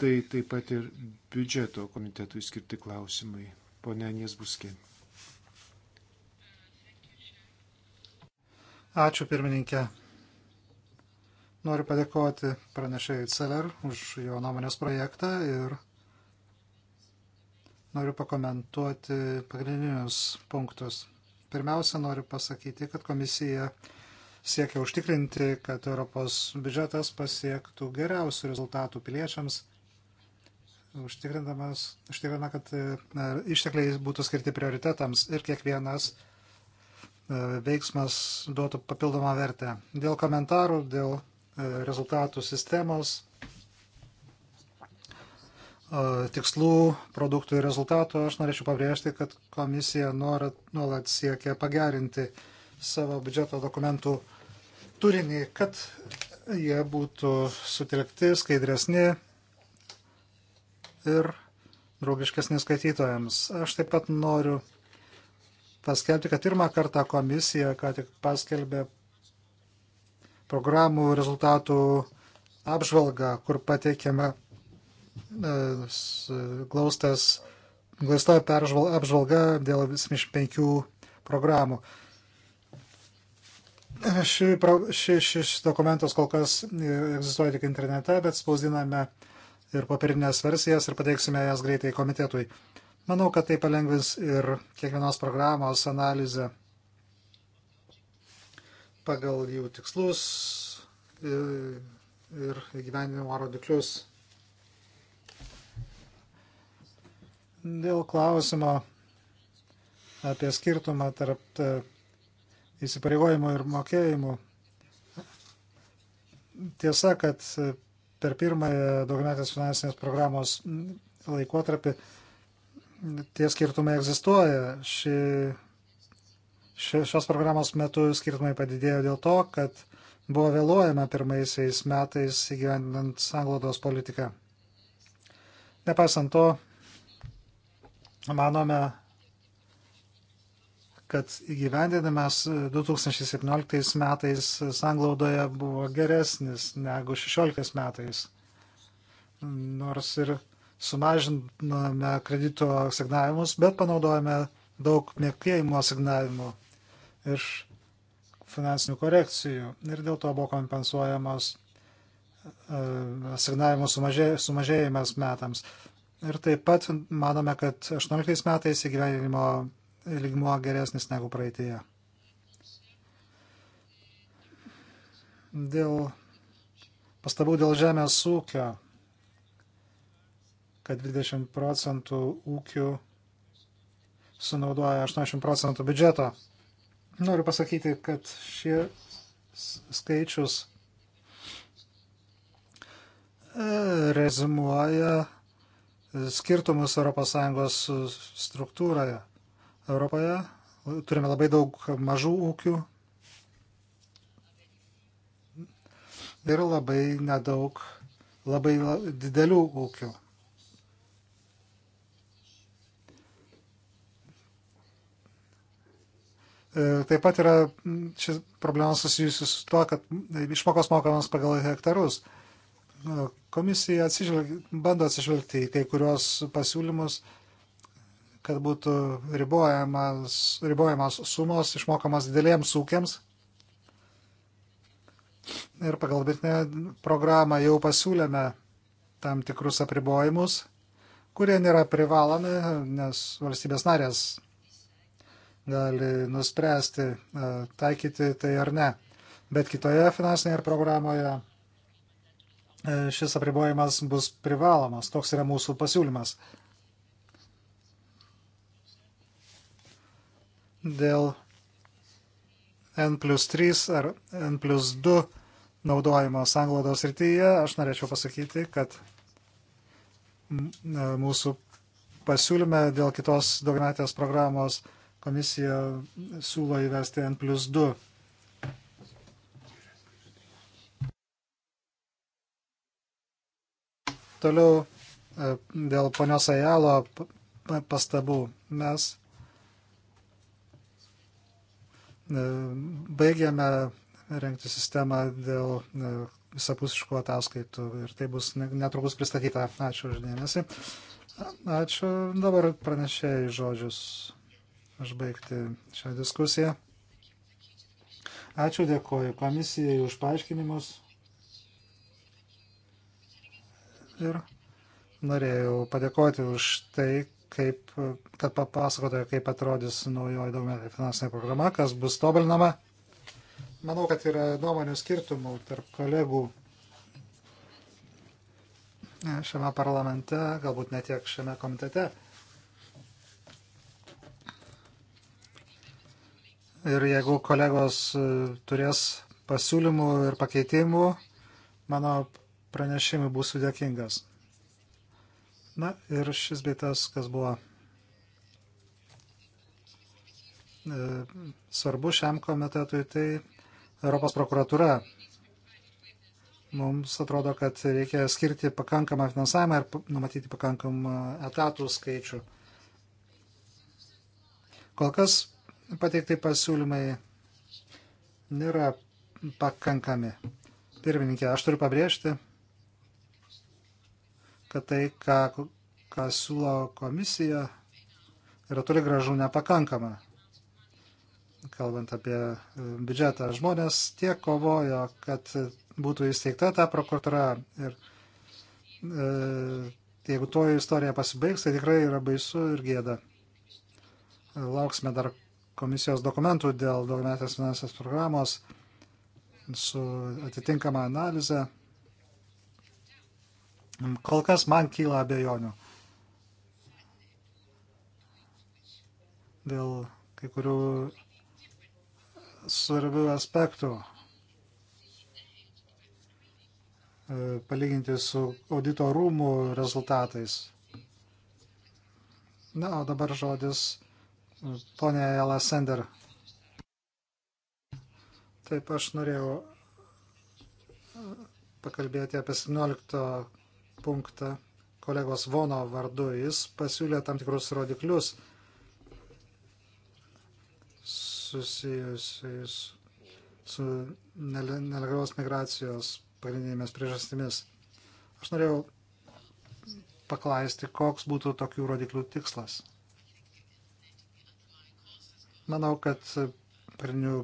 Tai taip pat ir biudžeto komitetui skirti klausimai. Pone Anies Buskė. Ačiū pirmininkė. Noriu padėkoti pranešėjai Celer už jo nuomonės projektą ir noriu pakomentuoti pagrindinius punktus. Pirmiausia, noriu pasakyti, kad komisija siekia užtikrinti, kad Europos biudžetas pasiektų geriausių rezultatų piliečiams, užtikrindama, kad e, ištekliai būtų skirti prioritetams ir kiekvienas e, veiksmas duotų papildomą vertę. Dėl komentarų, dėl e, rezultatų sistemos E, tikslų, produktų ir rezultatų, aš norėčiau pabrėžti, kad komisija nuolat siekia pagerinti savo biudžeto dokumentų turinį, kad jie būtų sutelkti, skaidresni ir draugiškesni skaitytojams. Aš taip pat noriu paskelbti, kad pirmą kartą komisija ką tik paskelbė programų rezultatų apžvalgą, kur pateikiame E, e, glaustas, glausta peržval, apžvalga dėl 75 programų. Ši, ši, šis dokumentas kol kas e, egzistuoja tik internete, bet spausdiname ir papirinės versijas ir pateiksime jas greitai komitetui. Manau, kad tai palengvins ir kiekvienos programos analizę pagal jų tikslus ir įgyvendinimo rodiklius. Dėl klausimo apie skirtumą tarp e, įsipareigojimų ir mokėjimų. Tiesa, kad e, per pirmąją daugiametės finansinės programos laikotarpį tie skirtumai egzistuoja. Ši, ši, šios programos metu skirtumai padidėjo dėl to, kad buvo vėluojama pirmaisiais metais įgyvendinant sanglaudos politiką. Nepaisant to, manome, kad įgyvendinimas 2017 metais sanglaudoje buvo geresnis negu 16 metais. Nors ir sumažinome kredito signavimus, bet panaudojame daug mėgėjimo signavimų iš finansinių korekcijų ir dėl to buvo kompensuojamos e, signavimų sumažėjimas metams. Ir taip pat manome, kad 18 metais įgyvenimo lygmuo geresnis negu praeitėje. Dėl pastabų dėl žemės ūkio, kad 20 procentų ūkių sunaudoja 80 procentų biudžeto. Noriu pasakyti, kad šie skaičius e, rezumuoja skirtumus ES struktūroje. Europoje turime labai daug mažų ūkių ir labai nedaug labai didelių ūkių. E, taip pat yra ši problema susijusi su tuo, kad išmokos mokamas pagal hektarus. Komisija atsižvelg, bando atsižvelgti į kai kurios pasiūlymus, kad būtų ribojamas, ribojamas sumos išmokamas didelėms ūkiams. Ir pagal bitinę programą jau pasiūlėme tam tikrus apribojimus, kurie nėra privalomi, nes valstybės narės gali nuspręsti taikyti tai ar ne. Bet kitoje finansinėje programoje E, šis apribojimas bus privalomas. Toks yra mūsų pasiūlymas. Dėl N plus 3 ar N plus 2 naudojimo sanglaudos rytyje aš norėčiau pasakyti, kad e, mūsų pasiūlyme dėl kitos dogmatės programos komisija siūlo įvesti N plus 2 Toliau e, dėl ponios Ajalo pastabų mes e, baigėme rengti sistemą dėl e, visapusiškų ataskaitų ir tai bus netrukus pristatyta. Ačiū už dėmesį. Ačiū dabar pranešėjai žodžius užbaigti šią diskusiją. Ačiū, dėkoju komisijai už paaiškinimus. ir norėjau padėkoti už tai, kaip, kad papasakote, kaip atrodys naujoji daugiametė finansinė programa, kas bus tobulinama. Manau, kad yra nuomonių skirtumų tarp kolegų šiame parlamente, galbūt ne tiek šiame komitete. Ir jeigu kolegos turės pasiūlymų ir pakeitimų, mano pranešimui būsiu dėkingas. Na ir šis beitas, kas buvo e, svarbu šiam komitetui, tai Europos prokuratura. Mums atrodo, kad reikia skirti pakankamą finansavimą ir numatyti pakankamą etatų skaičių. Kol kas pateikti pasiūlymai nėra pakankami. Pirmininkė, aš turiu pabrėžti, kad tai, ką, ką siūlo komisija, yra toli gražu nepakankama. Kalbant apie e, biudžetą, žmonės tiek kovojo, kad būtų įsteigta ta prokuratura ir e, jeigu toji istorija pasibaigs, tai tikrai yra baisu ir gėda. Lauksime dar komisijos dokumentų dėl daugiametės finansinės programos su atitinkama analize. Mm, kol kas man kyla abejonių dėl kai kurių svarbių aspektų e, palyginti su audito rūmų rezultatais. Na, o dabar žodis e, ponė Ela Sender. Taip, aš norėjau e, pakalbėti apie 17 punktą kolegos Vono vardu. Jis pasiūlė tam tikrus rodiklius susijusius su nelegalios migracijos pagrindinėmis priežastimis. Aš norėjau paklaisti, koks būtų tokių rodiklių tikslas. Manau, kad pagrindinių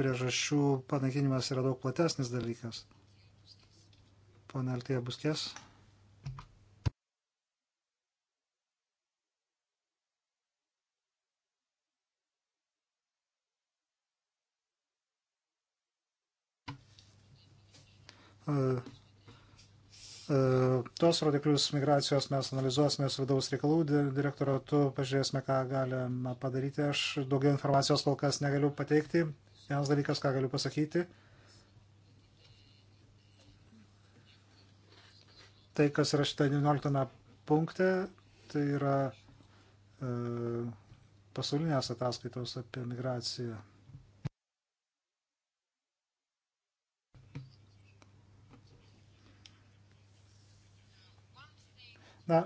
priežasčių panaikinimas yra daug platesnis dalykas. Pone Altija Buskės. E, e, Tuos rodiklius migracijos mes analizuosime su vidaus reikalų direktoratu, pažiūrėsime, ką galime padaryti. Aš daugiau informacijos kol kas negaliu pateikti. Vienas dalykas, ką galiu pasakyti. Tai, kas yra šitą 19 punkte, tai yra e, pasaulinės ataskaitos apie migraciją. Na,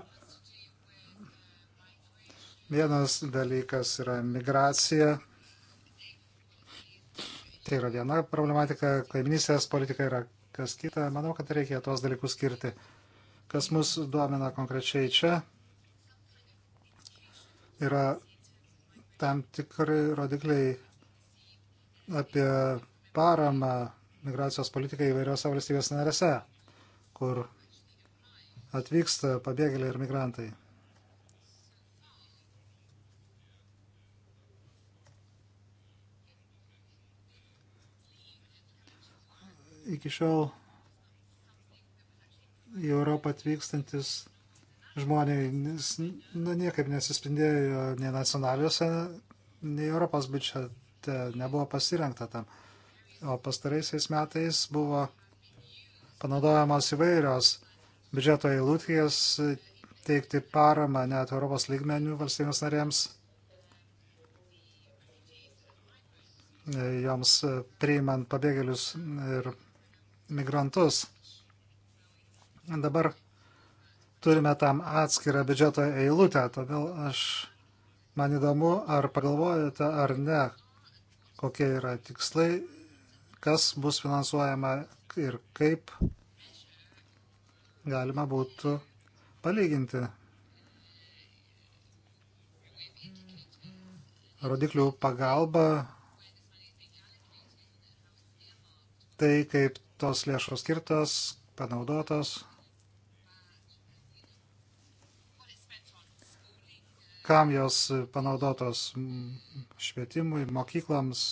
vienas dalykas yra migracija. Tai yra viena problematika, kaiminysės politika yra kas kita. Manau, kad reikia tuos dalykus skirti. Kas mus duomina konkrečiai čia, yra tam tikri rodikliai apie paramą migracijos politikai įvairiose valstybės narėse, kur atvyksta pabėgėliai ir migrantai. Iki šiol į Europą atvykstantis žmonės nu, niekaip nesispindėjo nei nacionaliuose, nei Europos biudžete, nebuvo pasirengta tam. O pastaraisiais metais buvo panaudojamos įvairios biudžeto eilutės e, teikti paramą net Europos lygmenių valstybės narėms, e, joms e, priimant pabėgėlius ir migrantus. Dabar turime tam atskirą biudžeto eilutę, todėl aš man įdomu, ar pagalvojate ar ne, kokie yra tikslai, kas bus finansuojama ir kaip galima būtų palyginti rodiklių pagalba tai, kaip tos lėšos skirtos, panaudotos, kam jos panaudotos švietimui, mokykloms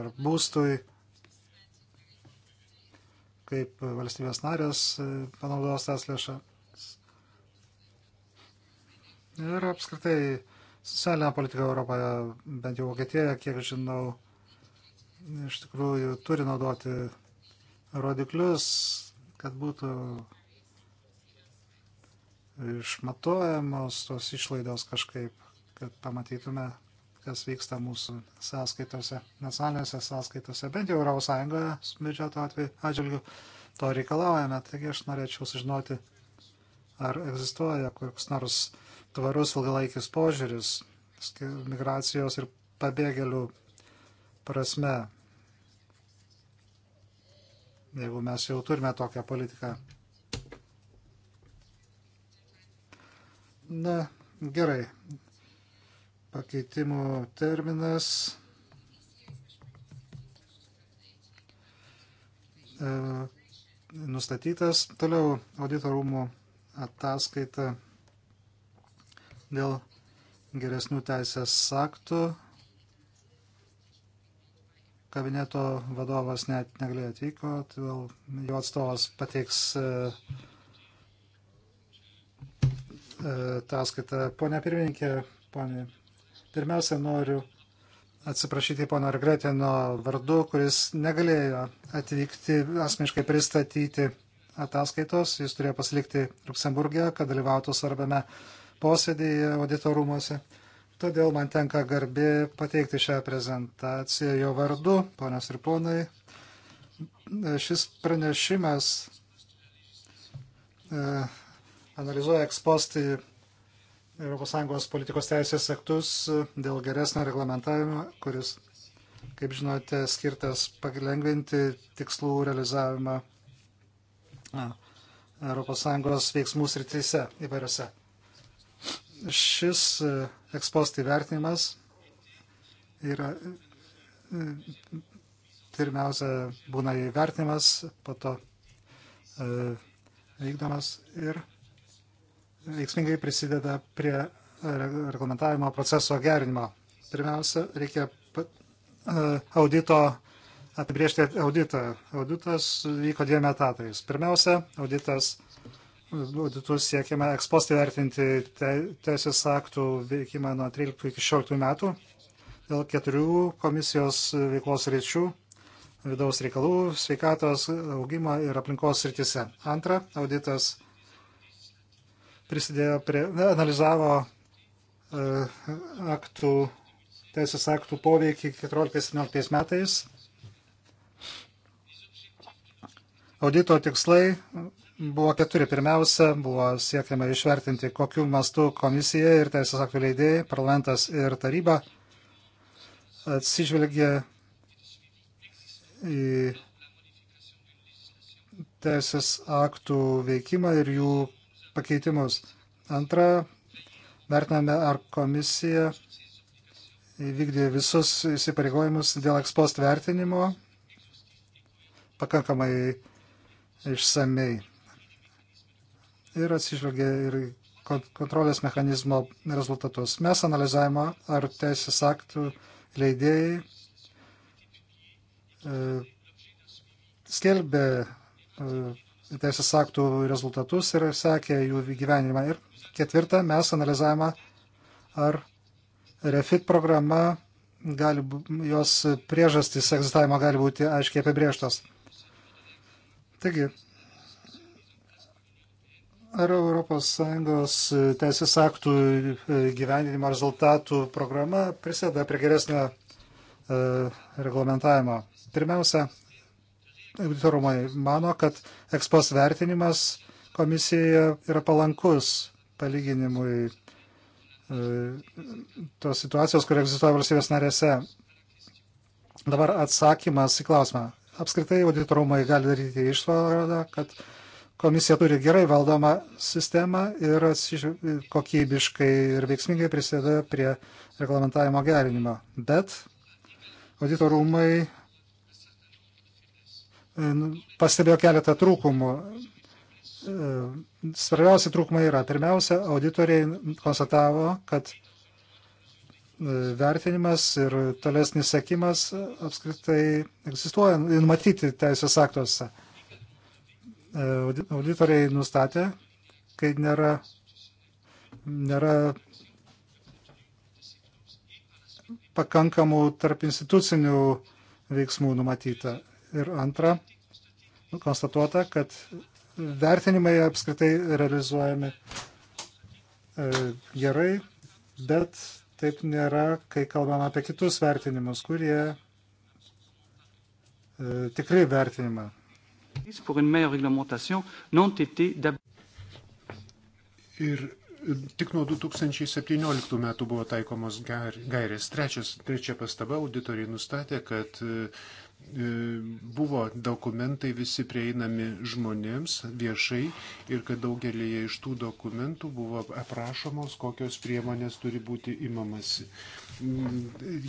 ar būstui kaip valstybės narės e, panaudos tas lėšas. Ir apskritai socialinė politika Europoje, bent jau Vokietijoje, kiek žinau, iš tikrųjų turi naudoti rodiklius, kad būtų išmatuojamos tos išlaidos kažkaip, kad pamatytume, kas vyksta mūsų sąskaitose, nacionalinėse sąskaitose, bent jau Europos Sąjungoje biudžeto atžvilgiu to reikalaujame. Taigi aš norėčiau sužinoti, ar egzistuoja koks nors tvarus ilgalaikis požiūris migracijos ir pabėgėlių prasme, jeigu mes jau turime tokią politiką. Na, gerai, Pakeitimų terminas e, nustatytas. Toliau auditorumų ataskaita dėl geresnių teisės aktų. Kabineto vadovas net negalėjo atvyko, todėl jo atstovas pateiks e, e, ataskaitą. Pone pirmininkė, pone Pirmiausia, noriu atsiprašyti pono Argretino vardu, kuris negalėjo atvykti asmeniškai pristatyti ataskaitos. Jis turėjo pasilikti Luksemburgė, kad dalyvautų svarbiame posėdėje auditorumuose. Todėl man tenka garbė pateikti šią prezentaciją jo vardu, ponios ir ponai. Šis pranešimas e, analizuoja ekspostį ES politikos teisės aktus e, dėl geresnio reglamentavimo, kuris, kaip žinote, skirtas palengvinti tikslų realizavimą ES veiksmų srityse įvairiose. Šis ekspostį vertinimas yra e, pirmiausia būna įvertinimas, po to e, vykdomas ir veiksmingai prisideda prie e, reglamentavimo proceso gerinimo. Pirmiausia, reikia e, audito apibriežti auditą. Auditas vyko dviem etatais. Pirmiausia, auditas auditus siekiama ekspostį vertinti te, teisės aktų veikimą nuo 13 iki 16 metų dėl keturių komisijos veiklos ryčių - vidaus reikalų, sveikatos, augimo ir aplinkos rytise. Antra, auditas prisidėjo prie, na, analizavo e, aktų, teisės aktų poveikį 14-17 metais. Audito tikslai buvo keturi. Pirmiausia, buvo siekiama išvertinti, kokiu mastu komisija ir teisės aktų leidėjai, parlamentas ir taryba atsižvelgė į teisės aktų veikimą ir jų pakeitimus. Antra, vertiname, ar komisija įvykdė visus įsipareigojimus dėl ekspost vertinimo pakankamai išsamei. Ir atsižvelgia ir kontrolės mechanizmo rezultatus. Mes analizavimo, ar teisės aktų leidėjai e, skelbė e, teisės aktų rezultatus ir sekė jų gyvenimą. Ir ketvirta, mes analizavome, ar refit programa, gali, jos priežastys egzistavimo gali būti aiškiai apibrieštos. Taigi, ar ES teisės aktų gyvenimo rezultatų programa prisėda prie geresnio e, reglamentavimo? Pirmiausia, auditorumai mano, kad ekspos vertinimas komisijoje yra palankus palyginimui e, tos situacijos, kur egzistuoja valstybės narėse. Dabar atsakymas į klausimą. Apskritai auditorumai gali daryti išvadą, kad komisija turi gerai valdomą sistemą ir kokybiškai ir veiksmingai prisideda prie reglamentavimo gerinimo. Bet auditorumai E, nu, pastebėjo keletą trūkumų. E, svarbiausi trūkumai yra, pirmiausia, auditoriai konstatavo, kad e, vertinimas ir tolesnis sekimas apskritai egzistuoja, numatyti teisės aktuose. Auditoriai nustatė, kai nėra, nėra pakankamų tarp institucinių veiksmų numatyta. Ir antra, konstatuota, kad vertinimai apskritai realizuojami e, gerai, bet taip nėra, kai kalbam apie kitus vertinimus, kurie e, tikrai vertinimą. Ir tik nuo 2017 metų buvo taikomos gairės. Trečias, trečia pastaba auditoriai nustatė, kad uh, E, buvo dokumentai visi prieinami žmonėms viešai ir kad daugelį iš tų dokumentų buvo aprašomos, kokios priemonės turi būti imamasi. Mm,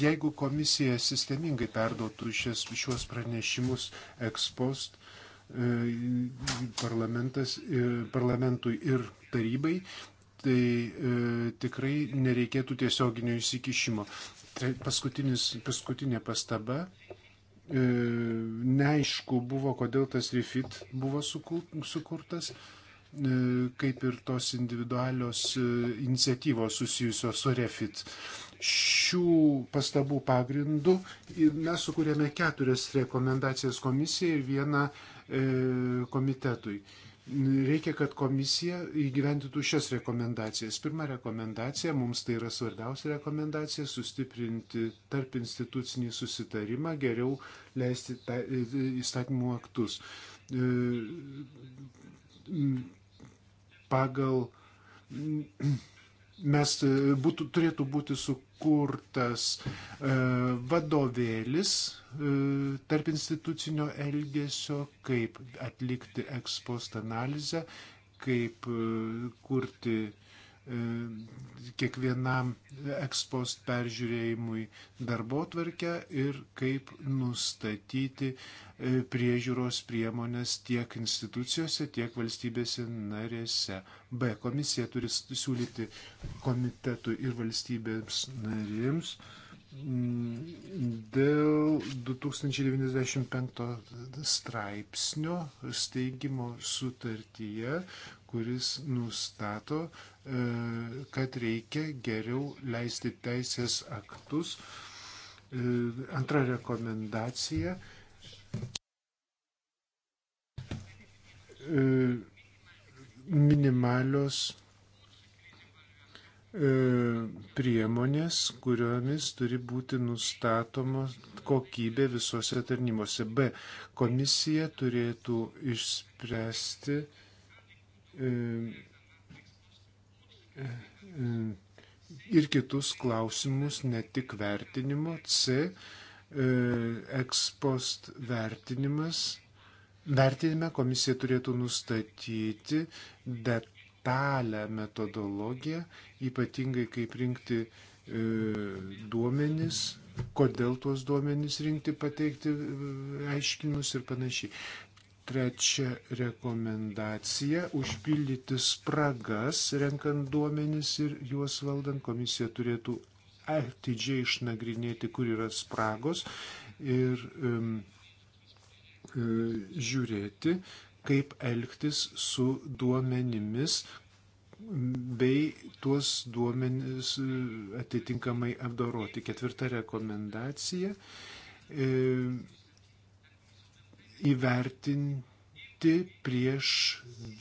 jeigu komisija sistemingai perduotų šios, šios pranešimus ekspost e, e, parlamentui ir tarybai, tai e, tikrai nereikėtų tiesioginio įsikišimo. Tre, paskutinis, paskutinė pastaba E, neaišku buvo, kodėl tas refit buvo sukurtas, e, kaip ir tos individualios e, iniciatyvos susijusios su refit. Šių pastabų pagrindų mes sukūrėme keturias rekomendacijas komisijai ir vieną komitetui. Reikia, kad komisija įgyventytų šias rekomendacijas. Pirma rekomendacija, mums tai yra svarbiausia rekomendacija, sustiprinti tarp institucinį susitarimą, geriau leisti ta, įstatymų aktus. Pagal mes būtų, turėtų būti su, sukurtas e, vadovėlis e, tarp institucinio elgesio, kaip atlikti ekspost analizę, kaip e, kurti E, kiekvienam ekspost peržiūrėjimui darbo tvarkę ir kaip nustatyti e, priežiūros priemonės tiek institucijose, tiek valstybėse narėse. B. Komisija turi siūlyti komitetui ir valstybėms narėms dėl 2095 straipsnio steigimo sutartyje, kuris nustato, e, kad reikia geriau leisti teisės aktus. E, antra rekomendacija. E, minimalios priemonės, kuriomis turi būti nustatoma kokybė visose tarnybose. B. Komisija turėtų išspręsti E, e, ir kitus klausimus, ne tik vertinimo. C. Ekspost vertinimas. Vertinime komisija turėtų nustatyti detalę metodologiją, ypatingai kaip rinkti e, duomenis, kodėl tuos duomenis rinkti, pateikti aiškinimus ir panašiai. Trečia rekomendacija - užpildyti spragas, renkant duomenis ir juos valdant. Komisija turėtų atidžiai išnagrinėti, kur yra spragos ir um, žiūrėti, kaip elgtis su duomenimis bei tuos duomenis e, atitinkamai apdoroti. Ketvirta rekomendacija um, įvertinti prieš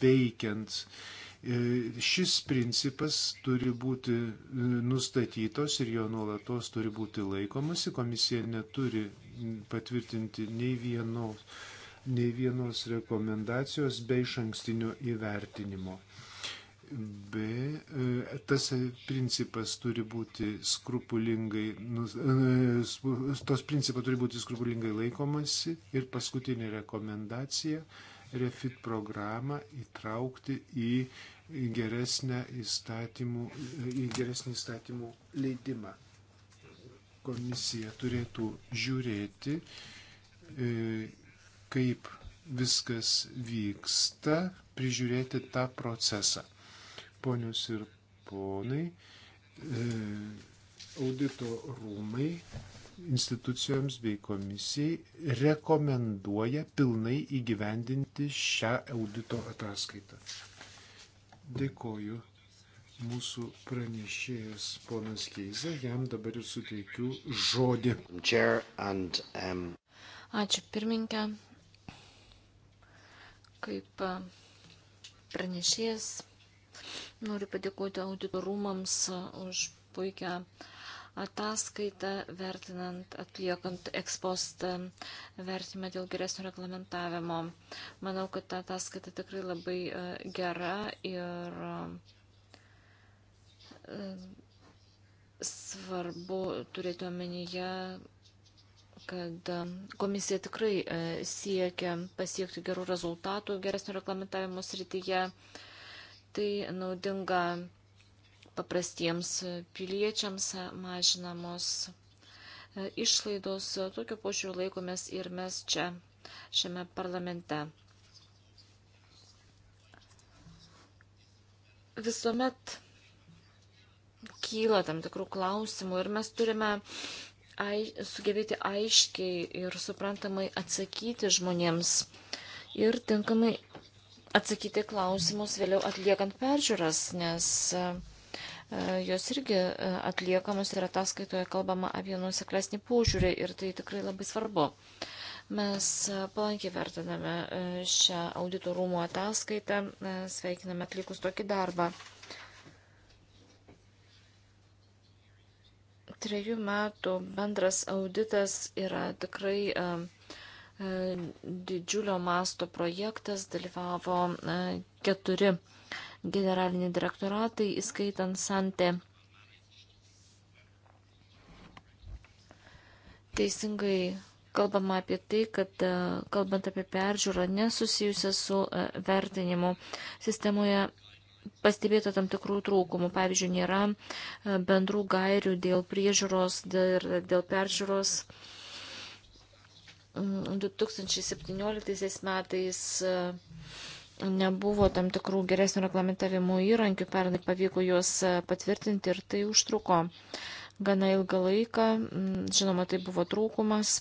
veikiant. E, šis principas turi būti e, nustatytos ir jo nuolatos turi būti laikomasi. Komisija neturi patvirtinti nei vienos, nei vienos rekomendacijos bei šankstinio įvertinimo. B. E, tas principas turi būti skrupulingai, e, tos principą turi būti skrupulingai laikomasi. Ir paskutinė rekomendacija - refit programą įtraukti į geresnę įstatymų, į geresnį įstatymų leidimą. Komisija turėtų žiūrėti, e, kaip viskas vyksta, prižiūrėti tą procesą. Ponios ir ponai, e, audito rūmai institucijoms bei komisijai rekomenduoja pilnai įgyvendinti šią audito ataskaitą. Dėkoju mūsų pranešėjas ponas Keiza, jam dabar ir suteikiu žodį. Um, Ačiū pirmininkė. Kaip e, pranešėjas Noriu padėkoti auditorumams už puikią ataskaitą, vertinant, atliekant ekspostą vertimą dėl geresnio reglamentavimo. Manau, kad ta ataskaita tikrai labai e, gera ir e, svarbu turėti omenyje, kad komisija tikrai e, siekia pasiekti gerų rezultatų geresnio reglamentavimo srityje. Tai naudinga paprastiems piliečiams mažinamos e, išlaidos. Tokiu požiūriu laikomės ir mes čia, šiame parlamente. Visuomet kyla tam tikrų klausimų ir mes turime ai, sugebėti aiškiai ir suprantamai atsakyti žmonėms ir tinkamai atsakyti klausimus vėliau atliekant peržiūras, nes e, e, jos irgi e, atliekamos ir ataskaitoje kalbama apie nuseklesnį požiūrį ir tai tikrai labai svarbu. Mes palankiai vertiname šią audito rūmų ataskaitą, sveikiname atlikus tokį darbą. Trejų metų bendras auditas yra tikrai uh, E, didžiulio masto projektas dalyvavo e, keturi generaliniai direktoratai, įskaitant Santė. Teisingai kalbama apie tai, kad e, kalbant apie peržiūrą nesusijusią su vertinimu sistemoje pastebėta tam tikrų trūkumų. Pavyzdžiui, nėra bendrų gairių dėl priežiūros ir dėl, dėl peržiūros 2017 mm, metais e, nebuvo tam tikrų geresnių reglamentavimo įrankių, pernai pavyko juos e, patvirtinti ir tai užtruko gana ilgą laiką. Mm, žinoma, tai buvo trūkumas,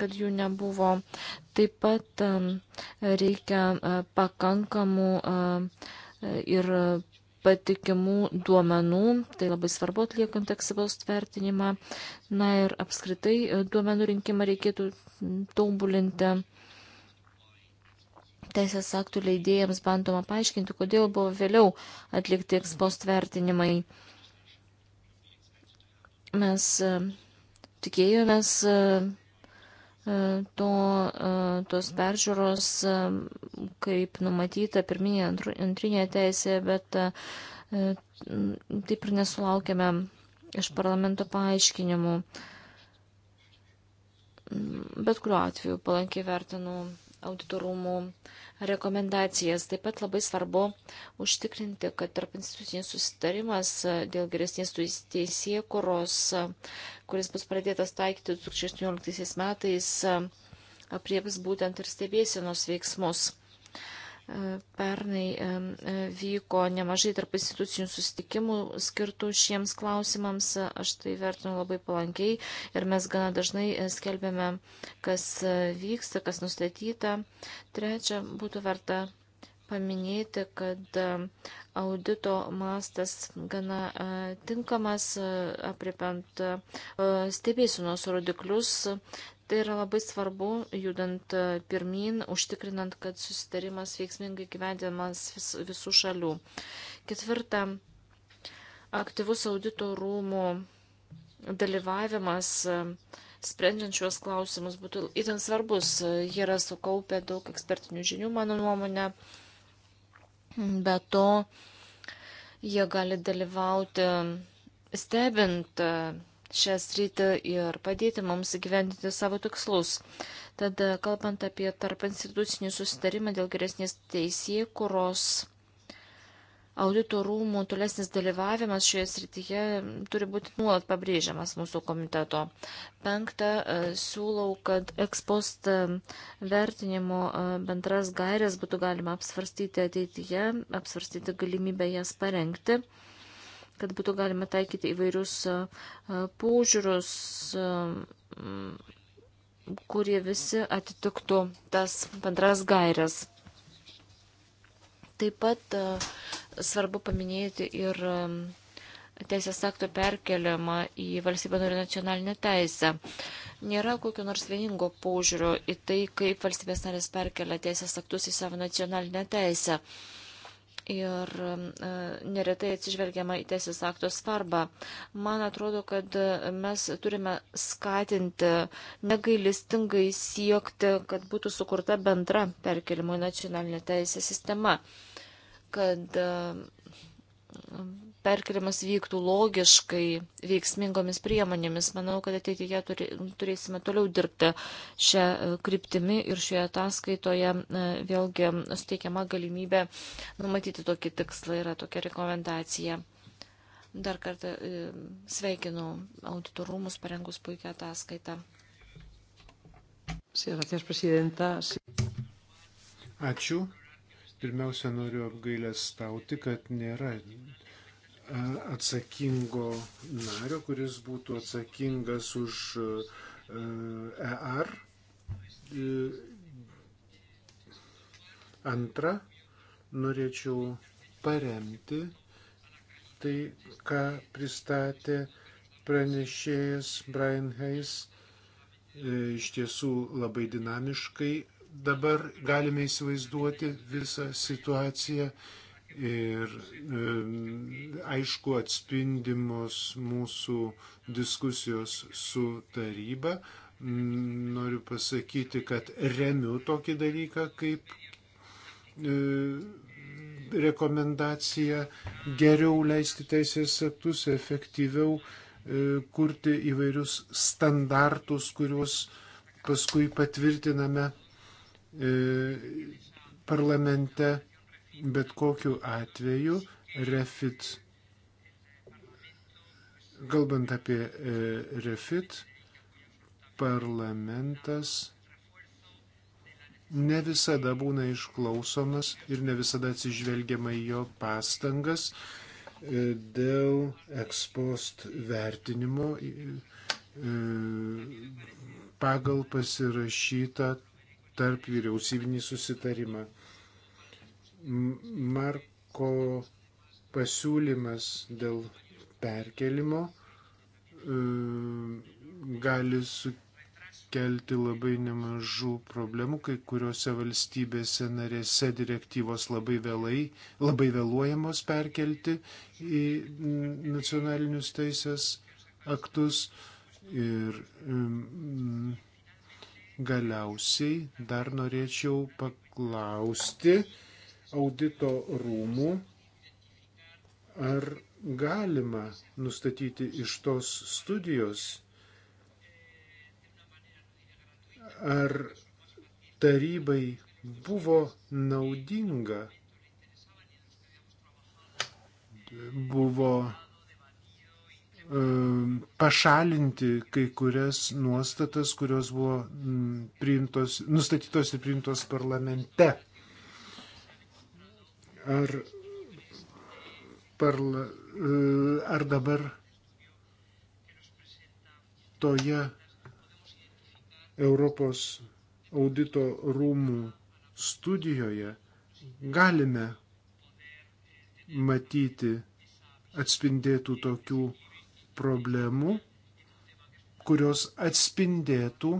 kad jų nebuvo. Taip pat e, reikia pakankamų ir patikimų duomenų, tai labai svarbu atliekant eksyvaus tvertinimą. Na ir apskritai e, duomenų rinkimą reikėtų taubulinti. Teisės aktų leidėjams bandoma paaiškinti, kodėl buvo vėliau atlikti ekspos tvertinimai. Mes e, tikėjomės e, E, to, e, tos peržiūros, e, kaip numatyta pirminė antrinė teisė, bet taip ir nesulaukėme iš parlamento paaiškinimų. Mm, bet kuriuo atveju palankiai vertinu auditorumų rekomendacijas. Taip pat labai svarbu užtikrinti, kad tarp institucinis susitarimas e, dėl geresnės teisėkuros, e, kuris bus pradėtas taikyti 2018 metais, e, aprieps būtent ir stebėsienos veiksmus. Pernai e, vyko nemažai tarp institucijų susitikimų skirtų šiems klausimams. Aš tai vertinu labai palankiai ir mes gana dažnai e, skelbėme, kas e, vyksta, kas nustatyta. Trečia, būtų verta paminėti, kad audito mastas gana tinkamas, apriepiant stebėsinos rodiklius, Tai yra labai svarbu, judant e, pirmin, užtikrinant, kad susitarimas veiksmingai gyvendimas vis, visų šalių. Ketvirta, aktyvus audito rūmų dalyvavimas e, sprendžiant šiuos klausimus būtų itin svarbus. E, jie yra sukaupę daug ekspertinių žinių, mano nuomonė. Be to, jie gali dalyvauti stebint šią sritį ir padėti mums gyvendinti savo tikslus. Tad kalbant apie tarp institucinį susitarimą dėl geresnės teisėjų, kuros audito rūmų tolesnis dalyvavimas šioje srityje turi būti nuolat pabrėžiamas mūsų komiteto. Penkta, e, siūlau, kad ekspost e, vertinimo e, bendras gairės būtų galima apsvarstyti ateityje, apsvarstyti galimybę jas parengti kad būtų galima taikyti įvairius požiūrus, kurie visi atitiktų tas bendras gairias. Taip pat svarbu paminėti ir teisės akto perkeliamą į valstybę norių nacionalinę teisę. Nėra kokio nors vieningo požiūrio į tai, kaip valstybės narės perkelia teisės aktus į savo nacionalinę teisę ir e, neretai atsižvelgiama į teisės akto svarbą. Man atrodo, kad mes turime skatinti negailistingai siekti, kad būtų sukurta bendra perkelimo į nacionalinę teisę sistema, kad perkelimas vyktų logiškai, veiksmingomis priemonėmis. Manau, kad ateityje turėsime toliau dirbti šią e, kryptimį ir šioje ataskaitoje e, vėlgi suteikiama galimybė numatyti tokį tikslą, yra tokia rekomendacija. Dar kartą e, sveikinu auditorumus parengus puikią ataskaitą. Ačiū. Pirmiausia, noriu apgailę stauti, kad nėra atsakingo nario, kuris būtų atsakingas už ER. Antra, norėčiau paremti tai, ką pristatė pranešėjas Brian Hayes. E, iš tiesų labai dinamiškai dabar galime įsivaizduoti visą situaciją ir aišku atspindimos mūsų diskusijos su taryba. Noriu pasakyti, kad remiu tokį dalyką kaip e, rekomendacija geriau leisti teisės aktus, efektyviau e, kurti įvairius standartus, kuriuos paskui patvirtiname e, parlamente Bet kokiu atveju refit, kalbant apie e, refit, parlamentas ne visada būna išklausomas ir ne visada atsižvelgiama į jo pastangas e, dėl ekspost vertinimo e, pagal pasirašytą tarp vyriausybinį susitarimą. Marko pasiūlymas dėl perkelimo e, gali sukelti labai nemažų problemų, kai kuriuose valstybėse narėse direktyvos labai vėlai, labai vėluojamos perkelti į nacionalinius teisės aktus ir mm, galiausiai dar norėčiau paklausti, audito rūmų, ar galima nustatyti iš tos studijos, ar tarybai buvo naudinga, buvo e, pašalinti kai kurias nuostatas, kurios buvo priimtos, nustatytos ir priimtos parlamente. Ar, parla, e, ar dabar toje Europos audito rūmų studijoje galime matyti atspindėtų tokių problemų, kurios atspindėtų,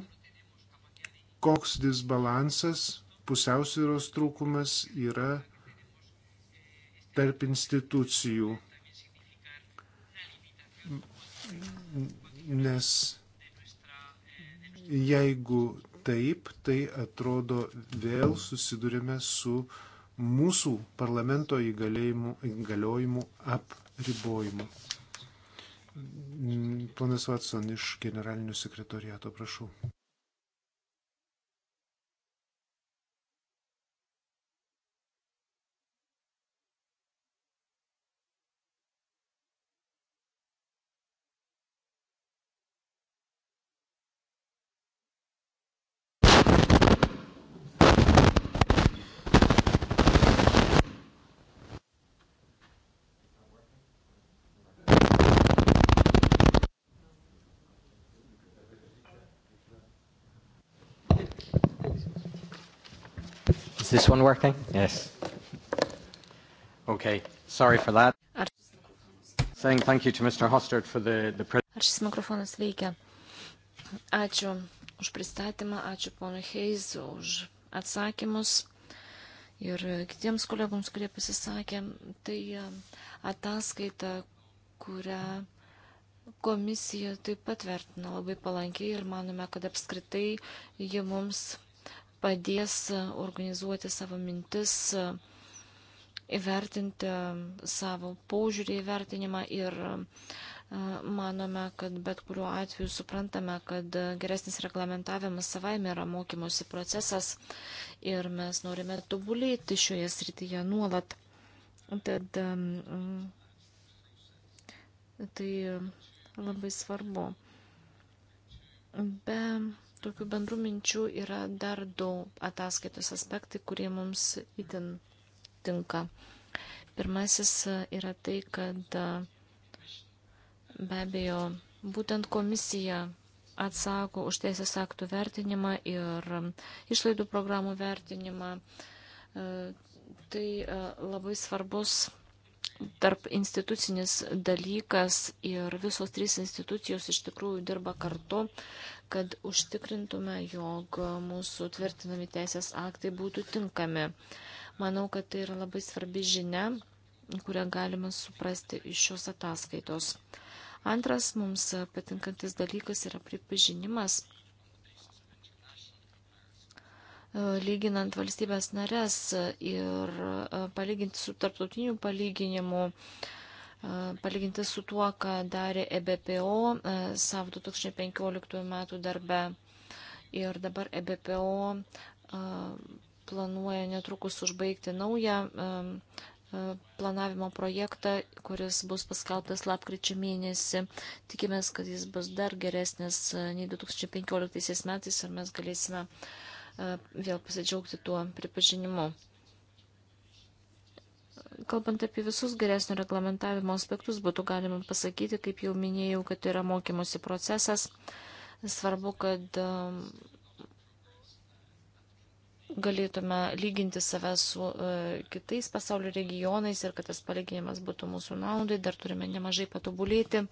koks disbalansas, pusiausvyros trūkumas yra tarp institucijų, nes jeigu taip, tai atrodo vėl susidurime su mūsų parlamento įgaliojimų apribojimu. Ponas Vatson iš generalinio sekretoriato, prašau. Is this one working? Yes. Okay. Sorry for that. Ar Saying thank you to Mr. Hostert for the, the Ar šis mikrofonas veikia? Ačiū už pristatymą, ačiū ponui Heis už atsakymus ir kitiems kolegoms, kurie pasisakė. Tai e, ataskaita, kurią komisija taip pat vertina labai palankiai ir manome, kad apskritai ji mums padės e, organizuoti savo mintis, e, įvertinti e, savo požiūrį įvertinimą ir manome, kad bet kuriuo atveju suprantame, kad geresnis reglamentavimas savaime yra mokymosi procesas ir mes norime tobulėti šioje srityje nuolat. Tad tai labai svarbu. Be Tokių bendrų minčių yra dar du ataskaitos aspektai, kurie mums itin tinka. Pirmasis e, yra tai, kad e, be abejo būtent komisija atsako už teisės aktų vertinimą ir e, išlaidų programų vertinimą. Tai labai svarbus tarp institucinis dalykas ir visos trys institucijos iš tikrųjų dirba kartu, kad užtikrintume, jog mūsų tvirtinami teisės aktai būtų tinkami. Manau, kad tai yra labai svarbi žinia, kurią galima suprasti iš šios ataskaitos. Antras mums patinkantis dalykas yra pripažinimas, E, lyginant valstybės narės ir e, palyginti su tarptautiniu palyginimu, e, palyginti su tuo, ką darė EBPO savo 2015 metų darbe. Ir dabar EBPO planuoja netrukus užbaigti naują planavimo projektą, kuris bus paskelbtas lapkričio mėnesį. Tikimės, kad jis bus dar geresnis nei 2015 metais ir mes galėsime uh, vėl pasidžiaugti tuo pripažinimu. Kalbant apie visus geresnio reglamentavimo aspektus, būtų galima pasakyti, kaip jau minėjau, kad yra mokymosi procesas. Svarbu, kad um, galėtume lyginti save su uh, kitais pasaulio regionais ir kad tas palyginimas būtų mūsų naudai. Dar turime nemažai patobulėti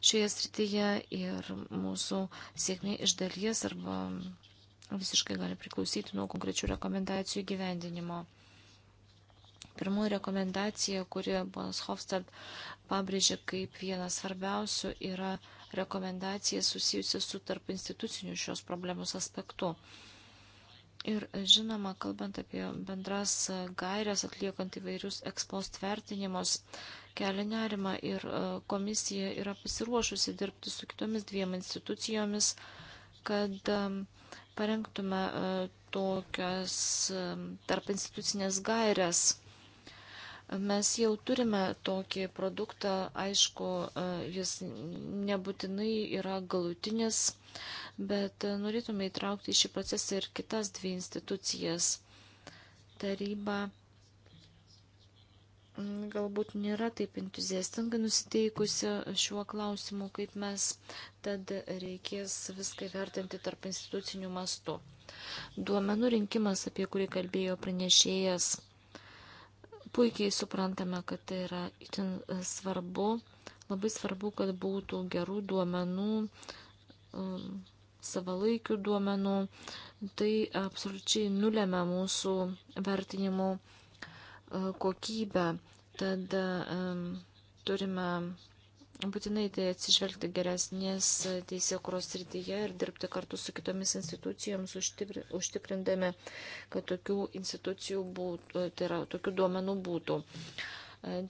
šioje srityje ir mūsų sėkmė iš dalies arba visiškai gali priklausyti nuo konkrečių rekomendacijų gyvendinimo. Pirmoji rekomendacija, kuri Bonas Hofstad pabrėžė kaip vieną svarbiausių, yra rekomendacija susijusi su tarp instituciniu šios problemos aspektu. Ir žinoma, kalbant apie bendras gairias atliekant įvairius ekspost vertinimus, kelia nerima ir e, komisija yra pasiruošusi dirbti su kitomis dviem institucijomis, kad e, parengtume e, tokias e, tarp institucinės gairias. Mes jau turime tokį produktą, aišku, e, jis nebūtinai yra galutinis, bet norėtume įtraukti į šį procesą ir kitas dvi institucijas - tarybą galbūt nėra taip entuziastingai nusiteikusi šiuo klausimu, kaip mes, tad reikės viską vertinti tarp institucinių mastų. Duomenų rinkimas, apie kurį kalbėjo pranešėjas, puikiai suprantame, kad tai yra itin svarbu. Labai svarbu, kad būtų gerų duomenų, um, savalaikių duomenų. Tai absoliučiai nulėmė mūsų vertinimų kokybę. Tad turime būtinai tai atsižvelgti geresnės teisėkuros srityje ir dirbti kartu su kitomis institucijoms, užtikrindami, kad tokių institucijų būtų, tai yra, tokių duomenų būtų. Uh,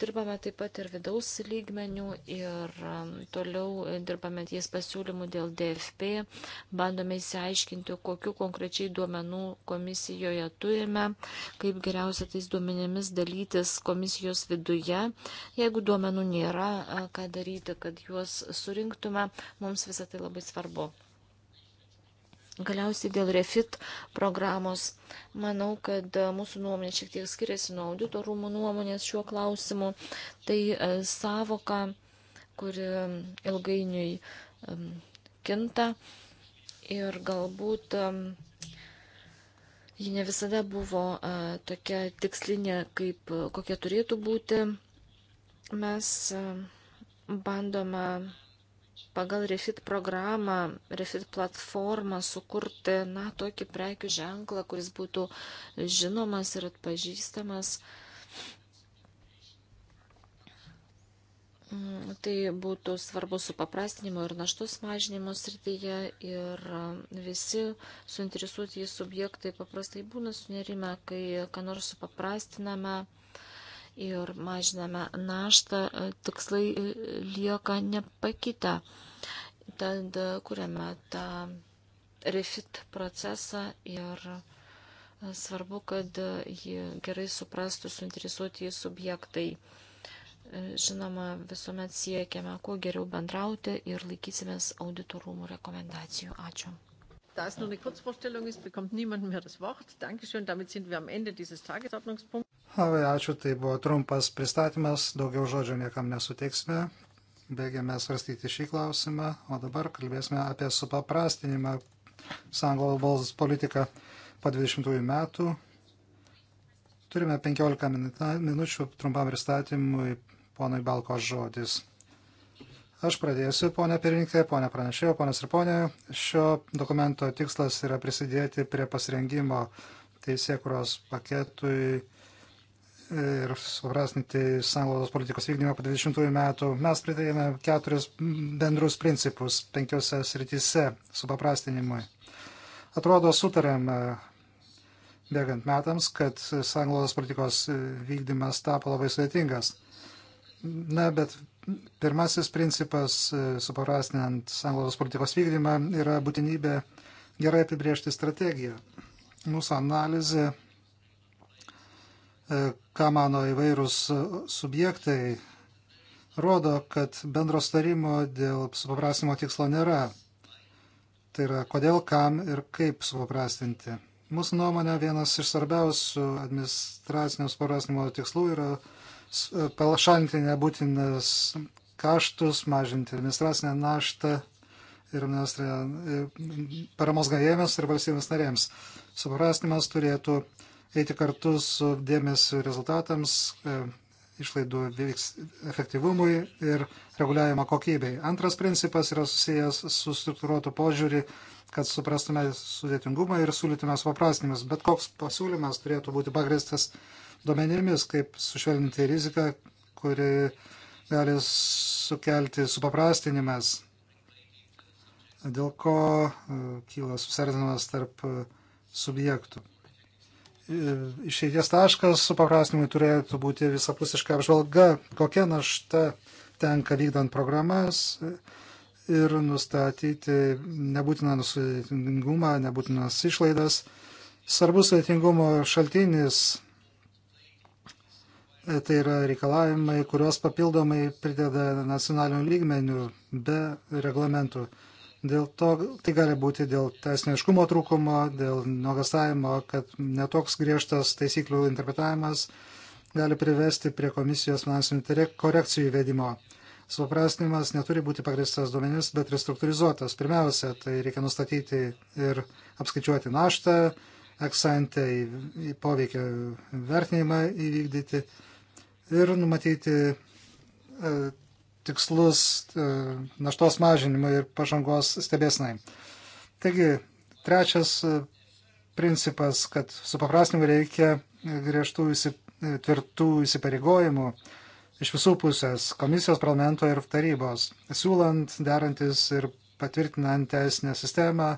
Dirbame taip pat ir vidaus lygmenių ir um, toliau dirbame ties pasiūlymų dėl DFP. Bandome įsiaiškinti, kokiu konkrečiai duomenų komisijoje turime, kaip geriausia tais duomenimis dalytis komisijos viduje. Jeigu duomenų nėra, ką daryti, kad juos surinktume, mums visą tai labai svarbu. Galiausiai dėl refit programos. Manau, kad e, mūsų nuomonė šiek tiek skiriasi nuo audito rūmų nuomonės šiuo klausimu. Tai e, savoka, kuri e, ilgainiui kinta ir galbūt ji ne visada buvo tokia tikslinė, kaip kokia turėtų būti. Mes bandome pagal Refit programą, Refit platformą sukurti, na, tokį prekių ženklą, kuris būtų žinomas ir atpažįstamas. Mm, tai būtų svarbu supaprastinimo ir naštos mažinimo srityje ir e, visi suinteresuoti subjektai paprastai būna sunerime, kai ką nors supaprastiname ir mažiname naštą, e, tikslai e, lieka nepakitę. Tad e, kuriame tą refit procesą ir svarbu, kad jį gerai suprastų suinteresuoti į subjektai. Žinoma, visuomet siekiame kuo geriau bendrauti ir laikysimės auditorumų rekomendacijų. Ačiū. Da es nur eine Kurzvorstellung ist, bekommt niemand mehr das Wort. Dankeschön. Damit sind wir am Ende dieses Tagesordnungspunkts. Labai ačiū, tai buvo trumpas pristatymas, daugiau žodžio niekam nesuteiksime. Baigėme svarstyti šį klausimą, o dabar kalbėsime apie supaprastinimą sąjungos politiką po 20 metų. Turime 15 minučių trumpam pristatymui ponui Balko žodis. Aš pradėsiu, ponė pirmininkė, ponė pranešėjo, ponas ir ponė. Šio dokumento tikslas yra prisidėti prie pasirengimo teisėkuros paketui ir suprasnyti sąnaudos politikos vykdymą po 20 metų, mes pridėjome keturis bendrus principus penkiose srityse supaprastinimui. Atrodo, sutarėm bėgant metams, kad sąnaudos politikos vykdymas tapo labai sudėtingas. Na, bet pirmasis principas, supaprastinant sąnaudos politikos vykdymą, yra būtinybė gerai apibriežti strategiją. Mūsų analizė E, ką mano įvairūs subjektai, rodo, kad bendro starimo dėl supaprastinimo tikslo nėra. Tai yra, kodėl, kam ir kaip supaprastinti. Mūsų nuomonė vienas iš svarbiausių administracinio supaprastinimo tikslų yra e, palašanti nebūtinas kaštus, mažinti administracinę naštą ir e, paramos gavėjams ir valstybės narėms. Suprastinimas turėtų eiti kartu su dėmesiu rezultatams, e, išlaidų veiks efektyvumui ir reguliavimo kokybei. Antras principas yra susijęs su struktūruotu požiūrį, kad suprastume sudėtingumą ir siūlytume supaprastinimus. Bet koks pasiūlymas turėtų būti pagristas duomenimis, kaip sušvelninti riziką, kuri gali sukelti supaprastinimas, dėl ko e, kyla susardinimas tarp e, subjektų išeities taškas su paprastinimui turėtų būti visapusiška apžvalga, kokia našta tenka vykdant programas ir nustatyti nebūtiną nusudėtingumą, nebūtinas išlaidas. Svarbus sudėtingumo šaltinis e, tai yra reikalavimai, kuriuos papildomai prideda nacionalinių lygmenių be reglamentų. Dėl to tai gali būti dėl teisniškumo trūkumo, dėl nuogastavimo, kad netoks griežtas taisyklių interpretavimas gali privesti prie komisijos finansinių korekcijų įvedimo. Suprastinimas neturi būti pagristas duomenis, bet restruktūrizuotas. Pirmiausia, tai reikia nustatyti ir apskaičiuoti naštą, eksantę į poveikio vertinimą įvykdyti ir numatyti e, tikslus e, naštos mažinimui ir pažangos stebėsnai. Taigi, trečias e, principas, kad su paprasnimu reikia griežtų e, tvirtų įsipareigojimų iš visų pusės - komisijos, parlamento ir tarybos, siūlant, derantis ir patvirtinant teisinę sistemą.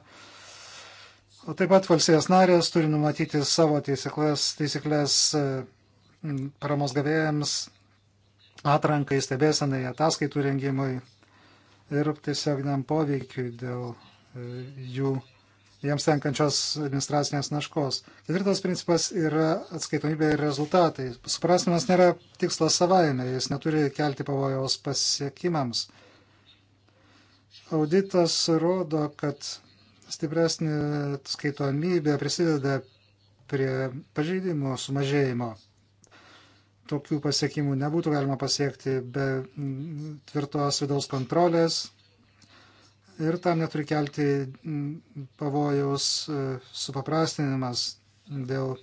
O taip pat valstybės narės turi numatyti savo teisiklės, teisiklės paramos gavėjams atrankai, stebėsenai, ataskaitų rengimui ir tiesioginiam poveikiui dėl e, jų, jiems tenkančios administracinės naškos. Ketvirtas principas yra atskaitomybė ir rezultatai. Suprasimas nėra tikslas savaime, jis neturi kelti pavojaus pasiekimams. Auditas rodo, kad stipresnė skaitomybė prisideda prie pažeidimo sumažėjimo tokių pasiekimų nebūtų galima pasiekti be tvirtos vidaus kontrolės ir tam neturi kelti mm, pavojaus e, supaprastinimas dėl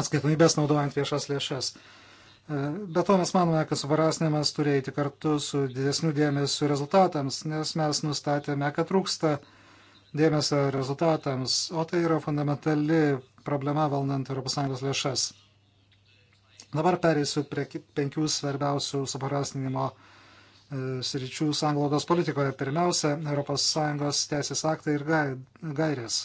atskaitomybės naudojant viešas lėšas. E, be to mes manome, kad suprastinimas turi eiti kartu su didesniu dėmesiu rezultatams, nes mes nustatėme, kad trūksta dėmesio rezultatams, o tai yra fundamentali problema valnant ES lėšas. Dabar perėsiu prie penkių svarbiausių suprastinimo e, sričių sanglaudos politikoje. Pirmiausia, ES teisės aktai ir gairės.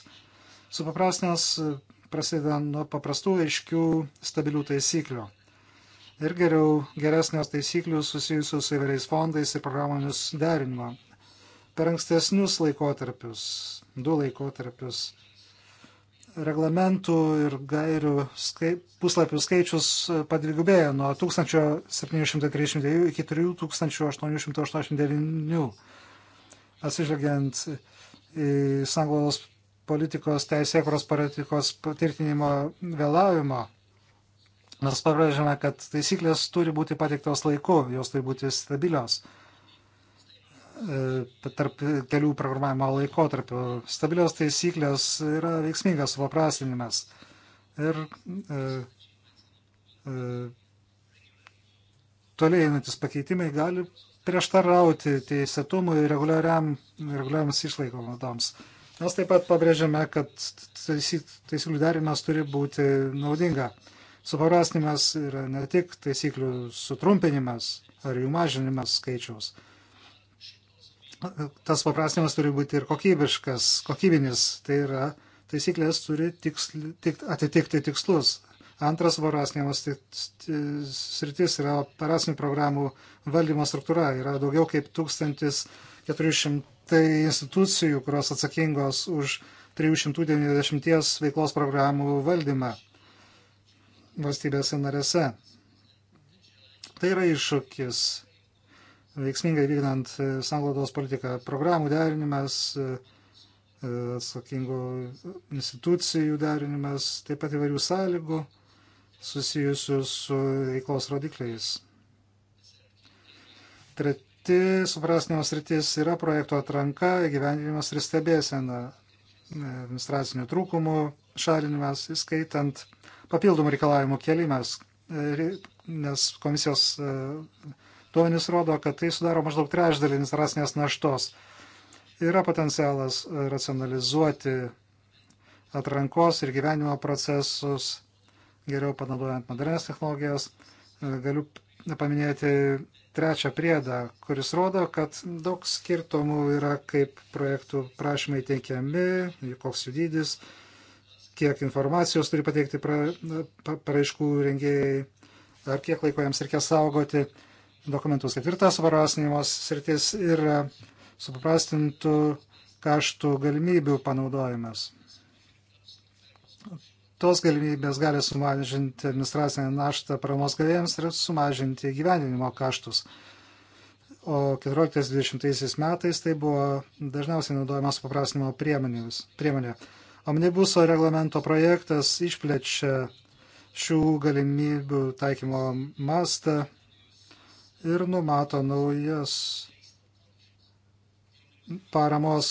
Supaprastinės e, prasideda nuo paprastų, aiškių, stabilių taisyklių. Ir geriau geresnės taisyklių susijusių su įvairiais fondais ir programomis derinimo. Per ankstesnius laikotarpius, du laikotarpius, reglamentų ir gairių skai, puslapių skaičius padvigubėjo nuo 1732 iki 3889. Atsižvelgiant į sanglaudos politikos teisėkuros politikos patvirtinimo vėlavimo, mes pabrėžiame, kad taisyklės turi būti pateiktos laiku, jos turi būti stabilios. E, tarp kelių programavimo laikotarpių. Stabilios taisyklės yra veiksmingas supaprastinimas. Ir e, e, toliai einantis pakeitimai gali prieštarauti teisėtumui ir reguliariams išlaikomoms. Mes taip pat pabrėžiame, kad taisyklių derinimas turi būti naudinga. Supaprastinimas yra ne tik taisyklių sutrumpinimas ar jų mažinimas skaičiaus tas paprastinimas turi būti ir kokybiškas, kokybinis, tai yra taisyklės turi tiksl, tik, atitikti tikslus. Antras paprastinimas tai sritis yra operacinių programų valdymo struktūra. Yra daugiau kaip 1400 institucijų, kurios atsakingos už 390 veiklos programų valdymą valstybėse narėse. Tai yra iššūkis veiksmingai vykdant e, sanglaudos politiką. Programų derinimas, e, e, atsakingų institucijų derinimas, taip pat įvairių sąlygų susijusių su veiklos rodikliais. Treti suprasnios rytis yra projekto atranka, gyvenimas ir stebėsena, administracinių trūkumų šalinimas, įskaitant papildomų reikalavimų kelimas, nes komisijos Duomenys rodo, kad tai sudaro maždaug trečdalį administracinės naštos. Yra potencialas racionalizuoti atrankos ir gyvenimo procesus, geriau panaudojant modernes technologijas. Galiu paminėti trečią priedą, kuris rodo, kad daug skirtumų yra, kaip projektų prašymai teikiami, koks jų dydis, kiek informacijos turi pateikti pra, pa, paraiškų rengėjai, ar kiek laiko jiems reikia saugoti dokumentus. Ketvirtas svarasnymos sritis ir supaprastintų kaštų galimybių panaudojimas. Tos galimybės gali sumažinti administracinę naštą paramos gavėjams ir sumažinti gyvenimo kaštus. O 14-20 metais tai buvo dažniausiai naudojamas paprastinimo priemonė. Omnibuso reglamento projektas išplečia šių galimybių taikymo mastą ir numato naujas paramos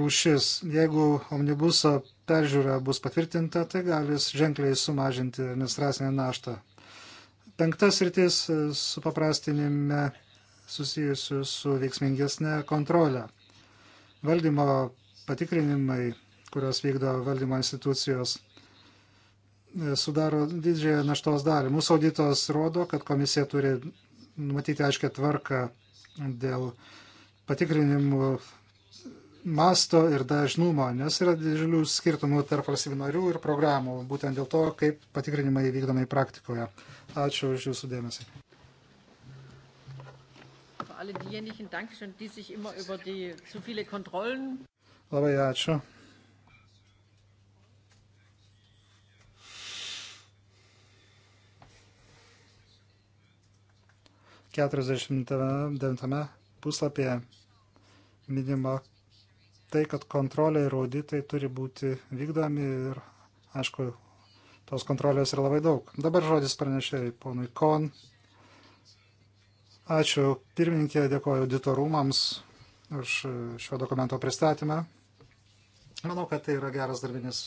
rūšis. Jeigu omnibuso peržiūra bus patvirtinta, tai gali ženkliai sumažinti administracinę naštą. Penktas rytis supaprastinime susijusiu su veiksmingesnė kontrolė. Valdymo patikrinimai, kurios vykdo valdymo institucijos, sudaro didžiąją naštos dalį. Mūsų auditos rodo, kad komisija turi numatyti aiškę tvarką dėl patikrinimų masto ir dažnumo, nes yra didžiulių skirtumų tarp valstybių narių ir programų, būtent dėl to, kaip patikrinimai vykdomai praktikoje. Ačiū už Jūsų dėmesį. Labai ačiū. 49 puslapyje minima tai, kad kontrolė ir auditai turi būti vykdomi ir, aišku, tos kontrolės yra labai daug. Dabar žodis pranešėjai ponui Kon. Ačiū pirmininkė, dėkoju auditorumams už šio dokumento pristatymą. Manau, kad tai yra geras darbinis,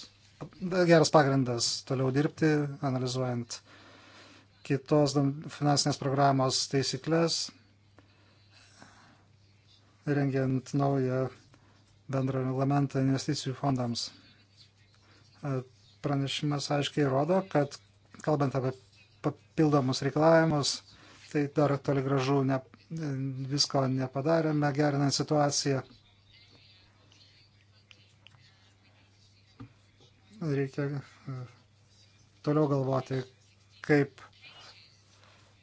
geras pagrindas toliau dirbti, analizuojant kitos finansinės programos taisyklės, rengiant naują bendrą reglamentą investicijų fondams. E, pranešimas aiškiai rodo, kad kalbant apie papildomus reikalavimus, tai dar toli gražu ne, visko nepadarėme, gerinant situaciją. Reikia e, toliau galvoti, kaip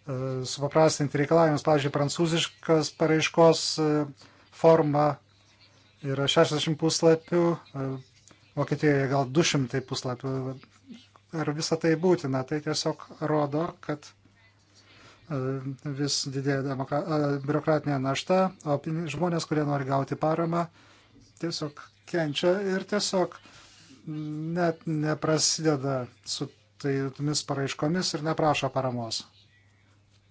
E, supaprastinti reikalavimus. Pavyzdžiui, prancūziškas paraiškos e, forma yra 60 puslapių, e, Vokietijoje gal 200 puslapių. Ar visą tai būtina? Tai tiesiog rodo, kad vis didėja biurokratinė našta, o žmonės, kurie nori gauti paramą, tiesiog kenčia ir tiesiog net neprasideda su tai tomis paraiškomis ir neprašo paramos.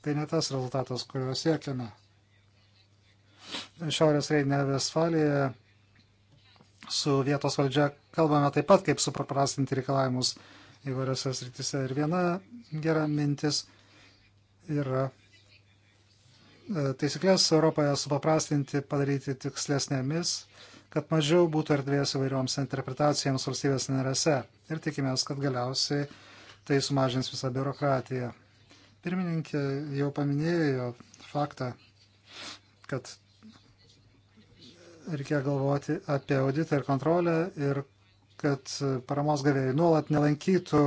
Tai ne tas rezultatas, kurio siekiame. Šiaurės Reinė Vestfalija su vietos valdžia kalbame taip pat, kaip supaprastinti reikalavimus įvairiose srityse. Ir viena gera mintis yra e, taisyklės Europoje supaprastinti, padaryti tikslesnėmis, kad mažiau būtų erdvės įvairioms interpretacijoms valstybės narėse. Ir tikimės, kad galiausiai tai sumažins visą biurokratiją. Pirmininkė jau paminėjo faktą, kad reikia galvoti apie auditą ir kontrolę ir kad paramos gavėjai nuolat nelankytų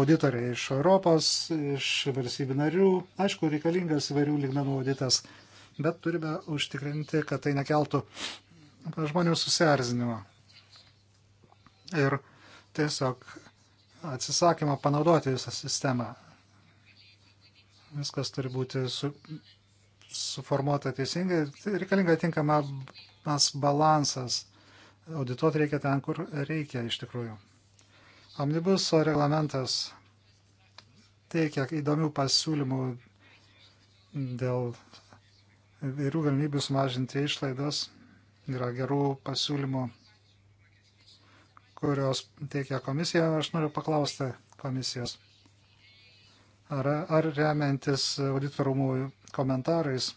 auditoriai iš Europos, iš valstybių narių. Aišku, reikalingas įvairių lygmenų auditas, bet turime užtikrinti, kad tai nekeltų žmonių susierzinimo. Ir tiesiog atsisakymą panaudoti visą sistemą viskas turi būti su, suformuota teisingai, tai reikalinga tinkamas balansas. Audituoti reikia ten, kur reikia iš tikrųjų. Omnibuso reglamentas teikia įdomių pasiūlymų dėl įvairių galimybių sumažinti išlaidas. Yra gerų pasiūlymų, kurios teikia komisija. Aš noriu paklausti komisijos ar, ar remiantis auditorumų komentarais.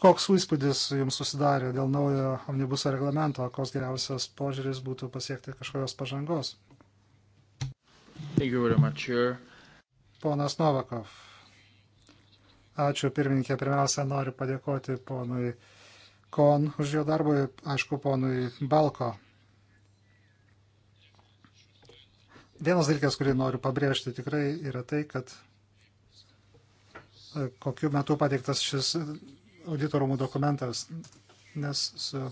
Koks įspūdis jums susidarė dėl naujo omnibuso reglamento, koks geriausias požiūris būtų pasiekti kažkokios pažangos? Ponas Novakov. Ačiū pirmininkė. Pirmiausia, noriu padėkoti ponui Kon už jo darbą, aišku, ponui Balko Vienas dalykas, kurį noriu pabrėžti tikrai, yra tai, kad e, kokiu metu pateiktas šis auditorumų dokumentas, nes su e,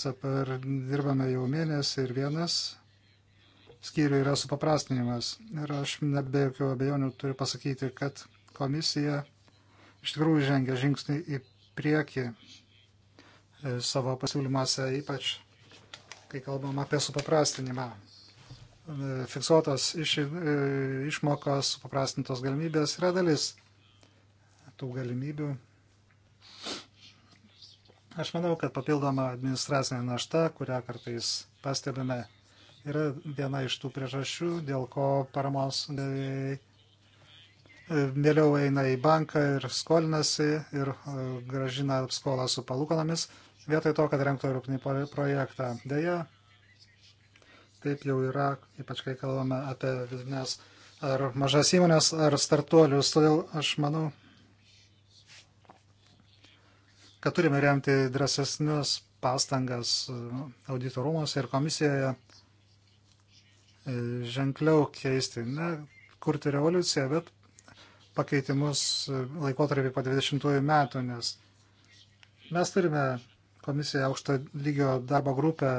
CPR dirbame jau mėnesį ir vienas skyrių yra supaprastinimas. Ir aš nebe jokių abejonių turiu pasakyti, kad komisija iš tikrųjų žengia žingsnį į priekį e, savo pasiūlymuose, ypač kai kalbam apie supaprastinimą. E, fiksuotos iš, e, išmokos, supaprastintos galimybės yra dalis tų galimybių. Aš manau, kad papildoma administracinė našta, kurią kartais pastebime, yra viena iš tų priežasčių, dėl ko paramos gavėjai e, vėliau eina į banką ir skolinasi ir gražina skolą su palūkanomis, vietoj to, kad renktų europinį projektą. Deja, taip jau yra, ypač kai kalbame apie vidinės ar mažas įmonės ar startuolius. Todėl aš manau, kad turime remti drąsesnius pastangas auditorumuose ir komisijoje e, ženkliau keisti, ne kurti revoliuciją, bet pakeitimus laikotarpį po 20 metų, nes mes turime komisiją aukšto lygio darbo grupę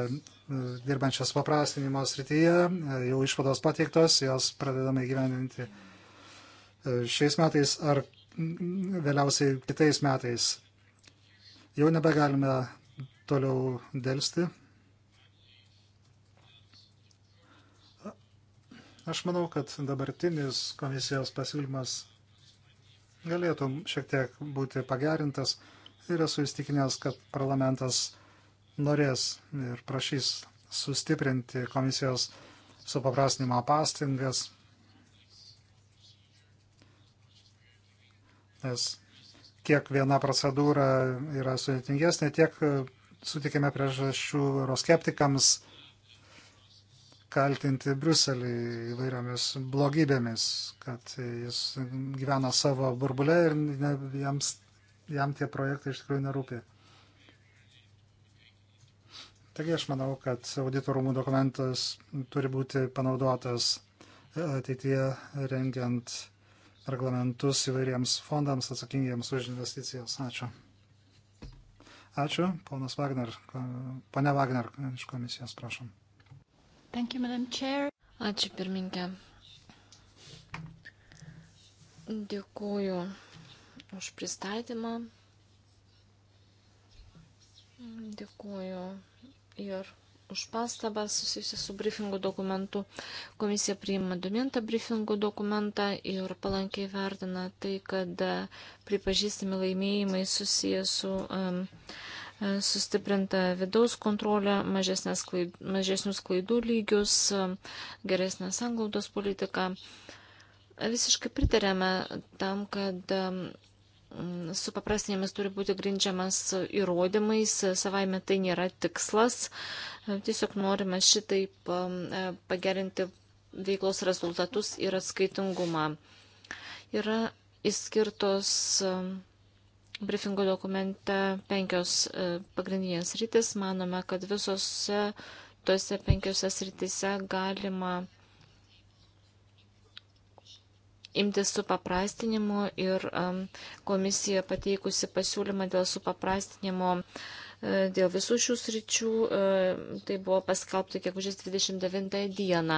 dirbančias paprastinimo srityje. E, jau išvados pateiktos, jos pradedame gyveninti e, šiais metais ar vėliausiai kitais metais. Jau nebegalime toliau dėlsti. Aš manau, kad dabartinis komisijos pasiūlymas galėtų šiek tiek būti pagerintas ir esu įstikinęs, kad parlamentas norės ir prašys sustiprinti komisijos supaprastinimo pastingas, nes kiek viena procedūra yra sudėtingesnė, tiek sutikime priežasčių euroskeptikams kaltinti Bruselį įvairiomis blogybėmis, kad jis gyvena savo burbulę ir ne, jiems, jam tie projektai iš tikrųjų nerūpė. Taigi aš manau, kad auditorumų dokumentas turi būti panaudotas ateityje rengiant reglamentus įvairiems fondams atsakingiems už investicijas. Ačiū. Ačiū, ponas Wagner. Pane Wagner iš komisijos, prašom. Thank you, Madam Chair. Ačiū, pirmininkė. Dėkuoju už pristatymą. Dėkuoju ir už pastabas susijusias su briefingų dokumentu. Komisija priima domintą briefingų dokumentą ir palankiai vertina tai, kad e, pripažįstami laimėjimai susijęs su um, sustiprinta vidaus kontrolė, klaid, mažesnius klaidų lygius, e, geresnė sanglaudos politika. Visiškai pritarėme tam, kad Mm, su paprastinimis turi būti grindžiamas įrodymais, savaime tai nėra tikslas, e, tiesiog norime šitaip e, pagerinti veiklos rezultatus ir atskaitingumą. Yra įskirtos briefingo dokumente penkios e, pagrindinės rytis, manome, kad visose tose penkiose sritise galima imtis supaprastinimų ir komisija pateikusi pasiūlymą dėl supaprastinimo e, dėl visų šių sričių, e, tai buvo paskelbta kiekužės 29 dieną.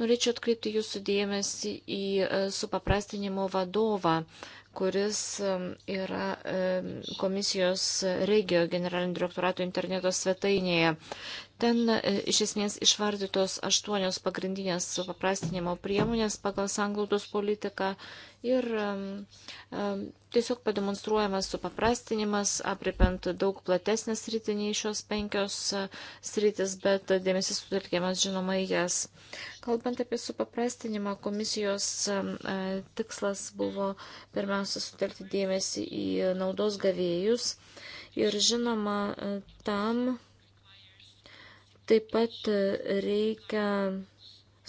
Norėčiau atkreipti jūsų dėmesį į e, supaprastinimo vadovą, kuris yra komisijos regio generalinio direktorato interneto svetainėje. Ten e, iš esmės išvardytos aštuonios pagrindinės supaprastinimo priemonės pagal sanglaudos politiką ir tiesiog pademonstruojamas supaprastinimas, apripent daug platesnės rytį nei šios penkios e, sritis, bet dėmesys sutelkiamas žinoma į jas. Kalbant apie supaprastinimą, komisijos e, tikslas buvo pirmiausia sutelkti dėmesį į naudos gavėjus ir žinoma tam, Taip pat e, reikia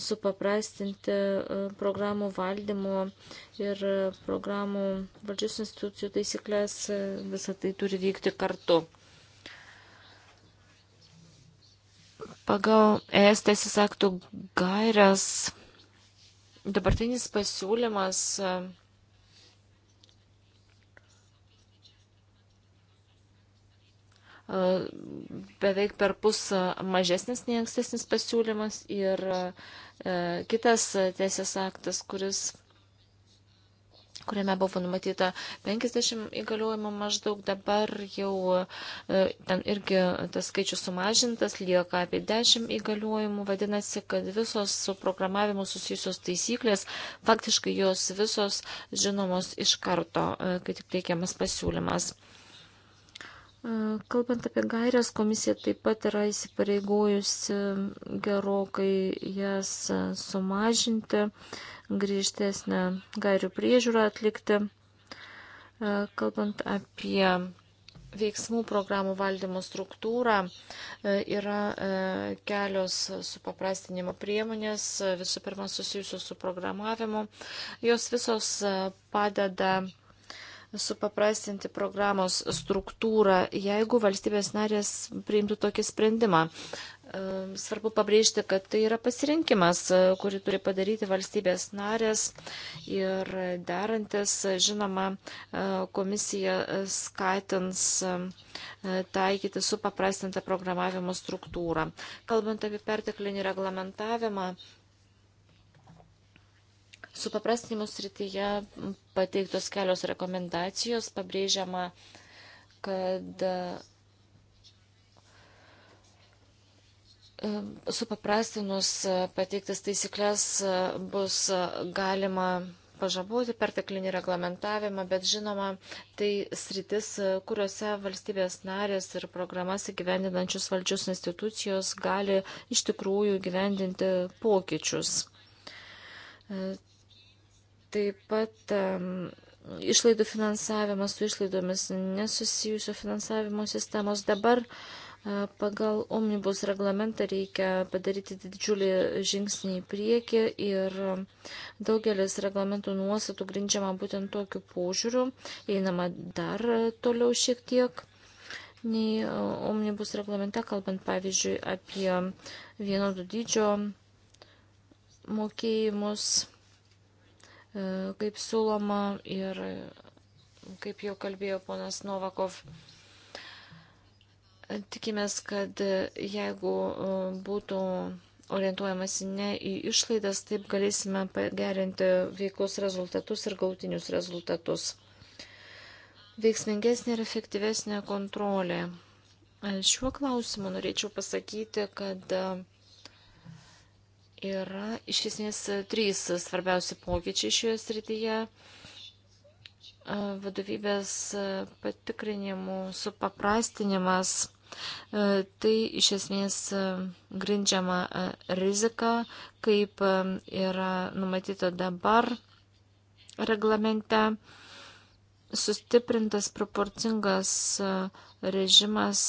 supaprastinti e, programų valdymo ir e, programų valdžios institucijų taisyklės. Visą tai turi vykti kartu. Pagal ES teisės aktų gairias dabartinis pasiūlymas beveik per pus mažesnis nei ankstesnis pasiūlymas ir kitas teisės aktas, kuris kuriame buvo numatyta 50 įgaliojimų maždaug, dabar jau ten irgi tas skaičius sumažintas, lieka apie 10 įgaliojimų, vadinasi, kad visos su programavimu susijusios taisyklės, faktiškai jos visos žinomos iš karto, kai tik teikiamas pasiūlymas. Kalbant apie gairias, komisija taip pat yra įsipareigojusi gerokai jas sumažinti, grįžtesnę gairių priežiūrą atlikti. Kalbant apie veiksmų programų valdymo struktūrą yra kelios supaprastinimo priemonės, visų pirma susijusios su programavimu. Jos visos padeda supaprastinti programos struktūrą, jeigu valstybės narės priimtų tokį sprendimą. E, svarbu pabrėžti, kad tai yra pasirinkimas, e, kurį turi padaryti valstybės narės ir derantis, žinoma, e, komisija skatins taikyti supaprastintą programavimo struktūrą. Kalbant apie perteklinį reglamentavimą, Supaprastinimų srityje pateiktos kelios rekomendacijos pabrėžiama, kad e, supaprastinus pateiktas taisyklės bus galima pažaboti perteklinį reglamentavimą, bet žinoma, tai sritis, kuriuose valstybės narės ir programas įgyvendinančius valdžius institucijos gali iš tikrųjų gyvendinti pokyčius. E, Taip pat išlaidų finansavimas su išlaidomis nesusijusio finansavimo sistemos. Dabar e, pagal omnibus reglamentą reikia padaryti didžiulį žingsnį į priekį ir daugelis reglamentų nuostatų grindžiama būtent tokiu požiūriu. Einama dar toliau šiek tiek nei e, omnibus reglamente, kalbant pavyzdžiui apie vienodų dydžio mokėjimus E, kaip siūloma ir kaip jau kalbėjo ponas Novakov. Tikimės, kad jeigu e, būtų orientuojamasi ne į išlaidas, taip galėsime pagerinti veiklos rezultatus ir gautinius rezultatus. Veiksmingesnė ir efektyvesnė kontrolė. Šiuo klausimu norėčiau pasakyti, kad Yra iš esmės e, trys svarbiausi pokyčiai šioje srityje. E, vadovybės e, patikrinimų supaprastinimas. Tai iš esmės grindžiama rizika, kaip yra numatyta dabar reglamente. Sustiprintas proporcingas režimas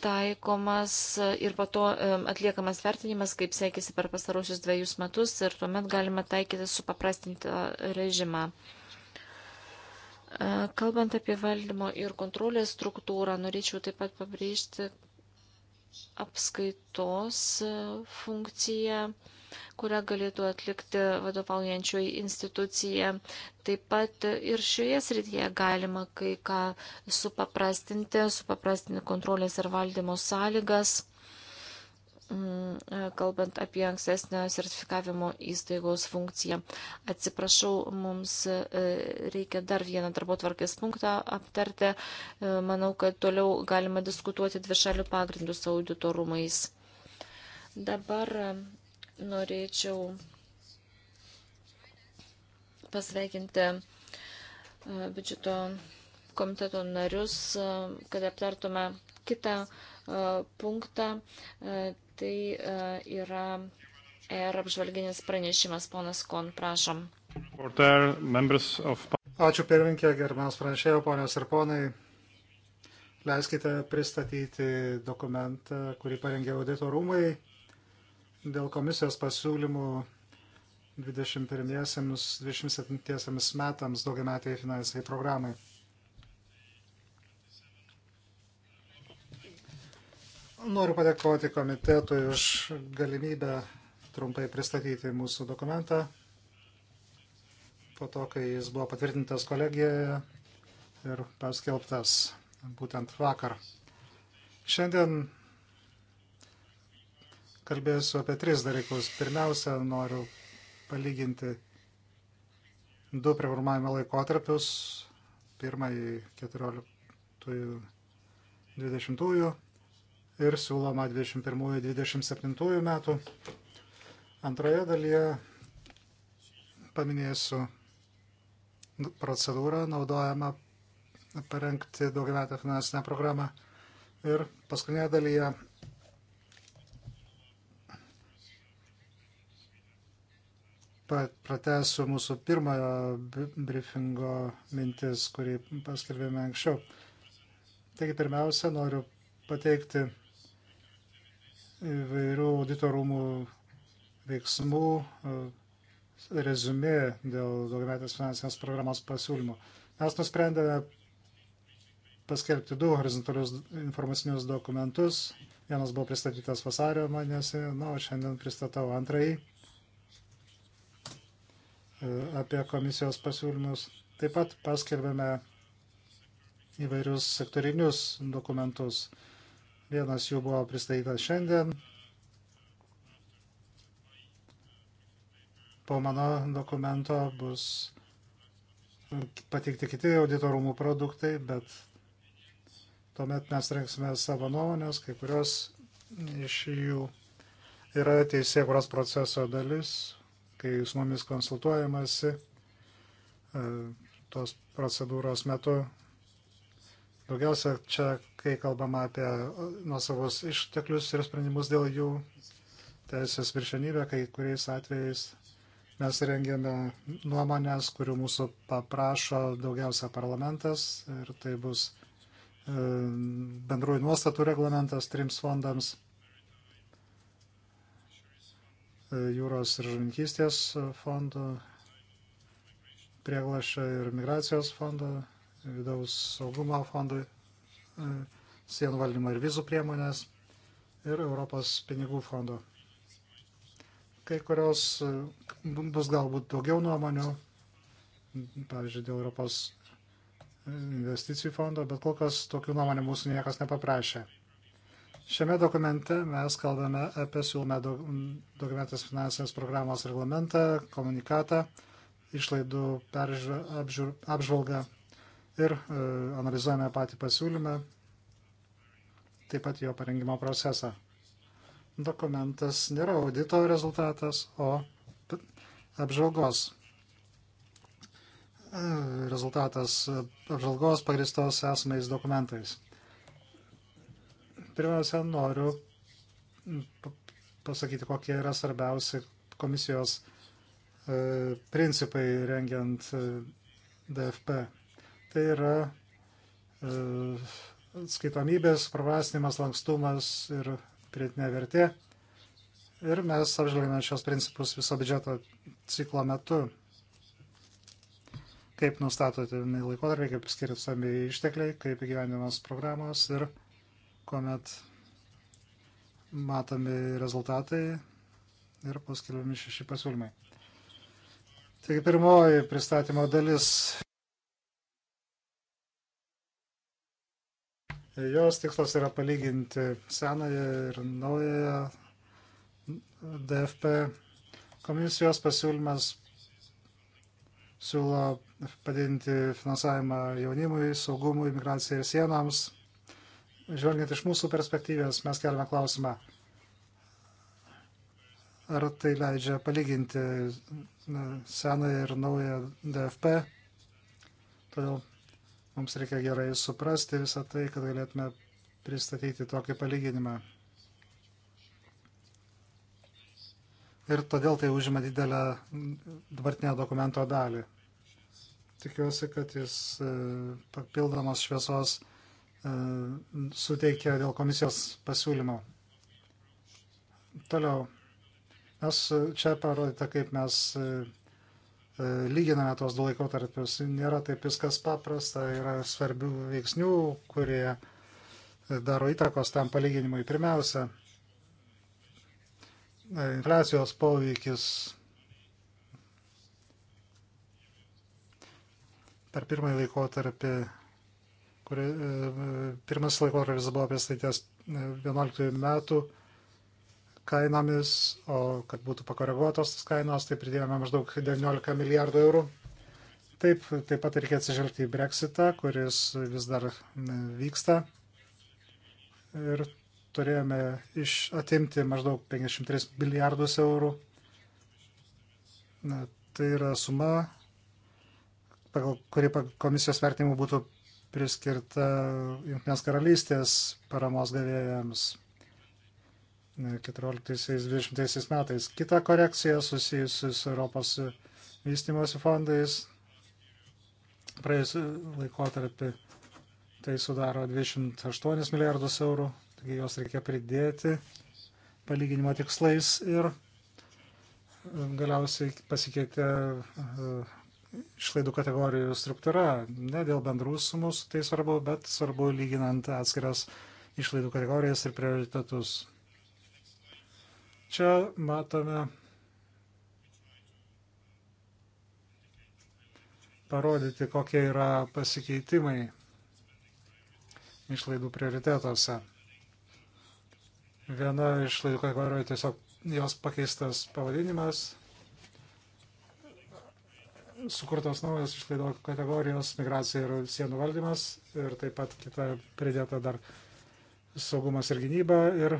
taikomas ir po to atliekamas vertinimas, kaip sekėsi per pastarosius dviejus metus ir tuomet galima taikyti supaprastintą režimą. Kalbant apie valdymo ir kontrolės struktūrą, norėčiau taip pat pabrėžti apskaitos funkciją kurią galėtų atlikti vadovaujančioji institucija. Taip pat ir šioje srityje galima kai ką supaprastinti, supaprastinti kontrolės ir valdymo sąlygas, mm, kalbant apie ankstesnę sertifikavimo įstaigos funkciją. Atsiprašau, mums e, reikia dar vieną darbo tvarkės punktą aptarti. E, manau, kad toliau galima diskutuoti dvišalių pagrindų su auditorumais. Dabar norėčiau pasveikinti e, biudžeto komiteto narius, e, kad aptartume kitą e, punktą. Tai yra ir apžvalginis pranešimas, ponas Kon, prašom. Ačiū pirminkė, gerbiamas pranešėjo, ponios ir ponai. Leiskite pristatyti dokumentą, kurį parengė audito rūmai dėl komisijos pasiūlymų 21-27 metams daugiametai finansiniai programai. Noriu padėkoti komitetui už galimybę trumpai pristatyti mūsų dokumentą. Po to, kai jis buvo patvirtintas kolegijoje ir paskelbtas būtent vakar. Šiandien kalbėsiu apie tris dalykus. Pirmiausia, noriu palyginti du reformavimo laikotarpius. Pirmąjį 14-20 ir siūloma 21-27 metų. Antroje dalyje paminėsiu procedūrą naudojama parengti daugiametę finansinę programą. Ir paskutinėje dalyje pratęsiu mūsų pirmojo briefingo mintis, kurį paskelbėme anksčiau. Taigi pirmiausia, noriu pateikti įvairių auditorumų veiksmų e, rezumė dėl daugiametės finansinės programos pasiūlymų. Mes nusprendėme paskelbti du horizontalius informacinius dokumentus. Vienas buvo pristatytas vasario mėnesį, na, nu, o šiandien pristatau antrąjį E, apie komisijos pasiūlymus. Taip pat paskelbėme įvairius sektorinius dokumentus. Vienas jų buvo pristatytas šiandien. Po mano dokumento bus pateikti kiti auditorumų produktai, bet tuomet mes renksime savo nuomonės, kai kurios iš jų yra teisėkuros proceso dalis, kai su mumis konsultuojamasi e, tos procedūros metu. Daugiausia čia, kai kalbama apie nuosavos išteklius ir sprendimus dėl jų teisės viršenybę, kai kuriais atvejais mes rengiame nuomonės, kurių mūsų paprašo daugiausia parlamentas ir tai bus e, bendrųjų nuostatų reglamentas trims fondams E, jūros ir žuvininkystės fondo, prieglašio ir migracijos fondo, vidaus saugumo fondo, e, sienų valdymo ir vizų priemonės ir Europos pinigų fondo. Kai kurios e, bus galbūt daugiau nuomonių, pavyzdžiui, dėl Europos investicijų fondo, bet kol kas tokių nuomonių mūsų niekas nepaprašė. Šiame dokumente mes kalbame apie siūlomą dokumentas finansinės programos reglamentą, komunikatą, išlaidų peržv... apžiūr... apžvalgą ir e, analizuojame patį pasiūlymą, taip pat jo parengimo procesą. Dokumentas nėra audito rezultatas, o apžvalgos e, rezultatas apžvalgos pagristos esamais dokumentais. Pirmiausia, noriu pasakyti, kokie yra svarbiausi komisijos e, principai rengiant e, DFP. Tai yra e, skaitomybės, prarastinimas, lankstumas ir pridėtinė vertė. Ir mes apžvelgėme šios principus viso biudžeto ciklo metu. Kaip nustatomi laikotarpiai, kaip skirstomi ištekliai, kaip įgyvendinamos programos ir programos kuomet matomi rezultatai ir paskelbiami šeši pasiūlymai. Taigi pirmoji pristatymo dalis. Jos tikslas yra palyginti senąją ir naująją DFP. Komisijos pasiūlymas siūlo padidinti finansavimą jaunimui, saugumui, migracijai ir sienams žvelgiant iš mūsų perspektyvės, mes keliame klausimą, ar tai leidžia palyginti seną ir naują DFP. Todėl mums reikia gerai suprasti visą tai, kad galėtume pristatyti tokį palyginimą. Ir todėl tai užima didelę dabartinę dokumento dalį. Tikiuosi, kad jis e, papildomas šviesos E, suteikė dėl komisijos pasiūlymo. Toliau, mes čia parodyta, kaip mes e, e, lyginame tos du laikotarpius. Nėra taip viskas paprasta, yra svarbių veiksnių, kurie daro įtakos tam palyginimui. Pirmiausia, infliacijos poveikis per pirmąjį laikotarpį kuri e, pirmas laikotarpis buvo pristatytas 11 e, metų kainomis, o kad būtų pakoreguotos tas kainos, tai pridėjome maždaug 19 milijardų eurų. Taip, taip pat reikia atsižvelgti į Brexitą, kuris vis dar e, vyksta. Ir turėjome iš atimti maždaug 53 milijardus eurų. Na, tai yra suma, pagal kuri komisijos vertimų būtų priskirta Junktinės karalystės paramos gavėjams 14-20 e, metais. Kita korekcija susijusi su Europos vystimosi fondais praėjusiu laikotarpį tai sudaro 28 milijardus eurų, taigi jos reikia pridėti palyginimo tikslais ir e, galiausiai pasikeitė e, išlaidų kategorijų struktūra. Ne dėl bendrų sumų tai svarbu, bet svarbu lyginant atskiras išlaidų kategorijas ir prioritetus. Čia matome parodyti, kokie yra pasikeitimai išlaidų prioritetuose. Viena išlaidų kategorija tiesiog jos pakeistas pavadinimas sukurtos naujos išlaidų kategorijos - migracija ir sienų valdymas ir taip pat kita pridėta dar saugumas ir gynyba. Ir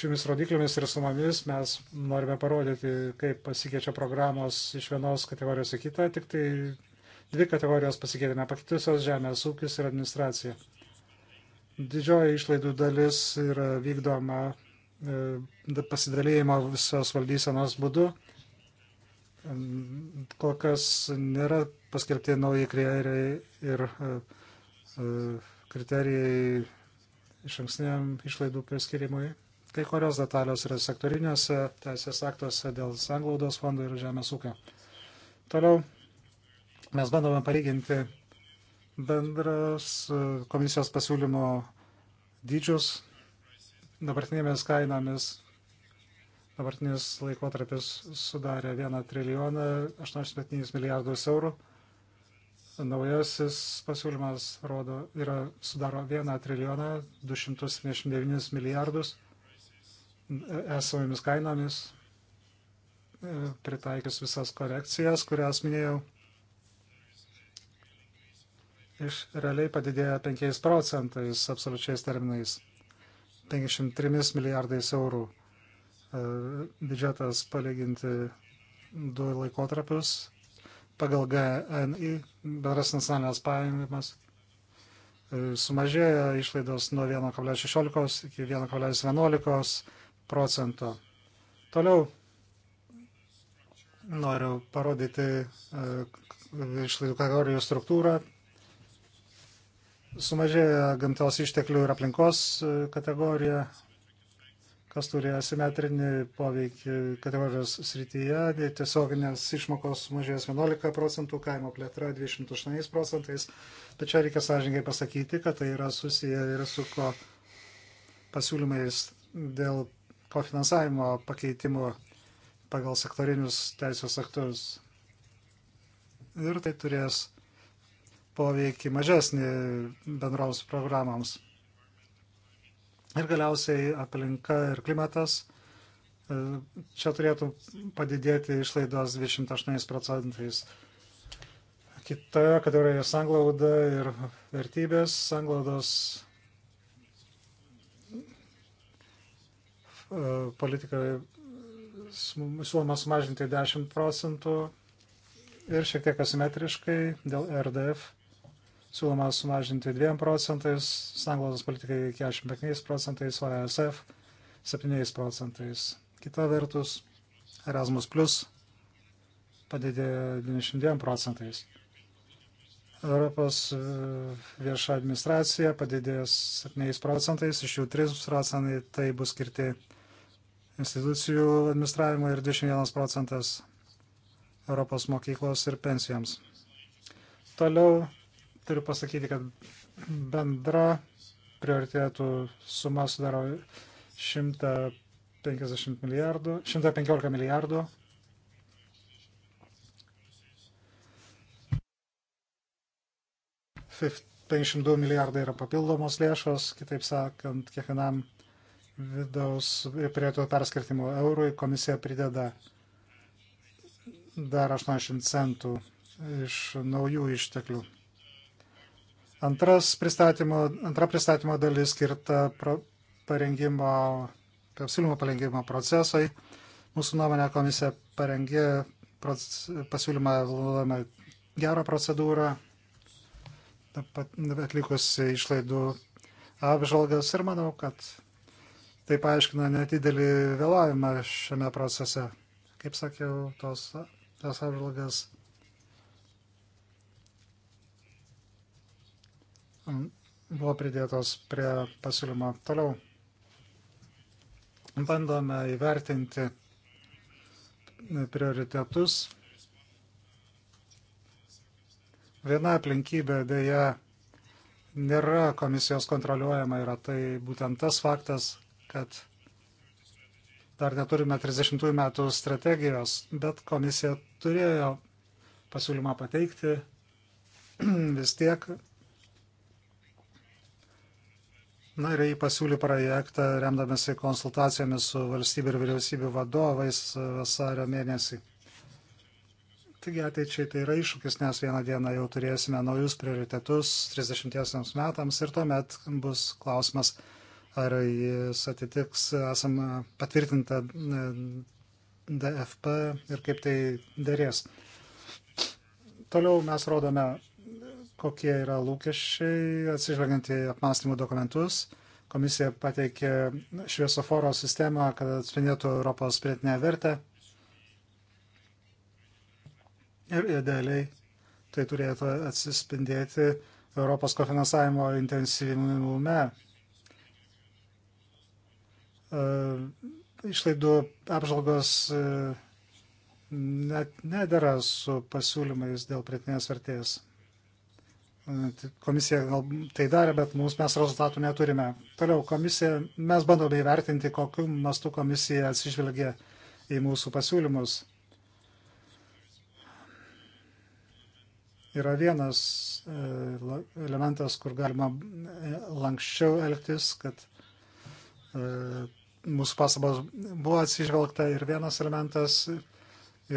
šiomis rodiklėmis ir sumomis mes norime parodyti, kaip pasikeičia programos iš vienos kategorijos į kitą, tik tai dvi kategorijos pasikeitėme - pakitusios žemės ūkis ir administracija. Didžioji išlaidų dalis yra vykdoma e, pasidalėjimo visos valdysenos būdu Kol kas nėra paskelbti nauji kriterijai ir e, e, kriterijai iš ankstiniam išlaidų priskirimui. Kai kurios detalės yra sektoriniuose teisės aktuose dėl sanglaudos fondo ir žemės ūkio. Toliau mes bandome palyginti bendras e, komisijos pasiūlymo dydžius dabartinėmis kainomis dabartinis laikotarpis sudarė 1 trilijoną 87 milijardus eurų. Naujasis pasiūlymas rodo, yra, sudaro 1 trilijoną 279 milijardus esamomis kainomis, e, pritaikius visas korekcijas, kurias minėjau. Iš realiai padidėjo 5 procentais absoliučiais terminais, 53 milijardais eurų E, biudžetas palyginti du laikotarpius pagal GNI, bendras nacionalinės pajamas, e, sumažėjo išlaidos nuo 1,16 iki 1,11 procento. Toliau noriu parodyti e, išlaidų kategorijų struktūrą. Sumažėjo gamtos išteklių ir aplinkos kategorija, kas turi asimetrinį poveikį kategorijos srityje. Tai tiesioginės išmokos mažės 11 procentų, kaimo plėtra 28 procentais. Bet čia reikia sąžininkai pasakyti, kad tai yra susiję ir su ko pasiūlymais dėl kofinansavimo pakeitimo pagal sektorinius teisės aktus. Ir tai turės poveikį mažesnį bendroms programams. Ir galiausiai aplinka ir klimatas. E, čia turėtų padidėti išlaidos 28 procentais. Kitoje kategorijoje sanglauda ir vertybės. Sanglaudos e, politika siūloma sumažinti 10 procentų ir šiek tiek asimetriškai dėl RDF siūloma sumažinti 2 procentais, sanglaudos politikai 45 procentais, o ESF 7 procentais. Kita vertus, Erasmus Plus padidėjo 92 procentais. Europos e, vieša administracija padidėjo 7 procentais, iš jų 3 procentai tai bus skirti institucijų administravimui ir 21 procentas Europos mokyklos ir pensijoms. Toliau turiu pasakyti, kad bendra prioritėtų suma sudaro 150 milijardų, 115 milijardų. Fifth 52 milijardai yra papildomos lėšos, kitaip sakant, kiekvienam vidaus prieto perskirtimo eurui komisija prideda dar 80 centų iš naujų išteklių. Antras pristatymo, antra pristatymo dalis skirta pro, parengimo, pasiūlymo tai parengimo procesui. Mūsų nuomonė komisija parengė pasiūlymą valdome gerą procedūrą, atlikus išlaidų apžvalgas ir manau, kad tai paaiškina nedidelį vėlavimą šiame procese. Kaip sakiau, tos, tos apžvalgas buvo pridėtos prie pasiūlymo. Toliau bandome įvertinti prioritetus. Viena aplinkybė dėja nėra komisijos kontroliuojama, yra tai būtent tas faktas, kad dar neturime 30 metų strategijos, bet komisija turėjo pasiūlymą pateikti vis tiek Na ir jį pasiūlė projektą, remdamėsi konsultacijomis su valstybių ir vyriausybių vadovais e, vasario mėnesį. Taigi ateičiai tai yra iššūkis, nes vieną dieną jau turėsime naujus prioritetus 30 metams ir tuomet bus klausimas, ar jis atitiks esamą patvirtintą e, DFP ir kaip tai dėrės. Toliau mes rodome kokie yra lūkesčiai, atsižvelgiant į apmąstymų dokumentus. Komisija pateikė šviesoforo sistemą, kad atspindėtų Europos pridėtinę vertę. Ir idealiai tai turėtų atsispindėti Europos kofinansavimo intensyvume. E, išlaidų apžalgos e, net nedara su pasiūlymais dėl pritinės vertės. Komisija gal tai darė, bet mums mes rezultatų neturime. Toliau komisija, mes bandome įvertinti, kokiu mastu komisija atsižvelgia į mūsų pasiūlymus. Yra vienas e, elementas, kur galima e, lankščiau elgtis, kad e, mūsų pastabos buvo atsižvelgta ir vienas elementas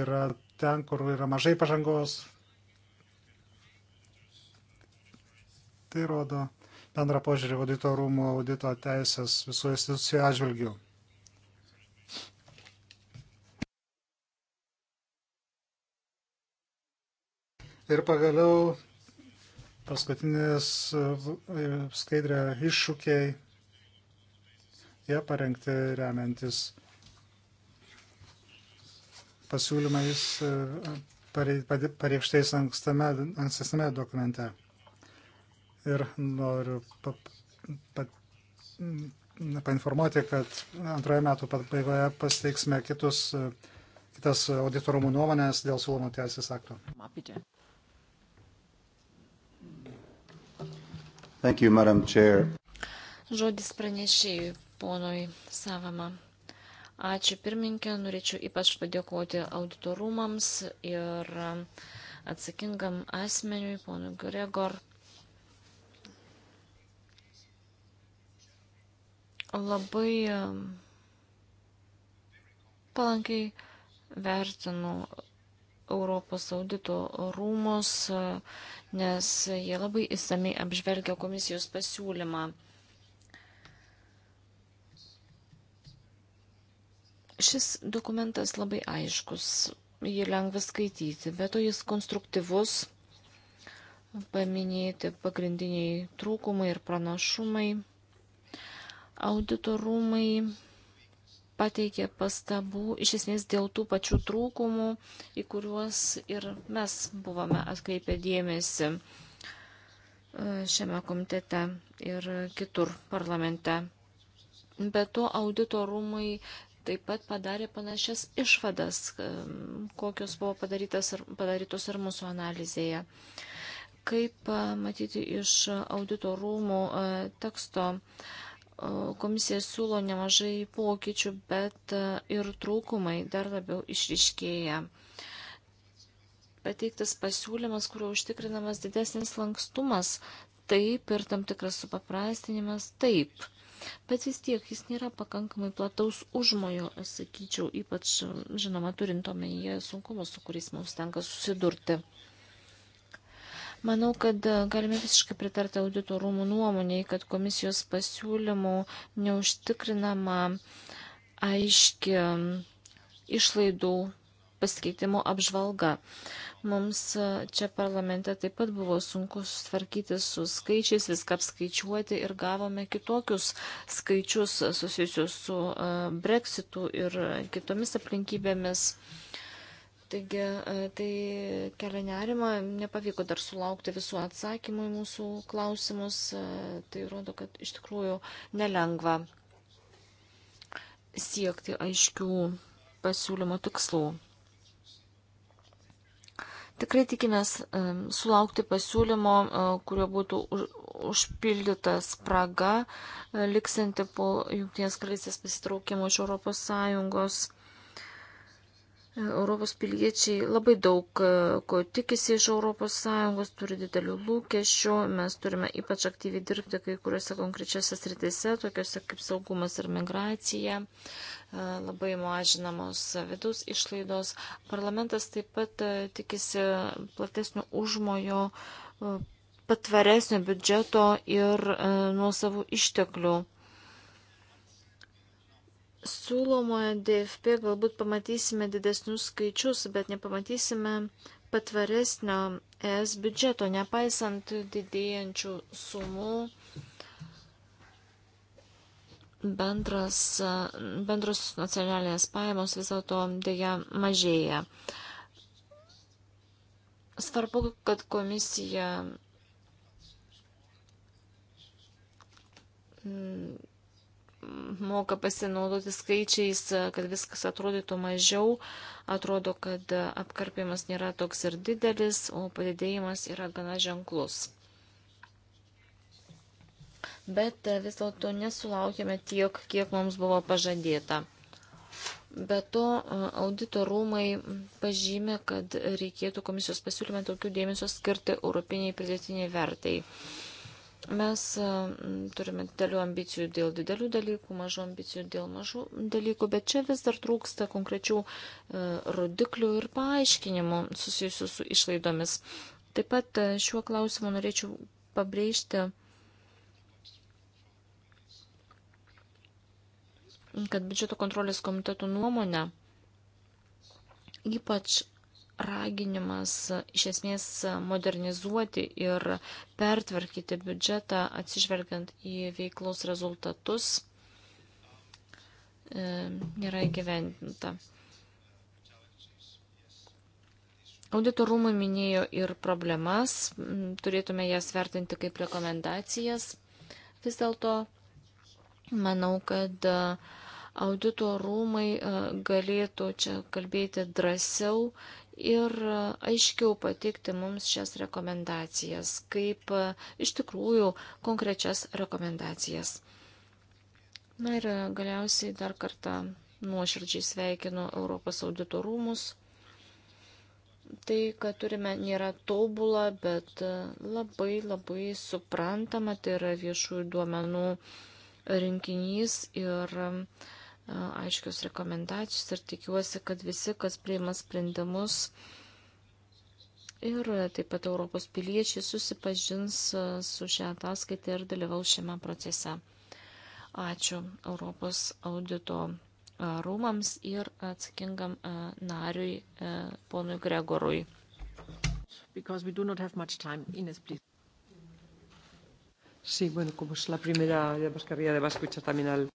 yra ten, kur yra mažai pažangos, Tai rodo bendrą požiūrį audito rūmų audito teisės visų institucijų atžvilgių. Ir pagaliau paskutinis e, skaidrė iššūkiai. Jie parengti remiantis pasiūlymais e, pareikštais ankstame, ankstesname dokumente ir noriu pa, pa, painformuoti, kad antroje metų pabaigoje pasteiksime kitus, kitas auditorumų nuomonės dėl siūlomų teisės aktų. Thank you, Madam Chair. Žodis pranešėjui, ponui Savama. Ačiū pirmininkė, norėčiau ypač padėkoti auditorumams ir atsakingam asmeniui, ponui Gregor, labai palankiai vertinu Europos audito rūmus, nes jie labai įsamei apžvelgia komisijos pasiūlymą. Šis dokumentas labai aiškus, jį lengva skaityti, bet to jis konstruktyvus, paminėti pagrindiniai trūkumai ir pranašumai. Auditorumai pateikė pastabų iš esmės dėl tų pačių trūkumų, į kuriuos ir mes buvome atkreipę dėmesį e, šiame komitete ir kitur parlamente. Be to, auditorumai taip pat padarė panašias išvadas, e, kokios buvo ir, padarytos ir mūsų analizėje. Kaip e, matyti iš auditorumų teksto, Komisija siūlo nemažai pokyčių, bet e, ir trūkumai dar labiau išriškėja. Pateiktas pasiūlymas, kuriuo užtikrinamas didesnis lankstumas, taip ir tam tikras supaprastinimas, taip bet vis tiek jis nėra pakankamai plataus užmojo, sakyčiau, ypač, žinoma, turint omenyje sunkumus, su kuriais mums tenka susidurti. Manau, kad e, galime visiškai pritarti audito rūmų nuomonėje, kad komisijos pasiūlymų neužtikrinama aiški išlaidų pasikeitimo apžvalga. Mums e, čia parlamente taip pat buvo sunku sutvarkyti su skaičiais, viską apskaičiuoti ir gavome kitokius skaičius susijusius su e, Brexitu ir kitomis aplinkybėmis. Uh, Taigi e, tai kelia nerima, nepavyko dar sulaukti visų atsakymų į mūsų klausimus, e, tai rodo, kad iš tikrųjų nelengva siekti aiškių pasiūlymo tikslų. Tikrai tikimės e, sulaukti pasiūlymo, kurio būtų užpildyta spraga, liksinti po Junktinės karalystės pasitraukimo iš Europos Sąjungos. Europos piliečiai labai daug e, ko tikisi iš ES, turi didelių lūkesčių, mes turime ypač aktyviai dirbti kai kuriuose konkrečiose sritise, tokiuose kaip saugumas ir migracija, e, labai mažinamos vidaus išlaidos. Parlamentas taip pat e, tikisi platesnio užmojo patvaresnio biudžeto ir nuosavų išteklių siūlomoje DFP galbūt pamatysime didesnius skaičius, bet nepamatysime patvaresnio ES biudžeto, nepaisant didėjančių sumų. Bendras, bendros nacionalinės pajamos vis dėlto dėja mažėja. Svarbu, kad komisija mm, moka pasinaudoti skaičiais, kad viskas atrodytų mažiau, atrodo, kad apkarpimas nėra toks ir didelis, o padidėjimas yra gana ženklus. Bet vis dėlto nesulaukėme tiek, kiek mums buvo pažadėta. Be to, audito rūmai pažymė, kad reikėtų komisijos pasiūlymę tokių dėmesio skirti europiniai pridėtiniai vertai. Mes e, turime didelių ambicijų dėl didelių dalykų, mažų ambicijų dėl mažų dalykų, bet čia vis dar trūksta konkrečių e, rodiklių ir paaiškinimų susijusių su išlaidomis. Taip pat e, šiuo klausimu norėčiau pabrėžti, kad biudžeto kontrolės komitetų nuomonė ypač raginimas iš esmės modernizuoti ir pertvarkyti biudžetą atsižvelgiant į veiklos rezultatus nėra e, įgyvendinta. Auditorumai minėjo ir problemas, turėtume jas vertinti kaip rekomendacijas. Vis dėlto manau, kad e, audito rūmai e, galėtų čia kalbėti drąsiau ir aiškiau pateikti mums šias rekomendacijas, kaip e, iš tikrųjų konkrečias rekomendacijas. Na ir galiausiai dar kartą nuoširdžiai sveikinu Europos auditorumus. Tai, kad turime, nėra tobula, bet e, labai labai suprantama, tai yra viešųjų duomenų rinkinys ir uh, aiškius rekomendacijus ir tikiuosi, kad visi, kas priima sprendimus ir taip pat Europos piliečiai susipažins e, su šią ataskaitą ir dalyvaus šiame procese. Ačiū Europos audito e, rūmams ir atsakingam e, nariui ponui Gregorui. Ines, sí, bueno, como es la primera de Bascarría de Vasco, también al.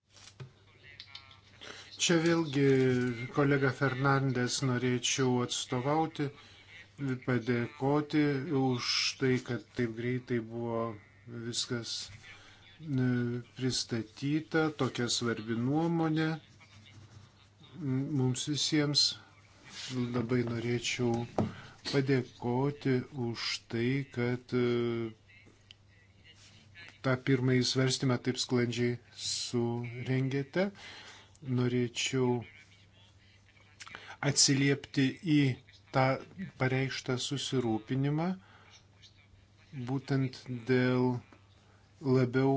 Čia vėlgi kolega Fernandės norėčiau atstovauti, padėkoti už tai, kad taip greitai buvo viskas e, pristatyta, tokia svarbi nuomonė mums visiems. Labai norėčiau padėkoti už tai, kad e, tą pirmąjį svarstymą taip sklandžiai surengėte norėčiau atsiliepti į tą pareikštą susirūpinimą būtent dėl labiau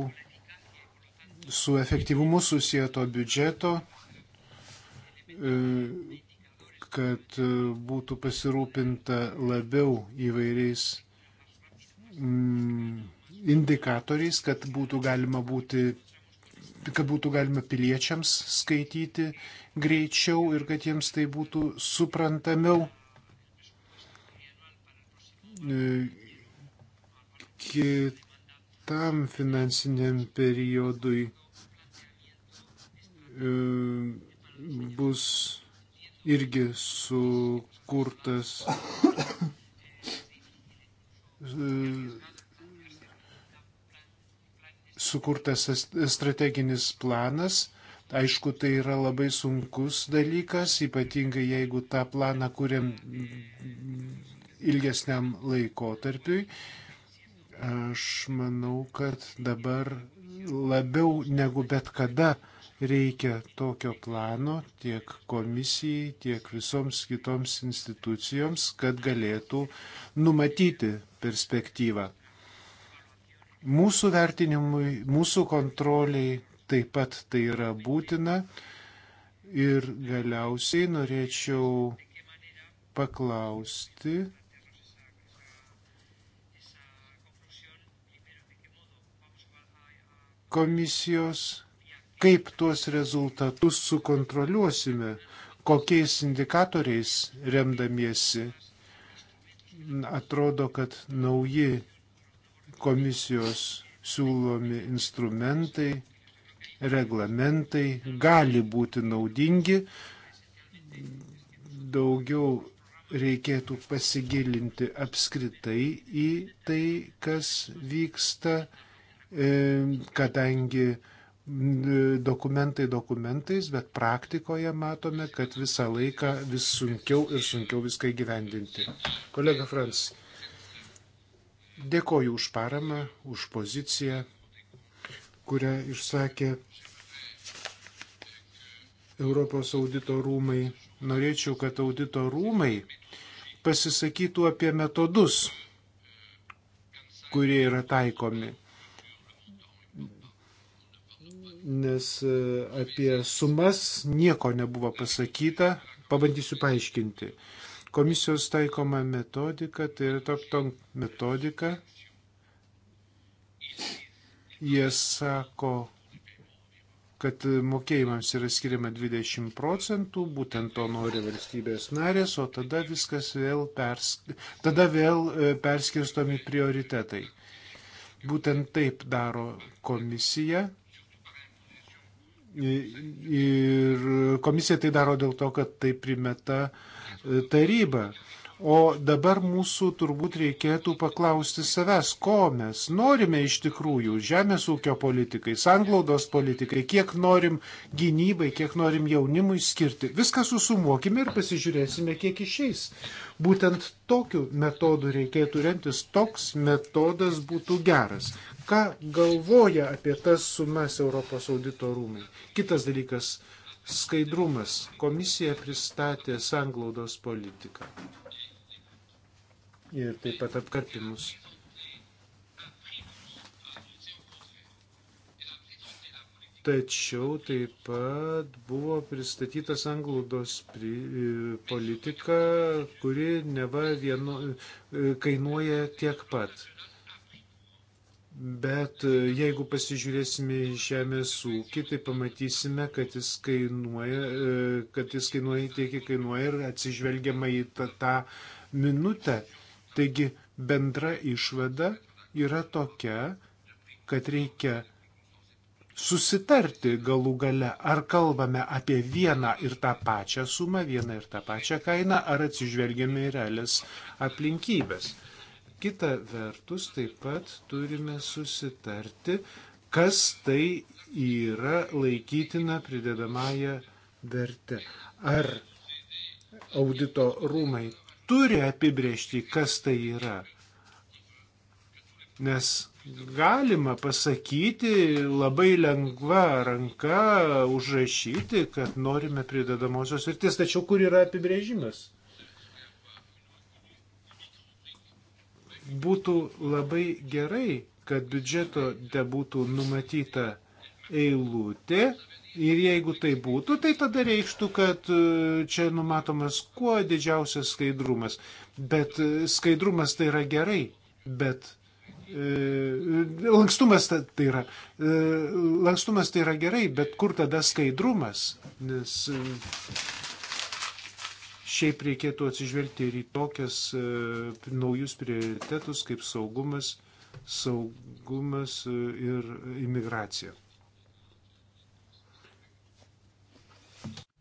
su efektyvumu susijęto biudžeto, e, kad e, būtų pasirūpinta labiau įvairiais mm, indikatoriais, kad būtų galima būti kad būtų galima piliečiams skaityti greičiau ir kad jiems tai būtų suprantamiau. E, kitam finansiniam periodui e, bus irgi sukurtas e, sukurtas strateginis planas. Aišku, tai yra labai sunkus dalykas, ypatingai jeigu tą planą kuriam ilgesniam laikotarpiui. Aš manau, kad dabar labiau negu bet kada reikia tokio plano tiek komisijai, tiek visoms kitoms institucijoms, kad galėtų numatyti perspektyvą. Mūsų vertinimui, mūsų kontroliai taip pat tai yra būtina. Ir galiausiai norėčiau paklausti, komisijos, kaip tuos rezultatus sukontroliuosime, kokiais indikatoriais remdamiesi. Atrodo, kad nauji komisijos siūlomi instrumentai, reglamentai gali būti naudingi. Daugiau reikėtų pasigilinti apskritai į tai, kas vyksta, e, kadangi e, dokumentai dokumentais, bet praktikoje matome, kad visą laiką vis sunkiau ir sunkiau viską įgyvendinti. Kolega Frans. Dėkoju už paramą, už poziciją, kurią išsakė Europos audito rūmai. Norėčiau, kad audito rūmai pasisakytų apie metodus, kurie yra taikomi. Nes e, apie sumas nieko nebuvo pasakyta, pabandysiu paaiškinti komisijos taikoma metodika, tai yra topton metodika. Jie sako, kad mokėjimams yra skiriama 20 procentų, būtent to nori valstybės narės, o tada viskas vėl, pers, tada vėl e, perskirstomi prioritetai. Būtent taip daro komisija. Ir komisija tai daro dėl to, kad tai primeta uh, taryba. O dabar mūsų turbūt reikėtų paklausti savęs, ko mes norime iš tikrųjų žemės ūkio politikai, sanglaudos politikai, kiek norim gynybai, kiek norim jaunimui skirti. Viską susumuokime ir pasižiūrėsime, kiek išeis. Būtent tokiu metodu reikėtų remtis, toks metodas būtų geras. Ką galvoja apie tas sumas Europos audito rūmai? Kitas dalykas Skaidrumas. Komisija pristatė sanglaudos politiką. Ir taip pat apkarpimus. Tačiau taip pat buvo pristatytas anglaudos e, politika, kuri neva vieno, e, kainuoja tiek pat. Bet e, jeigu pasižiūrėsime į žemės ūkį, tai pamatysime, kad jis kainuoja, e, kad jis kainuoja tiek, kiek kainuoja ir atsižvelgiama į tą, tą minutę. Taigi bendra išvada yra tokia, kad reikia susitarti galų gale, ar kalbame apie vieną ir tą pačią sumą, vieną ir tą pačią kainą, ar atsižvelgiame į realias aplinkybės. Kita vertus, taip pat turime susitarti, kas tai yra laikytina pridedamąją vertę. Ar audito rūmai turi apibriežti, kas tai yra. Nes galima pasakyti labai lengva ranka, užrašyti, kad norime pridedamosios vertės, tačiau kur yra apibrėžimas? būtų labai gerai, kad biudžeto debūtų numatyta eilutė ir jeigu tai būtų, tai tada reikštų, kad e, čia numatomas kuo didžiausias skaidrumas. Bet e, skaidrumas tai yra gerai, bet e, Lankstumas tai yra. Lankstumas tai yra gerai, bet kur tada skaidrumas? Nes Šiaip reikėtų atsižvelgti ir į tokias e, naujus prioritetus kaip saugumas, saugumas e, ir imigracija.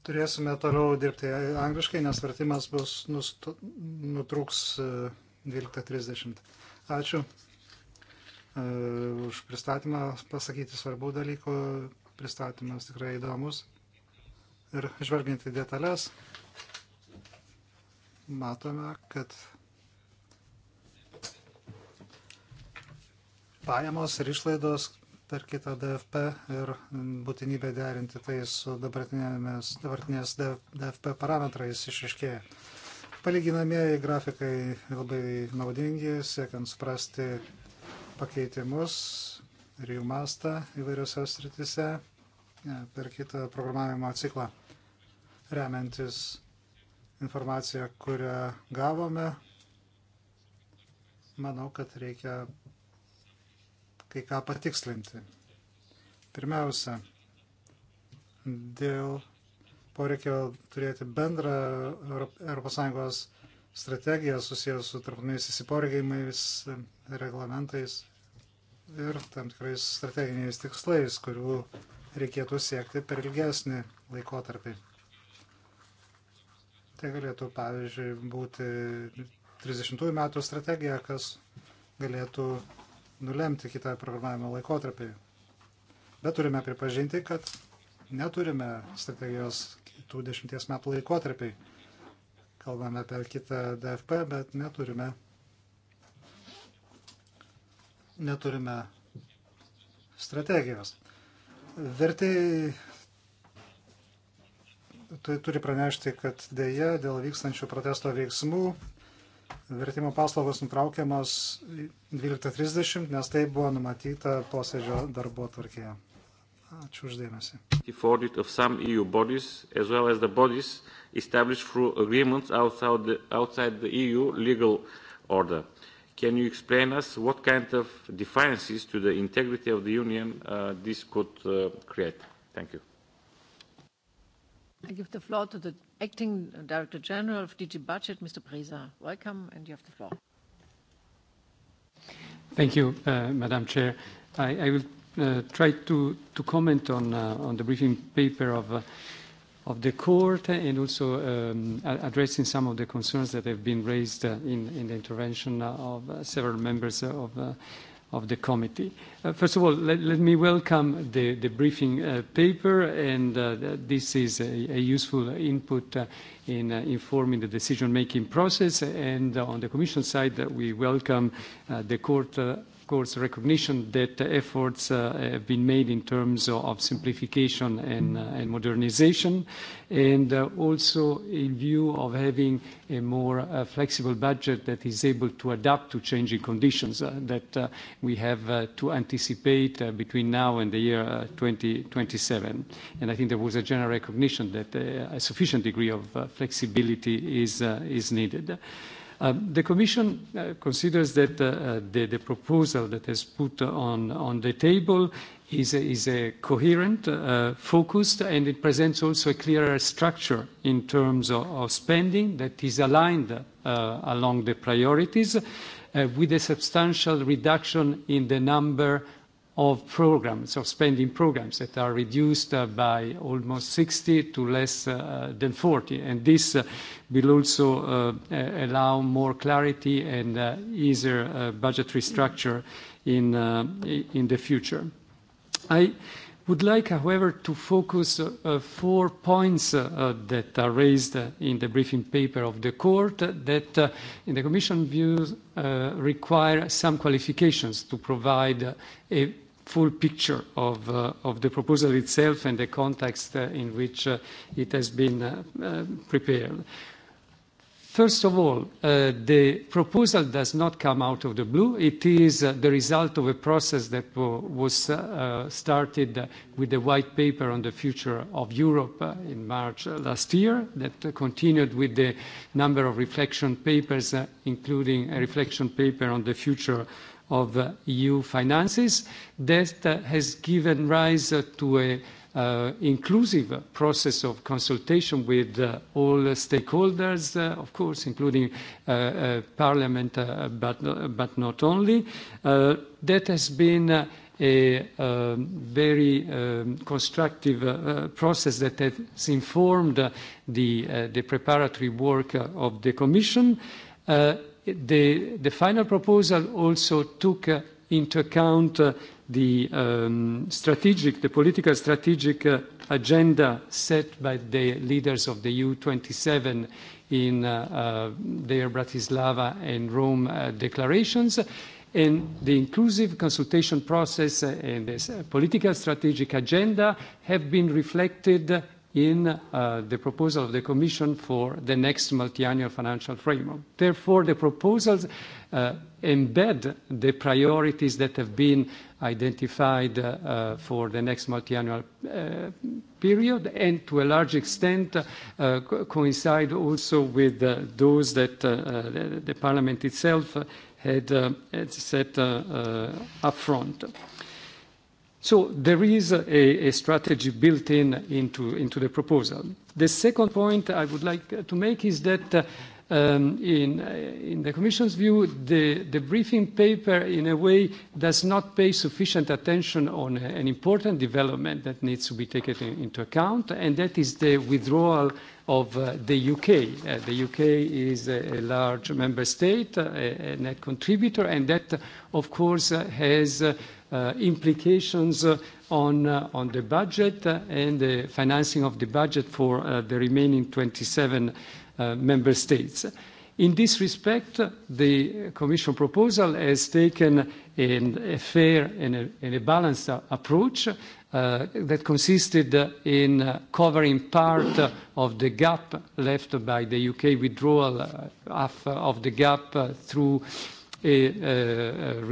Turėsime toliau dirbti angliškai, nes vertimas bus nustu, nutrūks 12.30. E, Ačiū uh, už pristatymą, pasakyti svarbių dalykų. Pristatymas tikrai įdomus. Ir žvelgiant į detalės, matome, kad pajamos ir išlaidos per kitą DFP ir būtinybė derinti tai su dabartinės DFP parametrais išiškėja. Palyginamieji grafikai labai naudingi, siekiant suprasti pakeitimus ir jų mastą įvairiose sritise e, per kitą programavimo ciklą, remiantis informaciją, kurią gavome, manau, kad reikia kai ką patikslinti. Pirmiausia, dėl poreikio turėti bendrą ES strategiją susijęs su tarptautiniais įsiporeigimais, reglamentais ir tam tikrais strateginiais tikslais, kurių reikėtų siekti per ilgesnį laikotarpį. Tai galėtų, pavyzdžiui, būti 30-ųjų metų strategija, kas galėtų nulemti kitą programavimo laikotarpį. Bet turime pripažinti, kad neturime strategijos kitų dešimties metų laikotarpiai. Kalbame apie kitą DFP, bet neturime, neturime strategijos. Vertėjai Tai turi pranešti, kad dėja dėl vykstančių protesto veiksmų vertimo paslaugos nutraukiamos 12.30, nes tai buvo numatyta posėdžio darbo tvarkėje. Ačiū uždėmesi. E as well as the bodies established through agreements outside the, outside the EU legal order. Can you explain us what kind of defiances to the integrity of the Union uh, this could uh, create? Thank you. I give the floor to the Acting Director General of DG Budget, Mr. Preza. Welcome, and you have the floor. Thank you, uh, Madam Chair. I, I will uh, try to, to comment on, uh, on the briefing paper of, uh, of the court and also um, addressing some of the concerns that have been raised uh, in, in the intervention of uh, several members of uh, of the committee. Uh, first of all, let, let me welcome the, the briefing uh, paper, and uh, this is a, a useful input uh, in uh, informing the decision-making process. And uh, on the Commission side, uh, we welcome uh, the court uh, course, recognition that efforts uh, have been made in terms of simplification and, uh, and modernization, and uh, also in view of having a more uh, flexible budget that is able to adapt to changing conditions uh, that uh, we have to anticipate between now and the year 2027. 20, I think there was a general recognition that a sufficient degree of flexibility is, is needed. Um, the Commission uh, considers that uh, uh, the, the proposal that is put on, on the table is a, is a coherent, uh, focused, and it presents also a clearer structure in terms of, of spending that is aligned uh, along the priorities, uh, with a substantial reduction in the number of programs, of spending programs that are reduced uh, by almost 60 to less uh, than 40. And this uh, will also uh, allow more clarity and uh, easier uh, budgetary structure in, in the future. I would like, however, to focus uh, uh four points uh, uh, that are raised uh, in the briefing paper of the court that, uh, in the commission views, require some qualifications to provide a full picture of, of the proposal itself and the context in which it has been prepared. First of all, uh, the proposal does not come out of the blue. It is uh, the result of a process that was uh, started uh, with the white paper on the future of Europe uh, in March uh, last year, that continued with the number of reflection papers, including a reflection paper on the future of EU finances, that has given rise to a uh, inclusive process of consultation with uh, all stakeholders, uh, of course, including uh, uh, Parliament, uh, but, uh, but not only. Uh, that has been uh, a um, very um, constructive uh, uh, process that has informed uh, the, uh, the preparatory work uh, of the Commission. Uh, the, the final proposal also took uh, into account uh, the um, strategic, the political strategic uh, agenda set by the leaders of the EU27 in uh, uh, their Bratislava and Rome uh, declarations, and the inclusive consultation process and this political strategic agenda have been reflected in uh, the proposal of the Commission for the next multi-annual financial framework. Therefore, the proposals uh, embed the priorities that have been identified uh, uh, for the next multi-annual uh, period and to a large extent uh, co coincide also with uh, those that uh, uh, the, the Parliament itself had, uh, had set uh, uh, up front. So there is a, a strategy built in into, into the proposal. The second point I would like to make is that uh, Um, in, uh, in the Commission's view, the, the briefing paper, in a way, does not pay sufficient attention on a, an important development that needs to be taken in, into account, and that is the withdrawal of uh, the U.K. Uh, the U.K. is a, a large member state, uh, a, a net contributor, and that, of course, uh, has uh, implications on, on the budget and the financing of the budget for the remaining 27 uh, member states. In this respect, the Commission proposal has taken an, a fair and a, and a balanced approach uh, that consisted in uh, covering part uh, of the gap left by the UK withdrawal, uh, half of the gap uh, through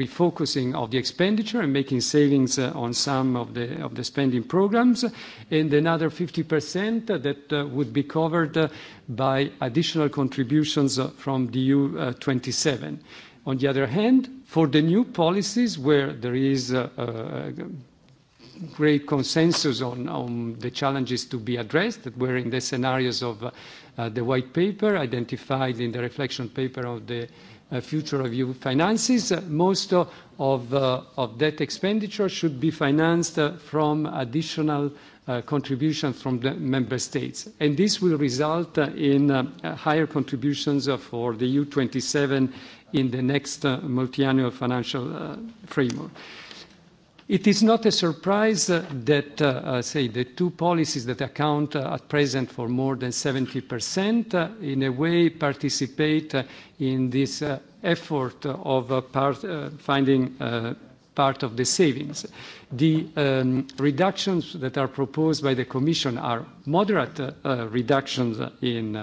refocusing of the expenditure and making savings uh, on some of the, of the spending programs, and another 50% that uh, would be covered uh, by additional contributions from the EU 27. On the other hand, for the new policies where there is a, a great consensus on, on the challenges to be addressed that were in the scenarios of uh, the white paper identified in the reflection paper of the Uh, future of EU finances. Uh, most of, uh, of that expenditure should be financed from additional contribution from the member states. And this will result in higher contributions for the EU 27 in the next multi-annual financial framework. It is not a surprise that, uh, uh, say, the two policies that account uh, at present for more than 70%, uh, in a way participate uh, in this uh, effort of part, finding part of the savings. The um, reductions that are proposed by the Commission are moderate reductions in,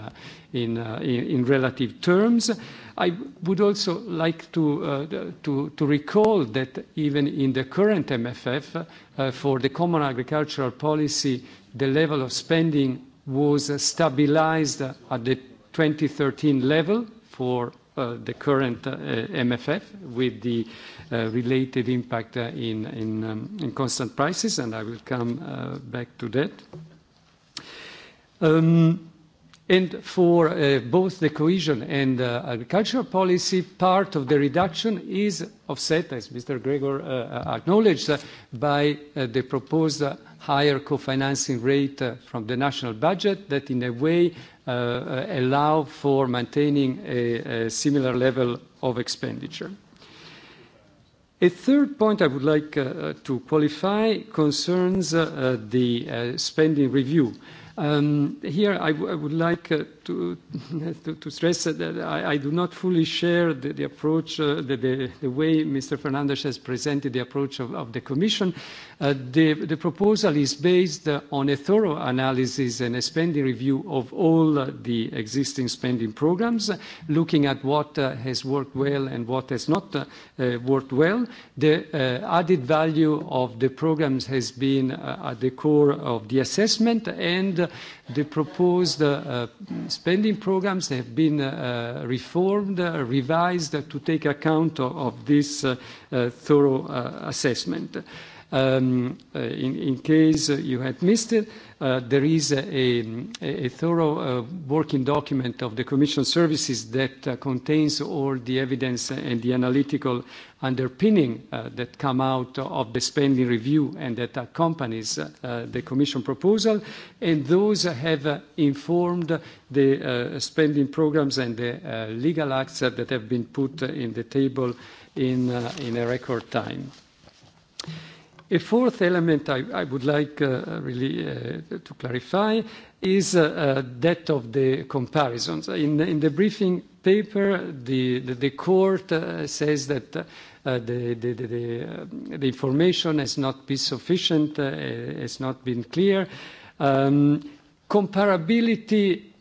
in, in relative terms. I would also like to, uh, to, to recall that even in the current MFF, uh, for the common agricultural policy, the level of spending was uh, stabilized at the 2013 level for uh, the current uh, MFF with the uh, related impact uh, in, in, um, in constant prices, and I will come uh, back to that. Um, And for uh, both the cohesion and uh, agricultural policy, part of the reduction is offset, as Mr. Gregor uh, uh acknowledged, uh, by uh, the proposed higher co-financing rate from the national budget that in a way allow for maintaining a, a similar level of expenditure. A third point I would like uh, to qualify concerns uh, the uh, spending review. Um, here, I, w- I would like uh, to, to, to stress that I, I do not fully share the, the approach, uh, the, the, the way Mr. Fernandez has presented the approach of, of the Commission. Uh, the, the proposal is based uh, on a thorough analysis and a spending review of all uh, the existing spending programs, uh, looking at what uh, has worked well and what has not uh, uh, worked well. The uh, added value of the programs has been uh, at the core of the assessment and uh, uh, the proposed uh, uh, spending programs have been uh, reformed, uh, revised uh, to take account of, of this uh, uh, thorough uh, assessment. Uh, Um, uh, in, in case you had missed it, uh, there is a, a, a thorough uh, working document of the Commission services that uh, contains all the evidence and the analytical underpinning uh, that come out of the spending review and that accompanies uh, the Commission proposal, and those have uh, informed the uh, spending programs and the uh, legal acts that have been put in the table in, uh, in a record time. Uh, A fourth element I, I would like uh, really uh, to clarify is uh, uh that of the comparisons. In, in the briefing paper, the, the, the court uh, says that uh, the, the information has not been sufficient, has not been clear. Um, comparability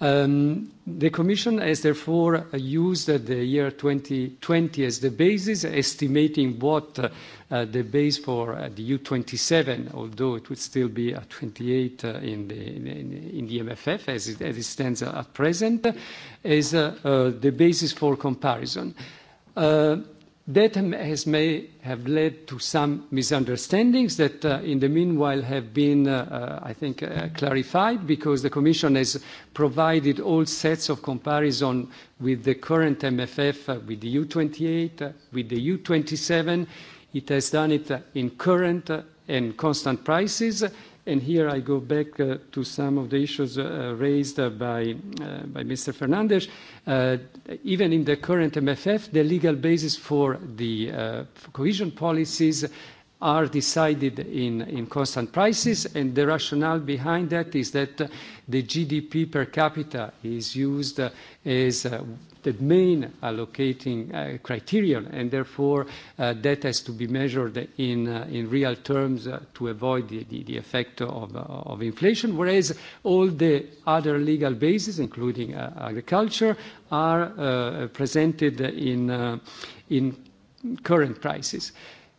Um, the Commission has therefore used the year 2020 as the basis, estimating what uh, uh the base for uh, the EU27, although it would still be at 28 uh, in, the, in, in the MFF as it, as it stands at present, as uh, uh, the basis for comparison. That has may have led to some misunderstandings that, uh, in the meanwhile, have been, uh, uh, I think, uh, clarified because the Commission has provided all sets of comparison with the current MFF, uh, with the EU28, uh, with the EU27. It has done it in current and constant prices, And here I go back uh, to some of the issues uh, raised uh, by, uh, by Mr. Fernandez. Uh, even in the current MFF, the legal basis for the uh, cohesion policies are decided in, in constant prices, and the rationale behind that is that the GDP per capita is used as uh, the main allocating uh, criterion, and therefore uh, that has to be measured in, uh, in real terms uh, to avoid the, the, the effect of, uh, of inflation. Whereas all the other legal bases, including agriculture, are presented in, in current prices.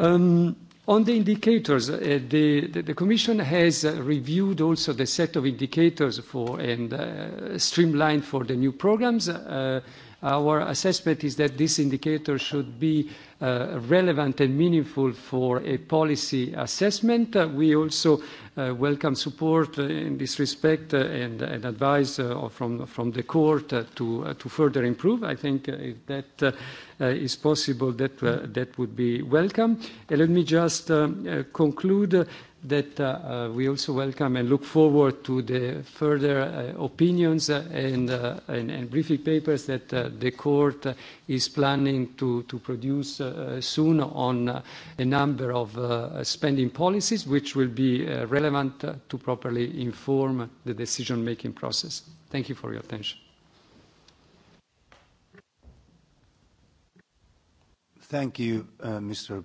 Um, on the indicators, uh, the, the, the Commission has uh, reviewed also the set of indicators for and uh, streamlined for the new programs. Uh, our assessment is that this indicator should be uh, relevant and meaningful for a policy assessment. Uh, we also uh, welcome support uh, in this respect uh, and, and advice uh, from, from the court to, to further improve. I think if that is possible, that, that would be welcome. And let me just conclude that uh, uh, we also welcome and look forward to the further uh, opinions uh, and, uh, and, and briefing papers that uh, the court is planning to, to produce soon on a number of spending policies, which will be relevant to properly inform the decision-making process. Thank you for your attention. Thank you, Mr.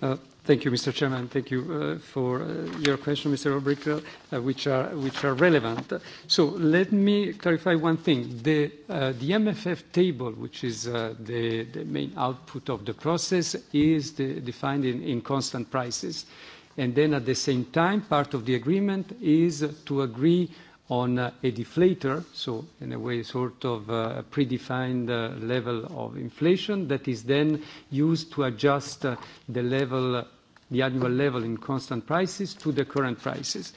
Uh, thank you, Mr. Chairman. Thank you uh, for uh, your question, Mr. Obricker, uh, which are, which are relevant. So let me clarify one thing. The, uh, the MFF table, which is uh, the, the main output of the process, is the, defined in, in constant prices. And then at the same time, part of the agreement is to agree on a deflator, so in a way, sort of uh, a predefined uh, level of inflation that is then used to adjust uh, the level, the annual level in constant prices to the current prices.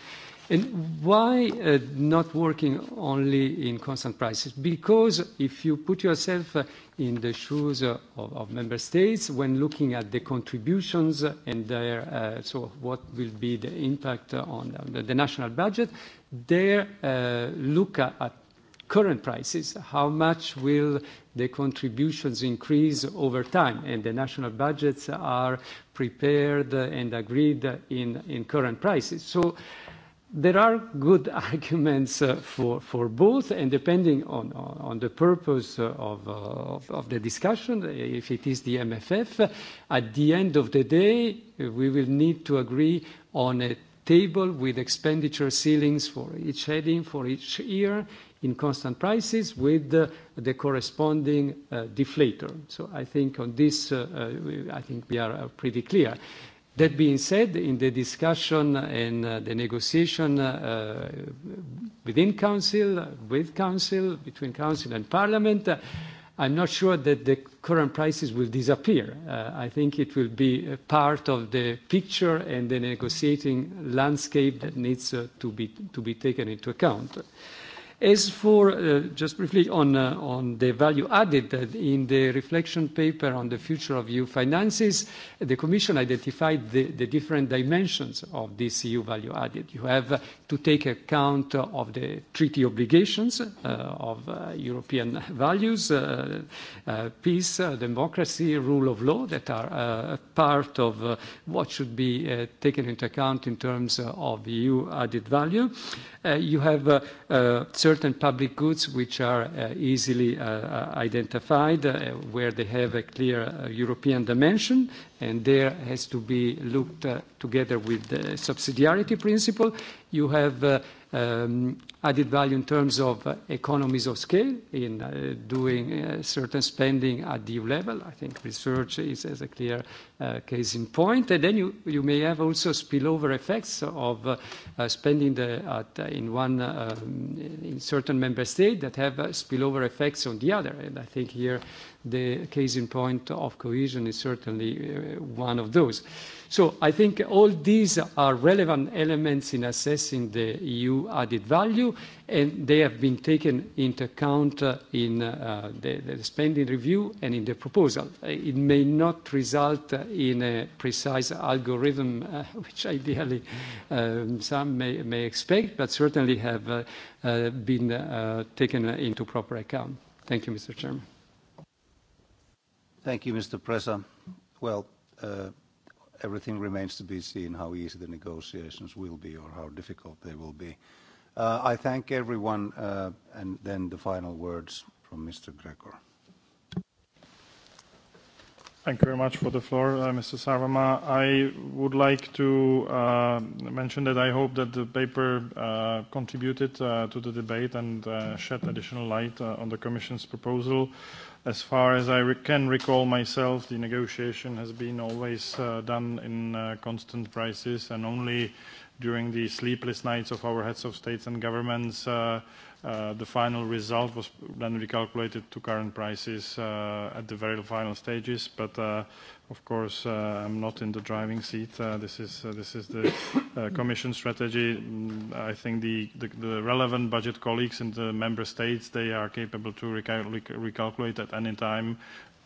And why uh, not working only in constant prices? Because if you put yourself uh, in the shoes uh, of, of member states when looking at the contributions and their, so what will be the impact on the, the national budget, there uh, look at, at current prices, how much will the contributions increase over time? And the national budgets are prepared and agreed in, in current prices. So there are good arguments uh, for, for both, and depending on, on, on the purpose of, uh, of, of the discussion, if it is the MFF, at the end of the day, we will need to agree on a table with expenditure ceilings for each heading for each year in constant prices with uh, the corresponding uh, deflator. So I think on this, uh, uh I think we are uh, pretty clear. That being said, in the discussion and uh, the negotiation within council, with council, between council and parliament, I'm not sure that the current prices will disappear. Uh, I think it will be a part of the picture and the negotiating landscape that needs uh, to, be, to be taken into account. As for, uh, just briefly on, uh, on the value added, uh, in the reflection paper on the future of EU finances, the Commission identified the, the different dimensions of this EU value added. You have to take account of the treaty obligations uh, of uh, European values, uh, uh, peace, uh, democracy, rule of law that are uh, part of uh, what should be uh, taken into account in terms uh, of EU added value. Uh, you have uh, uh, certain public goods which are uh, easily uh, uh identified uh, where they have a clear uh, European dimension and there has to be looked uh, together with the subsidiarity principle. You have uh, um, added value in terms of uh, economies of scale in uh, doing uh, certain spending at the EU level. I think research is as a clear uh, case in point. And then you, you may have also spillover effects of uh, uh, spending the, at, uh, in one uh, um, in certain member state that have uh, spillover effects on the other. And I think here the case in point of cohesion is certainly uh, one of those. So I think all these are relevant elements in assessing the EU added value, and they have been taken into account uh, in uh, the, the spending review and in the proposal. Uh, it may not result uh, in a precise algorithm, uh, which ideally um, some may, may expect, but certainly have uh, uh, been uh, taken uh, into proper account. Thank you, Mr. Chairman. Thank you, Mr. Presa. Well, uh, everything remains to be seen how easy the negotiations will be or how difficult they will be. Uh, Uh, I thank everyone, uh, and then the final words from Mr. Gregor. Thank you very much for the floor, uh, Mr. Sarvamaa. I would like to uh, mention that I hope that the paper uh, contributed uh, to the debate and uh, shed additional light uh, on the Commission's proposal. As far as I re can recall myself, the negotiation has been always uh, done in uh, constant prices and only uh, during the sleepless nights of our heads of states and governments, uh, uh, the final result was then recalculated to current prices uh, at the very final stages. But uh, of course, uh, I'm not in the driving seat. Uh, this is uh, this is the uh, Commission strategy. Mm, I think the, the the relevant budget colleagues in the member states they are capable to recal recalculate at any time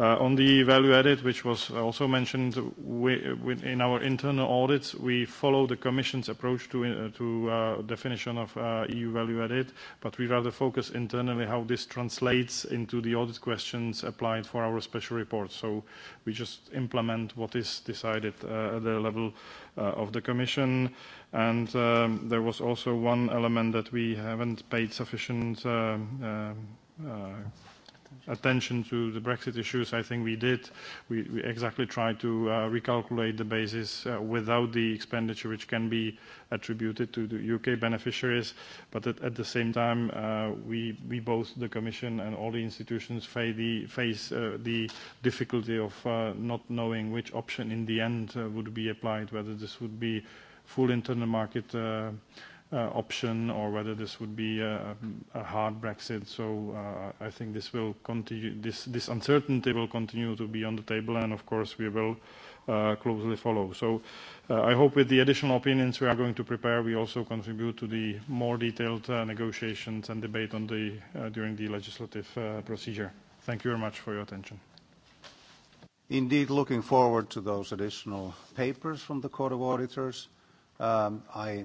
Uh, on the value added, which was also mentioned we, in our internal audits, we follow the Commission's approach to, uh, to uh, definition of uh, EU value added, but we rather focus internally how this translates into the audit questions applied for our special reports. So we just implement what is decided uh, at the level uh, of the Commission. And um, there was also one element that we haven't paid sufficient um, um, attention to the Brexit issues. I think we did. We, we exactly tried to uh, recalculate the basis uh, without the expenditure which can be attributed to the U.K. beneficiaries. But at, at the same time, uh, we, we both, the Commission and all the institutions, face the, face, uh, the difficulty of uh, not knowing which option in the end uh, would be applied, whether this would be full internal market Uh, option or whether this would be a, a hard Brexit. So uh, I think this will continue. This, this uncertainty will continue to be on the table, and of course we will uh, closely follow. So uh, I hope with the additional opinions we are going to prepare, we also contribute to the more detailed uh, negotiations and debate on the uh, during the legislative uh, procedure. Thank you very much for your attention. Indeed, looking forward to those additional papers from the Court of Auditors. Um, I